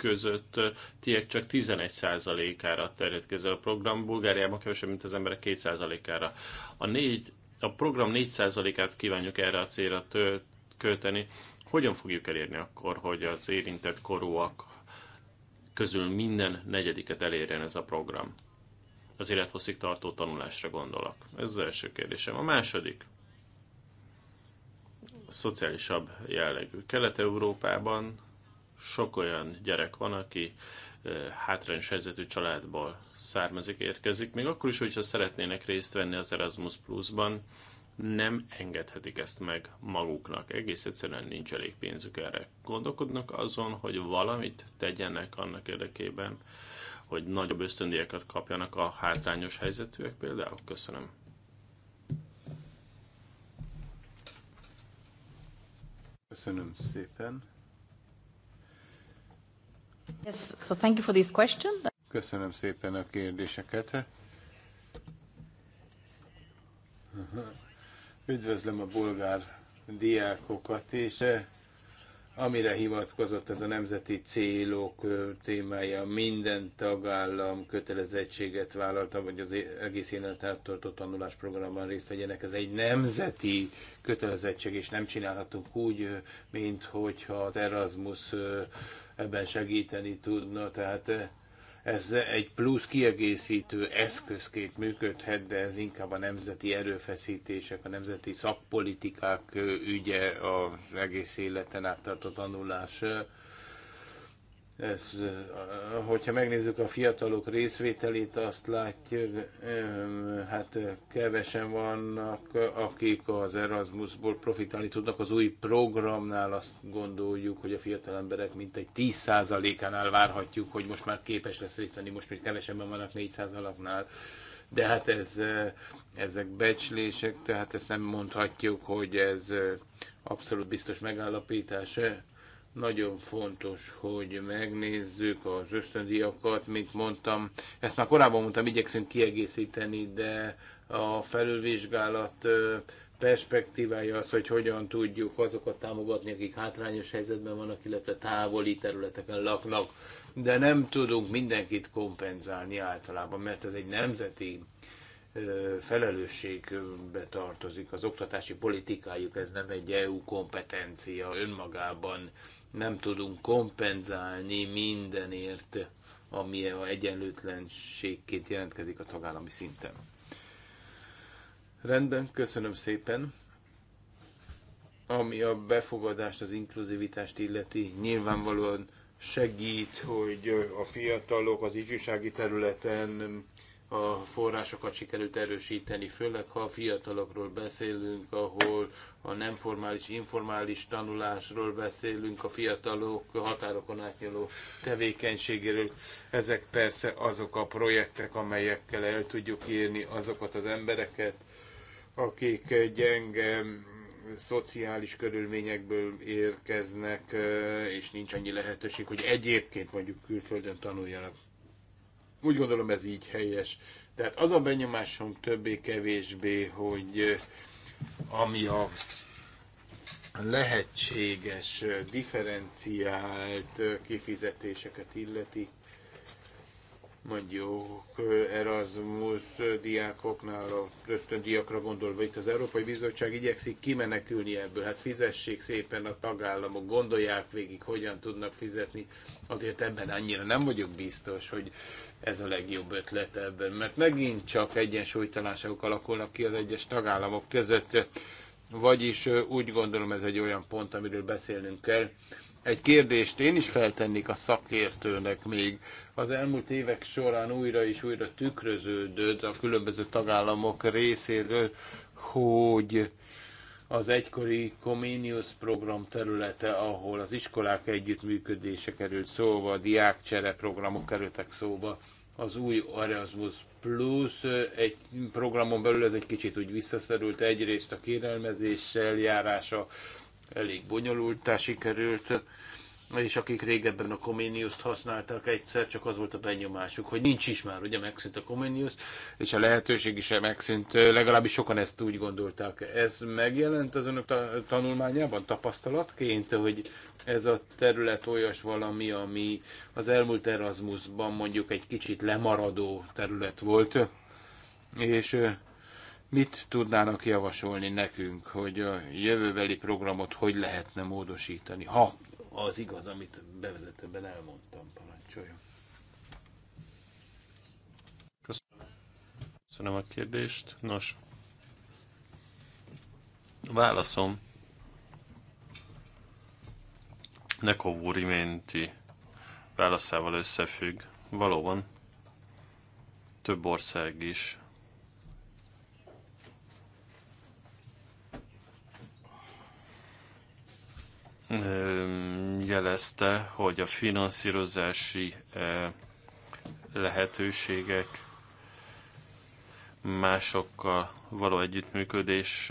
között tiek csak 11%-ára terjed a program, Bulgáriában kevesebb, mint az emberek 2%-ára. A, négy, a program 4%-át kívánjuk erre a célra költeni. Hogyan fogjuk elérni akkor, hogy az érintett korúak közül minden negyediket elérjen ez a program? Az élethosszig tartó tanulásra gondolok. Ez az első kérdésem. A második szociálisabb jellegű. Kelet-Európában sok olyan gyerek van, aki hátrányos helyzetű családból származik, érkezik, még akkor is, hogyha szeretnének részt venni az Erasmus Plus-ban, nem engedhetik ezt meg maguknak. Egész egyszerűen nincs elég pénzük erre. Gondolkodnak azon, hogy valamit tegyenek annak érdekében, hogy nagyobb ösztöndíjakat kapjanak a hátrányos helyzetűek például? Köszönöm. Köszönöm szépen. Yes, so thank you for this question. Köszönöm szépen a kérdéseket. Uh-huh. Üdvözlöm a bolgár diákokat, és eh, amire hivatkozott ez a nemzeti célok eh, témája, minden tagállam kötelezettséget vállalta, hogy az egész élettartó tanulásprogramban részt vegyenek. Ez egy nemzeti kötelezettség, és nem csinálhatunk úgy, eh, mint hogyha az Erasmus ebben segíteni tudna, tehát eh, ez egy plusz kiegészítő eszközként működhet, de ez inkább a nemzeti erőfeszítések, a nemzeti szakpolitikák eh, ügye az egész életen áttartott tanulás. Eh, ez, eh, hogyha megnézzük a fiatalok részvételét, azt látjuk, hát kevesen vannak, akik az Erasmusból profitálni tudnak. Az új programnál azt gondoljuk, hogy a fiatal emberek mintegy 10%-ánál várhatjuk, hogy most már képes lesz részt venni, most még kevesebben vannak 400 alaknál. De hát ez, eh, ezek becslések, tehát ezt nem mondhatjuk, hogy ez eh, abszolút biztos megállapítás nagyon fontos, hogy megnézzük az ösztöndiakat, mint mondtam. Ezt már korábban mondtam, igyekszünk kiegészíteni, de a felülvizsgálat perspektívája az, hogy hogyan tudjuk azokat támogatni, akik hátrányos helyzetben vannak, illetve távoli területeken laknak, de nem tudunk mindenkit kompenzálni általában, mert ez egy nemzeti felelősségbe tartozik, az oktatási politikájuk, ez nem egy EU kompetencia önmagában, nem tudunk kompenzálni mindenért, ami a egyenlőtlenségként jelentkezik a tagállami szinten. Rendben, köszönöm szépen. Ami a befogadást, az inkluzivitást illeti, nyilvánvalóan segít, hogy a fiatalok az ifjúsági területen a forrásokat sikerült erősíteni, főleg ha a fiatalokról beszélünk, ahol a nem formális, informális tanulásról beszélünk, a fiatalok határokon átnyúló tevékenységéről. Ezek persze azok a projektek, amelyekkel el tudjuk írni azokat az embereket, akik gyenge szociális körülményekből érkeznek, és nincs annyi lehetőség, hogy egyébként mondjuk külföldön tanuljanak úgy gondolom ez így helyes. Tehát az a benyomásom többé-kevésbé, hogy ami a lehetséges, differenciált kifizetéseket illeti, mondjuk Erasmus diákoknál, a ösztöndiakra gondolva, itt az Európai Bizottság igyekszik kimenekülni ebből. Hát fizessék szépen a tagállamok, gondolják végig, hogyan tudnak fizetni. Azért ebben annyira nem vagyok biztos, hogy ez a legjobb ötlet ebben, mert megint csak egyensúlytalanságok alakulnak ki az egyes tagállamok között, vagyis úgy gondolom ez egy olyan pont, amiről beszélnünk kell. Egy kérdést én is feltennék a szakértőnek még. Az elmúlt évek során újra és újra tükröződött a különböző tagállamok részéről, hogy az egykori Comenius program területe, ahol az iskolák együttműködése került szóba, a diákcsere programok kerültek szóba, az új Erasmus Plus egy programon belül ez egy kicsit úgy visszaszerült, egyrészt a kérelmezéssel járása elég bonyolultá sikerült, és akik régebben a comenius használtak egyszer csak az volt a benyomásuk, hogy nincs is már, ugye megszűnt a Comenius, és a lehetőség is megszűnt, legalábbis sokan ezt úgy gondolták. Ez megjelent az önök tanulmányában tapasztalatként, hogy ez a terület olyas valami, ami az elmúlt Erasmusban mondjuk egy kicsit lemaradó terület volt, és mit tudnának javasolni nekünk, hogy a jövőbeli programot hogy lehetne módosítani, ha az igaz, amit bevezetőben elmondtam, parancsolja. Köszönöm. a kérdést. Nos, válaszom Nekovúri Riménti válaszával összefügg. Valóban több ország is jelezte, hogy a finanszírozási lehetőségek másokkal való együttműködés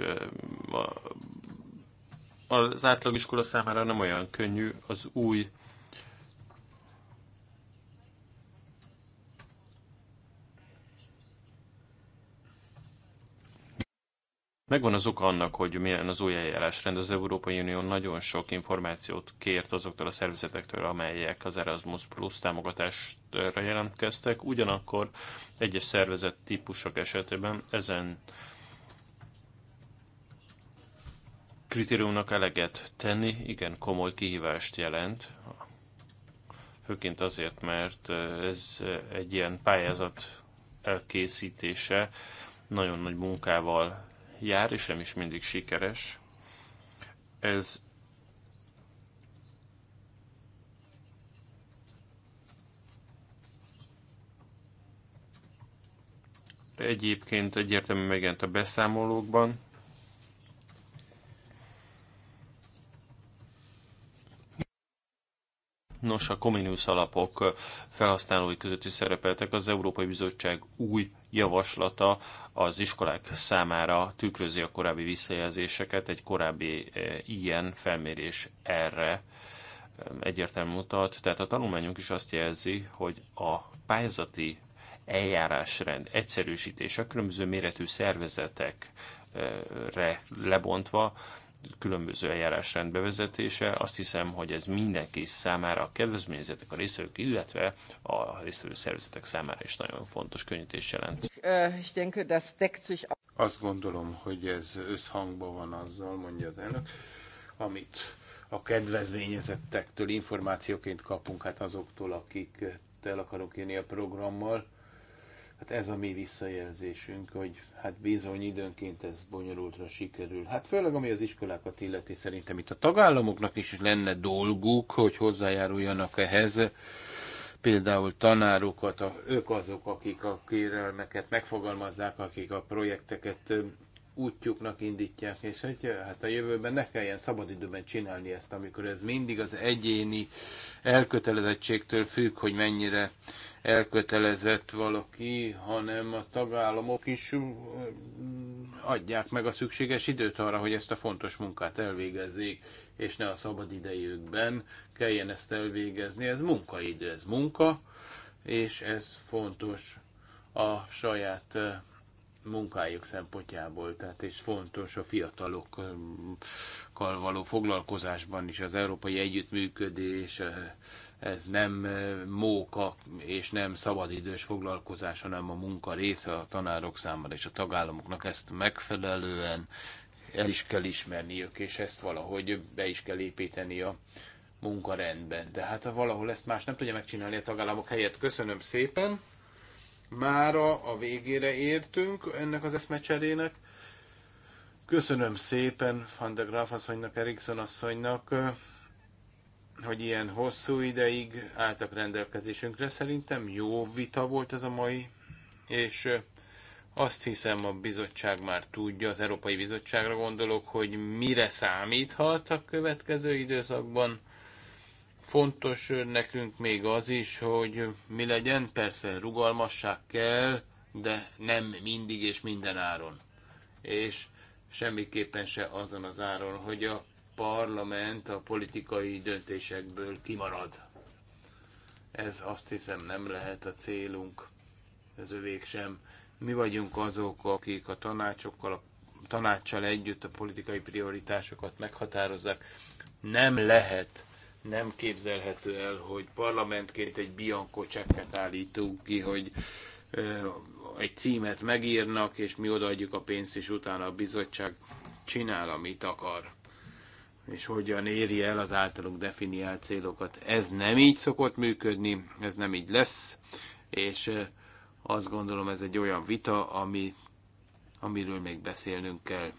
az átlagiskola számára nem olyan könnyű, az új Megvan az oka annak, hogy milyen az új eljárásrend. Az Európai Unió nagyon sok információt kért azoktól a szervezetektől, amelyek az Erasmus Plus támogatásra jelentkeztek. Ugyanakkor egyes szervezet típusok esetében ezen kritériumnak eleget tenni igen komoly kihívást jelent, főként azért, mert ez egy ilyen pályázat elkészítése nagyon nagy munkával jár, és nem is mindig sikeres. Ez egyébként egyértelműen megjelent a beszámolókban, Nos, a Comenius alapok felhasználói között is szerepeltek az Európai Bizottság új javaslata az iskolák számára tükrözi a korábbi visszajelzéseket, egy korábbi eh, ilyen felmérés erre eh, egyértelmű mutat. Tehát a tanulmányunk is azt jelzi, hogy a pályázati eljárásrend egyszerűsítése, különböző méretű szervezetekre lebontva különböző eljárásrend bevezetése. Azt hiszem, hogy ez mindenki számára, a kedvezményezetek, a résztvevők, illetve a résztvevő szervezetek számára is nagyon fontos könnyítés jelent. Azt gondolom, hogy ez összhangban van azzal, mondja az elnök, amit a kedvezményezettektől információként kapunk, hát azoktól, akik el akarok élni a programmal Hát ez a mi visszajelzésünk, hogy hát bizony időnként ez bonyolultra sikerül. Hát főleg ami az iskolákat illeti, szerintem itt a tagállamoknak is lenne dolguk, hogy hozzájáruljanak ehhez. Például tanárokat, ők azok, akik a kérelmeket megfogalmazzák, akik a projekteket útjuknak indítják, és hogy eh, hát a jövőben ne kelljen szabadidőben csinálni ezt, amikor ez mindig az egyéni elkötelezettségtől függ, hogy mennyire elkötelezett valaki, hanem a tagállamok is eh, adják meg a szükséges időt arra, hogy ezt a fontos munkát elvégezzék, és ne a szabad idejükben kelljen ezt elvégezni. Ez munkaidő, ez munka, és ez fontos a saját eh, munkájuk szempontjából, tehát és fontos a fiatalokkal való foglalkozásban is az európai együttműködés, eh, ez nem eh, móka és nem szabadidős foglalkozás, hanem a munka része a tanárok számára és a tagállamoknak ezt megfelelően el is kell ismerniük, és ezt valahogy be is kell építeni a munkarendben. De hát valahol ezt más nem tudja megcsinálni a tagállamok helyett. Köszönöm szépen! Mára a végére értünk ennek az eszmecserének. Köszönöm szépen Van de Graaf asszonynak, Erikson asszonynak, hogy ilyen hosszú ideig álltak rendelkezésünkre. Szerintem jó vita volt ez a mai, és azt hiszem a bizottság már tudja, az Európai Bizottságra gondolok, hogy mire számíthat a következő időszakban. Fontos nekünk még az is, hogy mi legyen, persze rugalmasság kell, de nem mindig és minden áron. És semmiképpen se azon az áron, hogy a parlament a politikai döntésekből kimarad. Ez azt hiszem nem lehet a célunk, ez övék sem. Mi vagyunk azok, akik a tanácsokkal, a tanácssal együtt a politikai prioritásokat meghatározzák. Nem lehet nem képzelhető el, hogy parlamentként egy bianco csekket állítunk ki, hogy egy címet megírnak, és mi odaadjuk a pénzt, és utána a bizottság csinál, amit akar és hogyan éri el az általunk definiált célokat. Ez nem így szokott működni, ez nem így lesz, és azt gondolom ez egy olyan vita, ami, amiről még beszélnünk kell.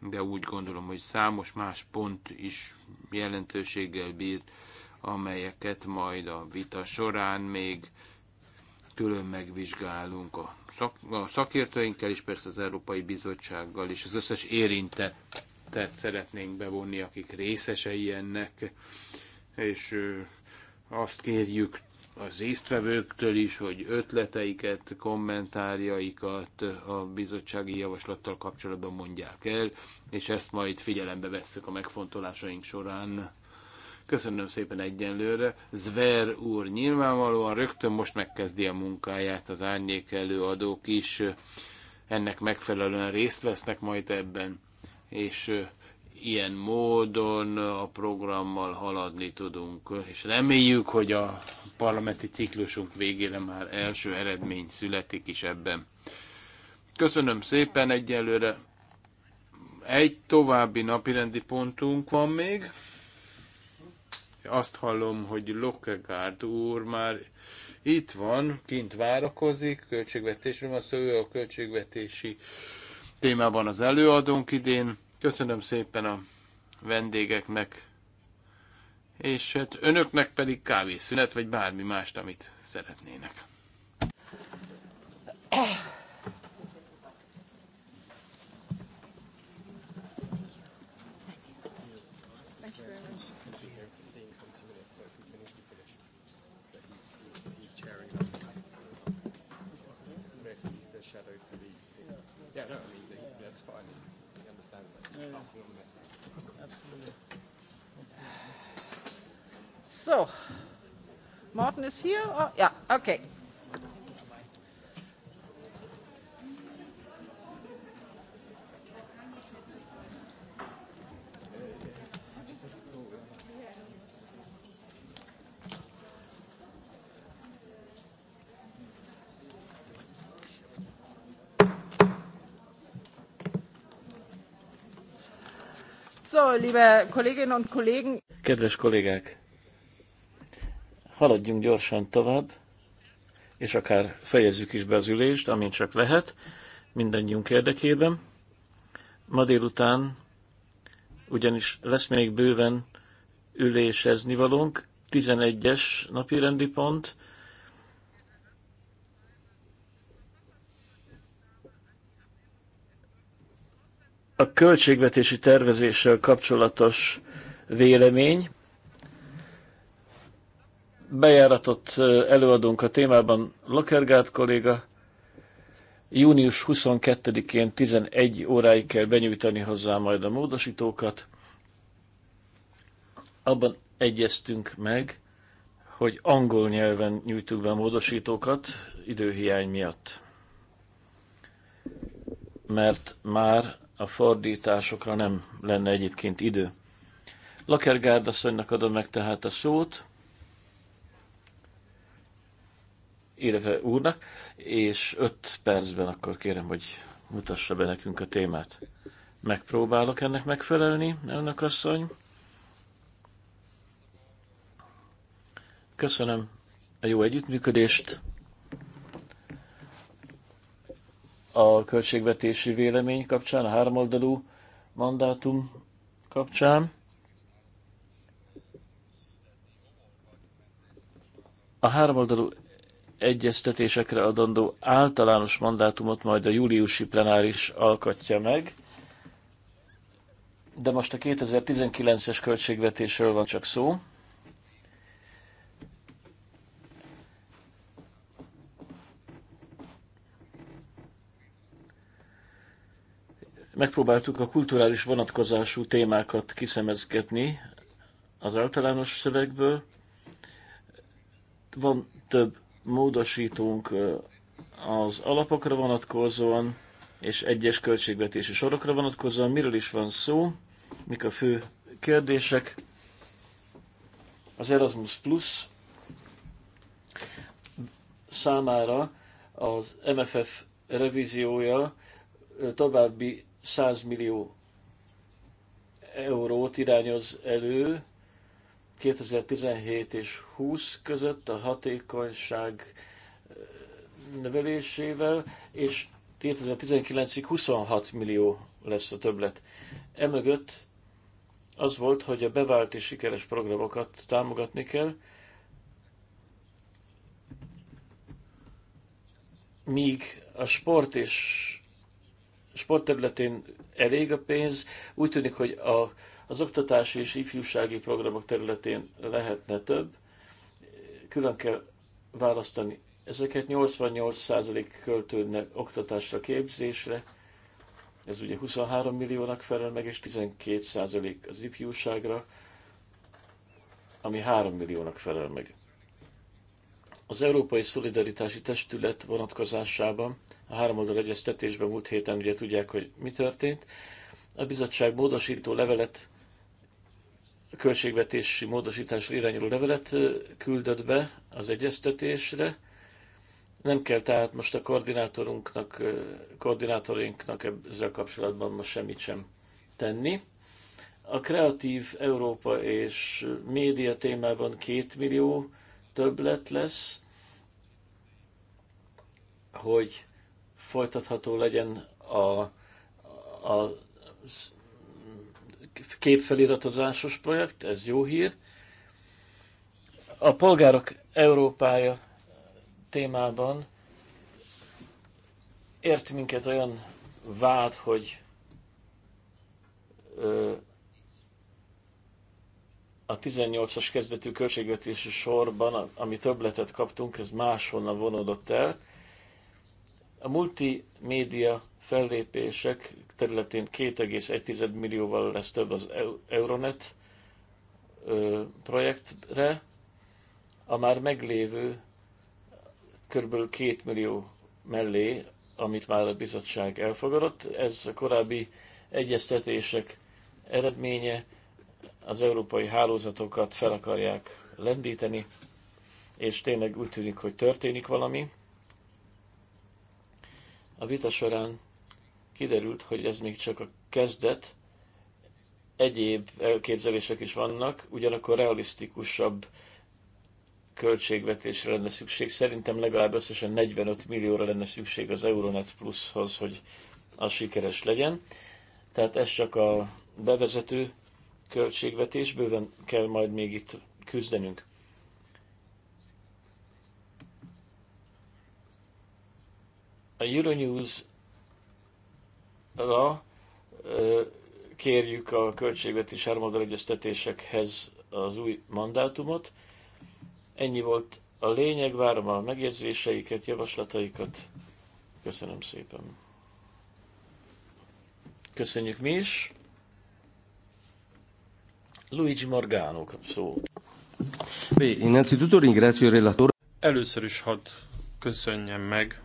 De úgy gondolom, hogy számos más pont is jelentőséggel bír, amelyeket majd a vita során még külön megvizsgálunk a, szak, a szakértőinkkel, is persze az Európai Bizottsággal, is. az összes érintettet szeretnénk bevonni, akik részesei ennek, és azt kérjük az résztvevőktől is, hogy ötleteiket, kommentárjaikat a bizottsági javaslattal kapcsolatban mondják el, és ezt majd figyelembe vesszük a megfontolásaink során. Köszönöm szépen egyenlőre. Zver úr nyilvánvalóan rögtön most megkezdi a munkáját, az árnyék előadók is ennek megfelelően részt vesznek majd ebben, és ilyen módon a programmal haladni tudunk, és reméljük, hogy a parlamenti ciklusunk végére már első eredmény születik is ebben. Köszönöm szépen egyelőre. Egy további napirendi pontunk van még. Azt hallom, hogy Lokegárd úr már itt van, kint várakozik, költségvetésről van szó, ő a költségvetési témában az előadónk idén Köszönöm szépen a vendégeknek, és hát önöknek pedig kávészünet, vagy bármi mást, amit szeretnének. So, Martin is here? Or, yeah, okay. So, liebe Kolleginnen und Kollegen. Kedves kollégák, haladjunk gyorsan tovább, és akár fejezzük is be az ülést, amint csak lehet, mindannyiunk érdekében. Ma délután ugyanis lesz még bőven ülésezni valónk, 11-es napi rendi pont, a költségvetési tervezéssel kapcsolatos vélemény, bejáratott előadónk a témában Lokergát kolléga. Június 22-én 11 óráig kell benyújtani hozzá majd a módosítókat. Abban egyeztünk meg, hogy angol nyelven nyújtuk be a módosítókat időhiány miatt. Mert már a fordításokra nem lenne egyébként idő. Lakergárd asszonynak adom meg tehát a szót illetve úrnak, és öt percben akkor kérem, hogy mutassa be nekünk a témát. Megpróbálok ennek megfelelni, önök asszony. Köszönöm a jó együttműködést. A költségvetési vélemény kapcsán, a háromoldalú mandátum kapcsán. A háromoldalú egyeztetésekre adandó általános mandátumot majd a júliusi plenáris alkatja meg, de most a 2019-es költségvetésről van csak szó. Megpróbáltuk a kulturális vonatkozású témákat kiszemezgetni az általános szövegből. Van több módosítunk az alapokra vonatkozóan és egyes költségvetési sorokra vonatkozóan. Miről is van szó? Mik a fő kérdések? Az Erasmus Plus számára az MFF revíziója további 100 millió eurót irányoz elő 2017 és 20 között a hatékonyság eh, növelésével, és 2019-ig 26 millió lesz a többlet. Emögött az volt, hogy a bevált és sikeres programokat támogatni kell, míg a sport és sport területén elég a pénz, úgy tűnik, hogy a az oktatási és ifjúsági programok területén lehetne több, külön kell választani. Ezeket 88% költődne oktatásra, képzésre, ez ugye 23 milliónak felel meg, és 12% az ifjúságra, ami 3 milliónak felel meg. Az Európai Szolidaritási Testület vonatkozásában a háromoldal egyeztetésben múlt héten ugye tudják, hogy mi történt. A bizottság módosító levelet költségvetési módosításra irányuló levelet küldött be az egyeztetésre. Nem kell tehát most a koordinátorunknak, koordinátorinknak ezzel kapcsolatban most semmit sem tenni. A kreatív Európa és média témában két millió többlet lesz, hogy folytatható legyen a, a, az képfeliratozásos projekt, ez jó hír. A polgárok Európája témában ért minket olyan vád, hogy ö, a 18-as kezdetű költségvetési sorban, ami többletet kaptunk, ez máshonnan vonódott el. A multimédia fellépések területén 2,1 millióval lesz több az Euronet projektre, a már meglévő kb. 2 millió mellé, amit már a bizottság elfogadott. Ez a korábbi egyeztetések eredménye, az európai hálózatokat fel akarják lendíteni, és tényleg úgy tűnik, hogy történik valami. A vita során kiderült, hogy ez még csak a kezdet, egyéb elképzelések is vannak, ugyanakkor realisztikusabb költségvetésre lenne szükség. Szerintem legalább összesen 45 millióra lenne szükség az Euronet Plushoz, hogy az sikeres legyen. Tehát ez csak a bevezető költségvetés, bőven kell majd még itt küzdenünk. A Euronews ra kérjük a költségvetés harmadal egyeztetésekhez az új mandátumot. Ennyi volt a lényeg, várom a megjegyzéseiket, javaslataikat. Köszönöm szépen. Köszönjük mi is. Luigi Morgano kap szó. Először is hadd köszönjem meg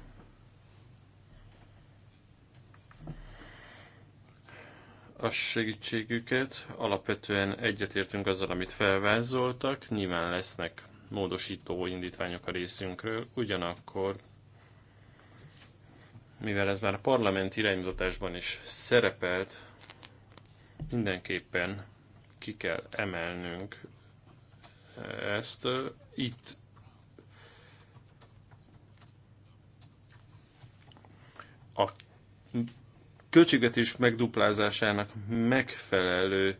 a segítségüket. Alapvetően egyetértünk azzal, amit felvázoltak. Nyilván lesznek módosító indítványok a részünkről, ugyanakkor mivel ez már a parlament iránymutatásban is szerepelt, mindenképpen ki kell emelnünk ezt. Itt a költségvetés megduplázásának megfelelő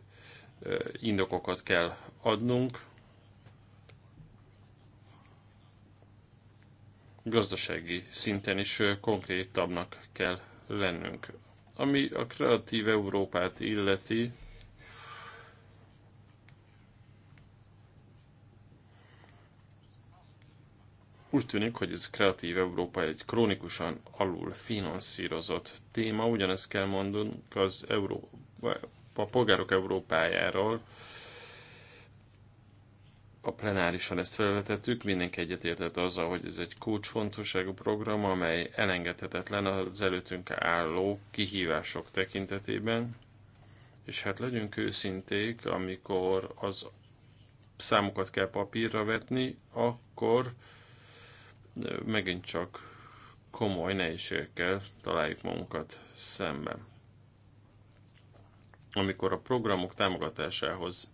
indokokat kell adnunk. Gazdasági szinten is konkrétabbnak kell lennünk. Ami a kreatív Európát illeti, Úgy tűnik, hogy ez kreatív Európa egy krónikusan alul finanszírozott téma, ugyanezt kell mondunk az Európa, a polgárok Európájáról, a plenárisan ezt felvetettük, mindenki egyetértett azzal, hogy ez egy kulcsfontosságú program, amely elengedhetetlen az előttünk álló kihívások tekintetében. És hát legyünk őszinték, amikor az számokat kell papírra vetni, akkor de megint csak komoly nehézségekkel találjuk magunkat szemben. Amikor a programok támogatásához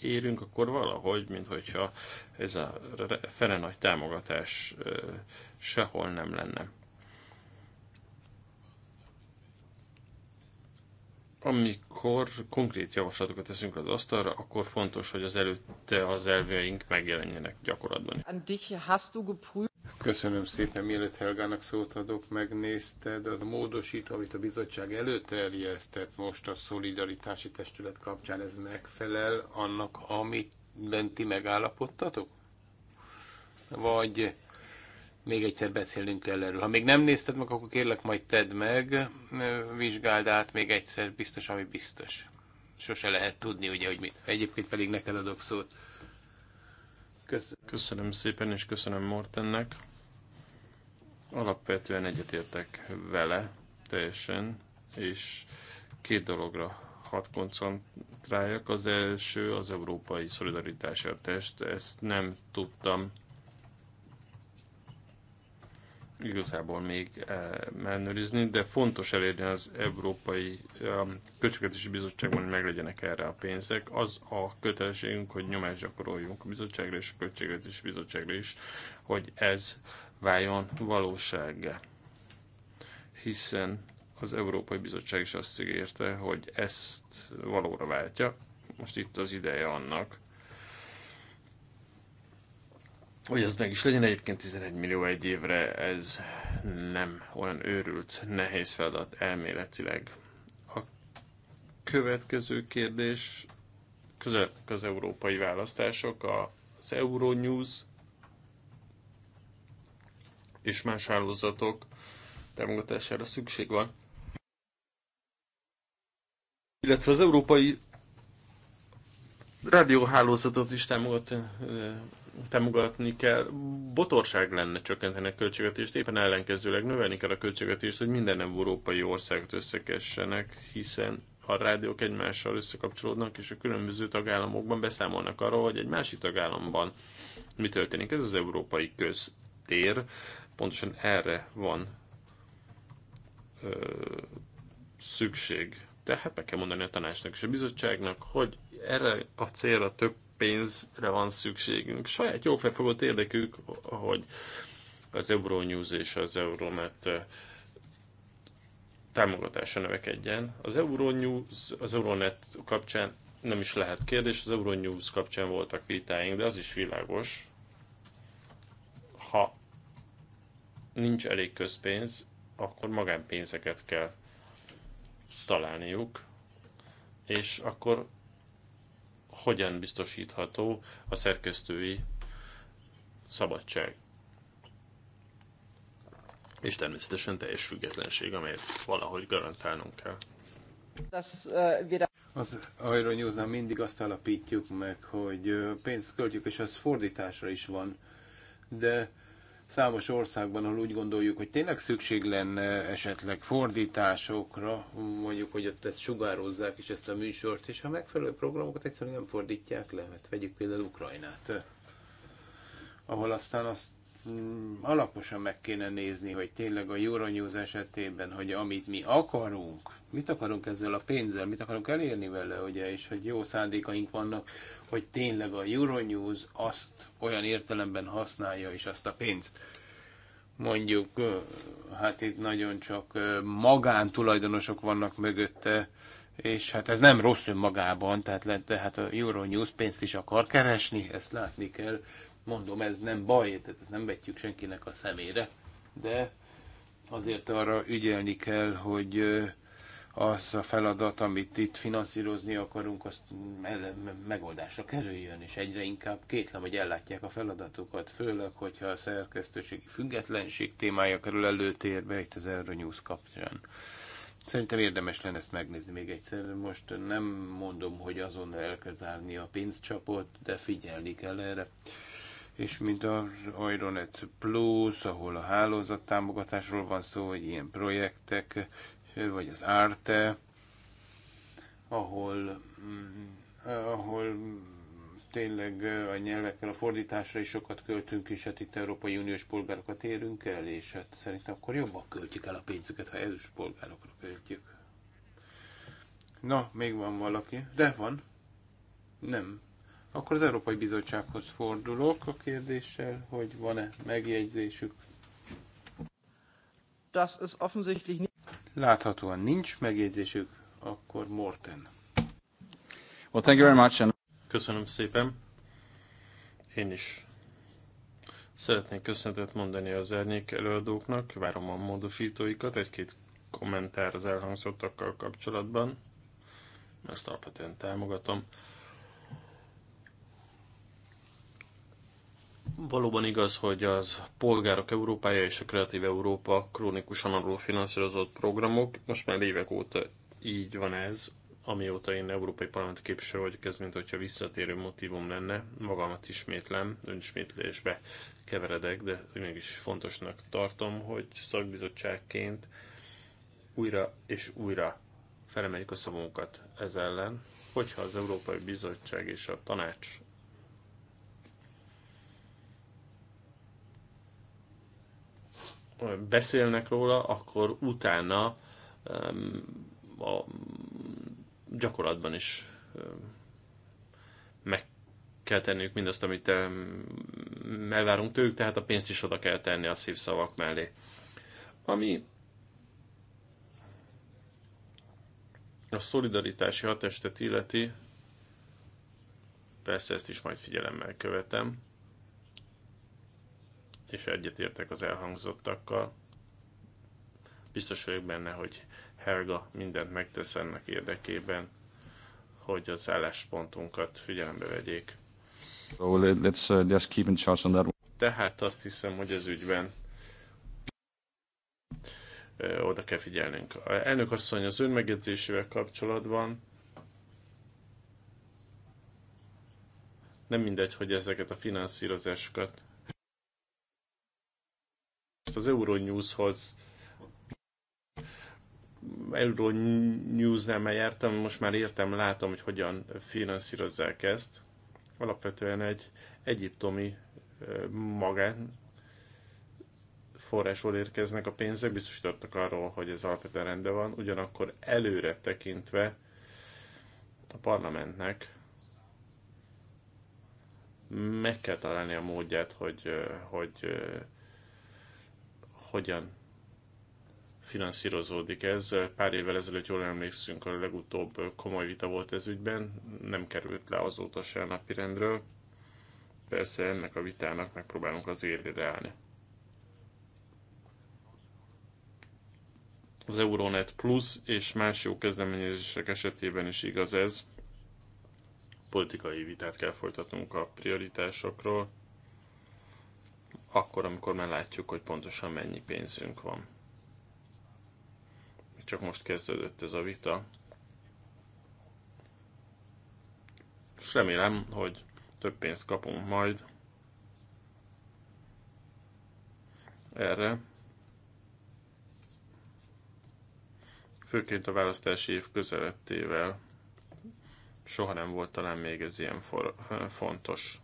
érünk, akkor valahogy, mintha ez a fele nagy támogatás sehol nem lenne. Amikor konkrét javaslatokat teszünk az asztalra, akkor fontos, hogy az előtte az elveink megjelenjenek gyakorlatban. Köszönöm szépen, mielőtt Helgának szót adok, megnézted az a módosító, amit a bizottság előterjesztett most a szolidaritási testület kapcsán, ez megfelel annak, amit benti megállapodtatok? Vagy még egyszer beszélünk el erről. Ha még nem nézted meg, akkor kérlek, majd tedd meg, vizsgáld át még egyszer, biztos, ami biztos. Sose lehet tudni, ugye, hogy mit. Egyébként pedig neked adok szót. Köszönöm. köszönöm szépen, és köszönöm Mortennek. Alapvetően egyetértek vele teljesen, és két dologra hat koncentráljak. Az első az Európai Szolidaritási Test. Ezt nem tudtam igazából még eh, ellenőrizni, de fontos elérni az Európai eh, Költségvetési Bizottságban, hogy meglegyenek erre a pénzek. Az a kötelességünk, hogy nyomást gyakoroljunk a bizottságra és a Költségvetési Bizottságra is, hogy ez váljon valósággá. Hiszen az Európai Bizottság is azt ígérte, hogy ezt valóra váltja. Most itt az ideje annak, hogy ez meg is legyen, egyébként 11 millió egy évre ez nem olyan őrült, nehéz feladat elméletileg. A következő kérdés, közel az európai választások, az Euronews és más hálózatok támogatására szükség van. Illetve az európai rádióhálózatot is támogat támogatni kell, botorság lenne csökkenteni a költségvetést, éppen ellenkezőleg növelni kell a költségvetést, hogy minden európai országot összekessenek, hiszen a rádiók egymással összekapcsolódnak, és a különböző tagállamokban beszámolnak arról, hogy egy másik tagállamban mi történik. Ez az európai köztér, pontosan erre van ö, szükség. Tehát meg kell mondani a tanácsnak és a bizottságnak, hogy erre a célra több pénzre van szükségünk. Saját jó felfogott érdekük, hogy az Euronews és az Euromet eh, támogatása növekedjen. Az Euronews, az Euronet kapcsán nem is lehet kérdés, az Euronews kapcsán voltak vitáink, de az is világos, ha nincs elég közpénz, akkor magánpénzeket kell találniuk, és akkor hogyan biztosítható a szerkesztői szabadság. És természetesen teljes függetlenség, amelyet valahogy garantálnunk kell. Az Aero news mindig azt állapítjuk meg, hogy pénzt költjük, és az fordításra is van, de Számos országban, ahol úgy gondoljuk, hogy tényleg szükség lenne esetleg fordításokra, mondjuk, hogy ott ezt sugározzák is ezt a műsort, és ha megfelelő programokat egyszerűen nem fordítják le, mert hát vegyük például Ukrajnát, ahol aztán azt mm, alaposan meg kéne nézni, hogy tényleg a Euronews esetében, hogy amit mi akarunk, mit akarunk ezzel a pénzzel, mit akarunk elérni vele, ugye, és hogy jó szándékaink vannak, hogy tényleg a Euronews azt olyan értelemben használja, és azt a pénzt. Mondjuk, hát itt nagyon csak magántulajdonosok vannak mögötte, és hát ez nem rossz önmagában, tehát, tehát a Euronews pénzt is akar keresni, ezt látni kell. Mondom, ez nem baj, tehát ezt nem vetjük senkinek a szemére, de azért arra ügyelni kell, hogy az a feladat, amit itt finanszírozni akarunk, azt megoldásra kerüljön, és egyre inkább kétlem, hogy ellátják a feladatukat, főleg, hogyha a szerkesztőségi függetlenség témája kerül előtérbe itt az Euronews kapcsán. Szerintem érdemes lenne ezt megnézni még egyszer. Most nem mondom, hogy azonnal el kell zárni a pénzcsapot, de figyelni kell erre és mint az Ironet Plus, ahol a hálózat támogatásról van szó, hogy ilyen projektek vagy az Arte, ahol, mm, ahol tényleg a nyelvekkel a fordításra is sokat költünk, és hát itt Európai Uniós polgárokat érünk el, és hát szerintem akkor jobban költjük el a pénzüket, ha EU-s polgárokra költjük. Na, még van valaki? De van. Nem. Akkor az Európai Bizottsághoz fordulok a kérdéssel, hogy van-e megjegyzésük. Das ist offensichtlich Láthatóan nincs megjegyzésük, akkor Morten. Well, thank you very much. And... Köszönöm szépen. Én is szeretnék köszönetet mondani az árnyék előadóknak, várom a módosítóikat, egy-két kommentár az elhangzottakkal kapcsolatban. Ezt alapvetően támogatom. Valóban igaz, hogy az Polgárok Európája és a Kreatív Európa krónikusan alul finanszírozott programok, most már évek óta így van ez, amióta én európai Parlament képviselő vagyok, ez mint hogyha visszatérő motivum lenne, magamat ismétlem, önismétlésbe keveredek, de mégis fontosnak tartom, hogy szakbizottságként újra és újra felemeljük a szavunkat ez ellen, hogyha az Európai Bizottság és a Tanács beszélnek róla, akkor utána a gyakorlatban is meg kell tenniük mindazt, amit elvárunk tőlük, tehát a pénzt is oda kell tenni a szív szavak mellé. Ami a szolidaritási hatestet illeti, persze ezt is majd figyelemmel követem, és egyetértek az elhangzottakkal. Biztos vagyok benne, hogy Helga mindent megtesz ennek érdekében, hogy az álláspontunkat figyelembe vegyék. So let's uh, just keep in charge on that. Tehát azt hiszem, hogy az ügyben uh, oda kell figyelnünk. A elnök asszony az ön megjegyzésével kapcsolatban nem mindegy, hogy ezeket a finanszírozásokat most az Euronews-hoz Euronews-nál már jártam, most már értem, látom, hogy hogyan finanszírozzák ezt. Alapvetően egy egyiptomi magán forrásról érkeznek a pénzek, biztosítottak arról, hogy ez alapvetően rendben van, ugyanakkor előre tekintve a parlamentnek meg kell találni a módját, hogy, hogy hogyan finanszírozódik ez. Pár évvel ezelőtt jól emlékszünk, a legutóbb komoly vita volt ez ügyben, nem került le azóta se a napirendről. Persze ennek a vitának megpróbálunk az élére állni. Az Euronet Plus és más jó kezdeményezések esetében is igaz ez. Politikai vitát kell folytatnunk a prioritásokról, akkor, amikor már látjuk, hogy pontosan mennyi pénzünk van. Csak most kezdődött ez a vita. És remélem, hogy több pénzt kapunk majd erre. Főként a választási év közelettével soha nem volt talán még ez ilyen for- fontos.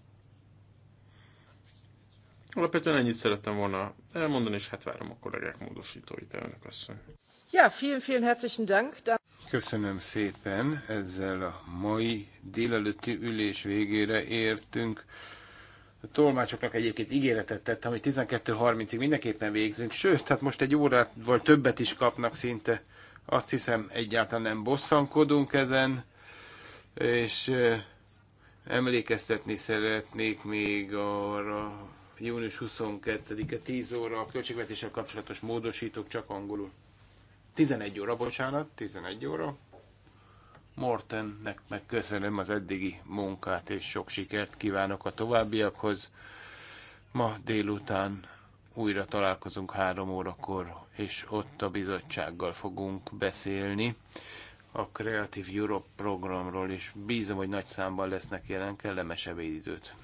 Alapvetően ennyit szerettem volna elmondani, és hát várom a kollégák módosítóit, elnök asszony. Ja, vielen, vielen herzlichen Dank. Köszönöm szépen, ezzel a mai délelőtti ülés végére értünk. A tolmácsoknak egyébként ígéretet tettem, hogy 12.30-ig mindenképpen végzünk, sőt, tehát most egy órát vagy többet is kapnak szinte. Azt hiszem, egyáltalán nem bosszankodunk ezen, és eh, emlékeztetni szeretnék még arra, június 22-e 10 óra a költségvetéssel kapcsolatos módosítók csak angolul. 11 óra, bocsánat, 11 óra. Mortennek megköszönöm az eddigi munkát, és sok sikert kívánok a továbbiakhoz. Ma délután újra találkozunk három órakor, és ott a bizottsággal fogunk beszélni a Creative Europe programról, és bízom, hogy nagy számban lesznek jelen kellemes ebédidőt.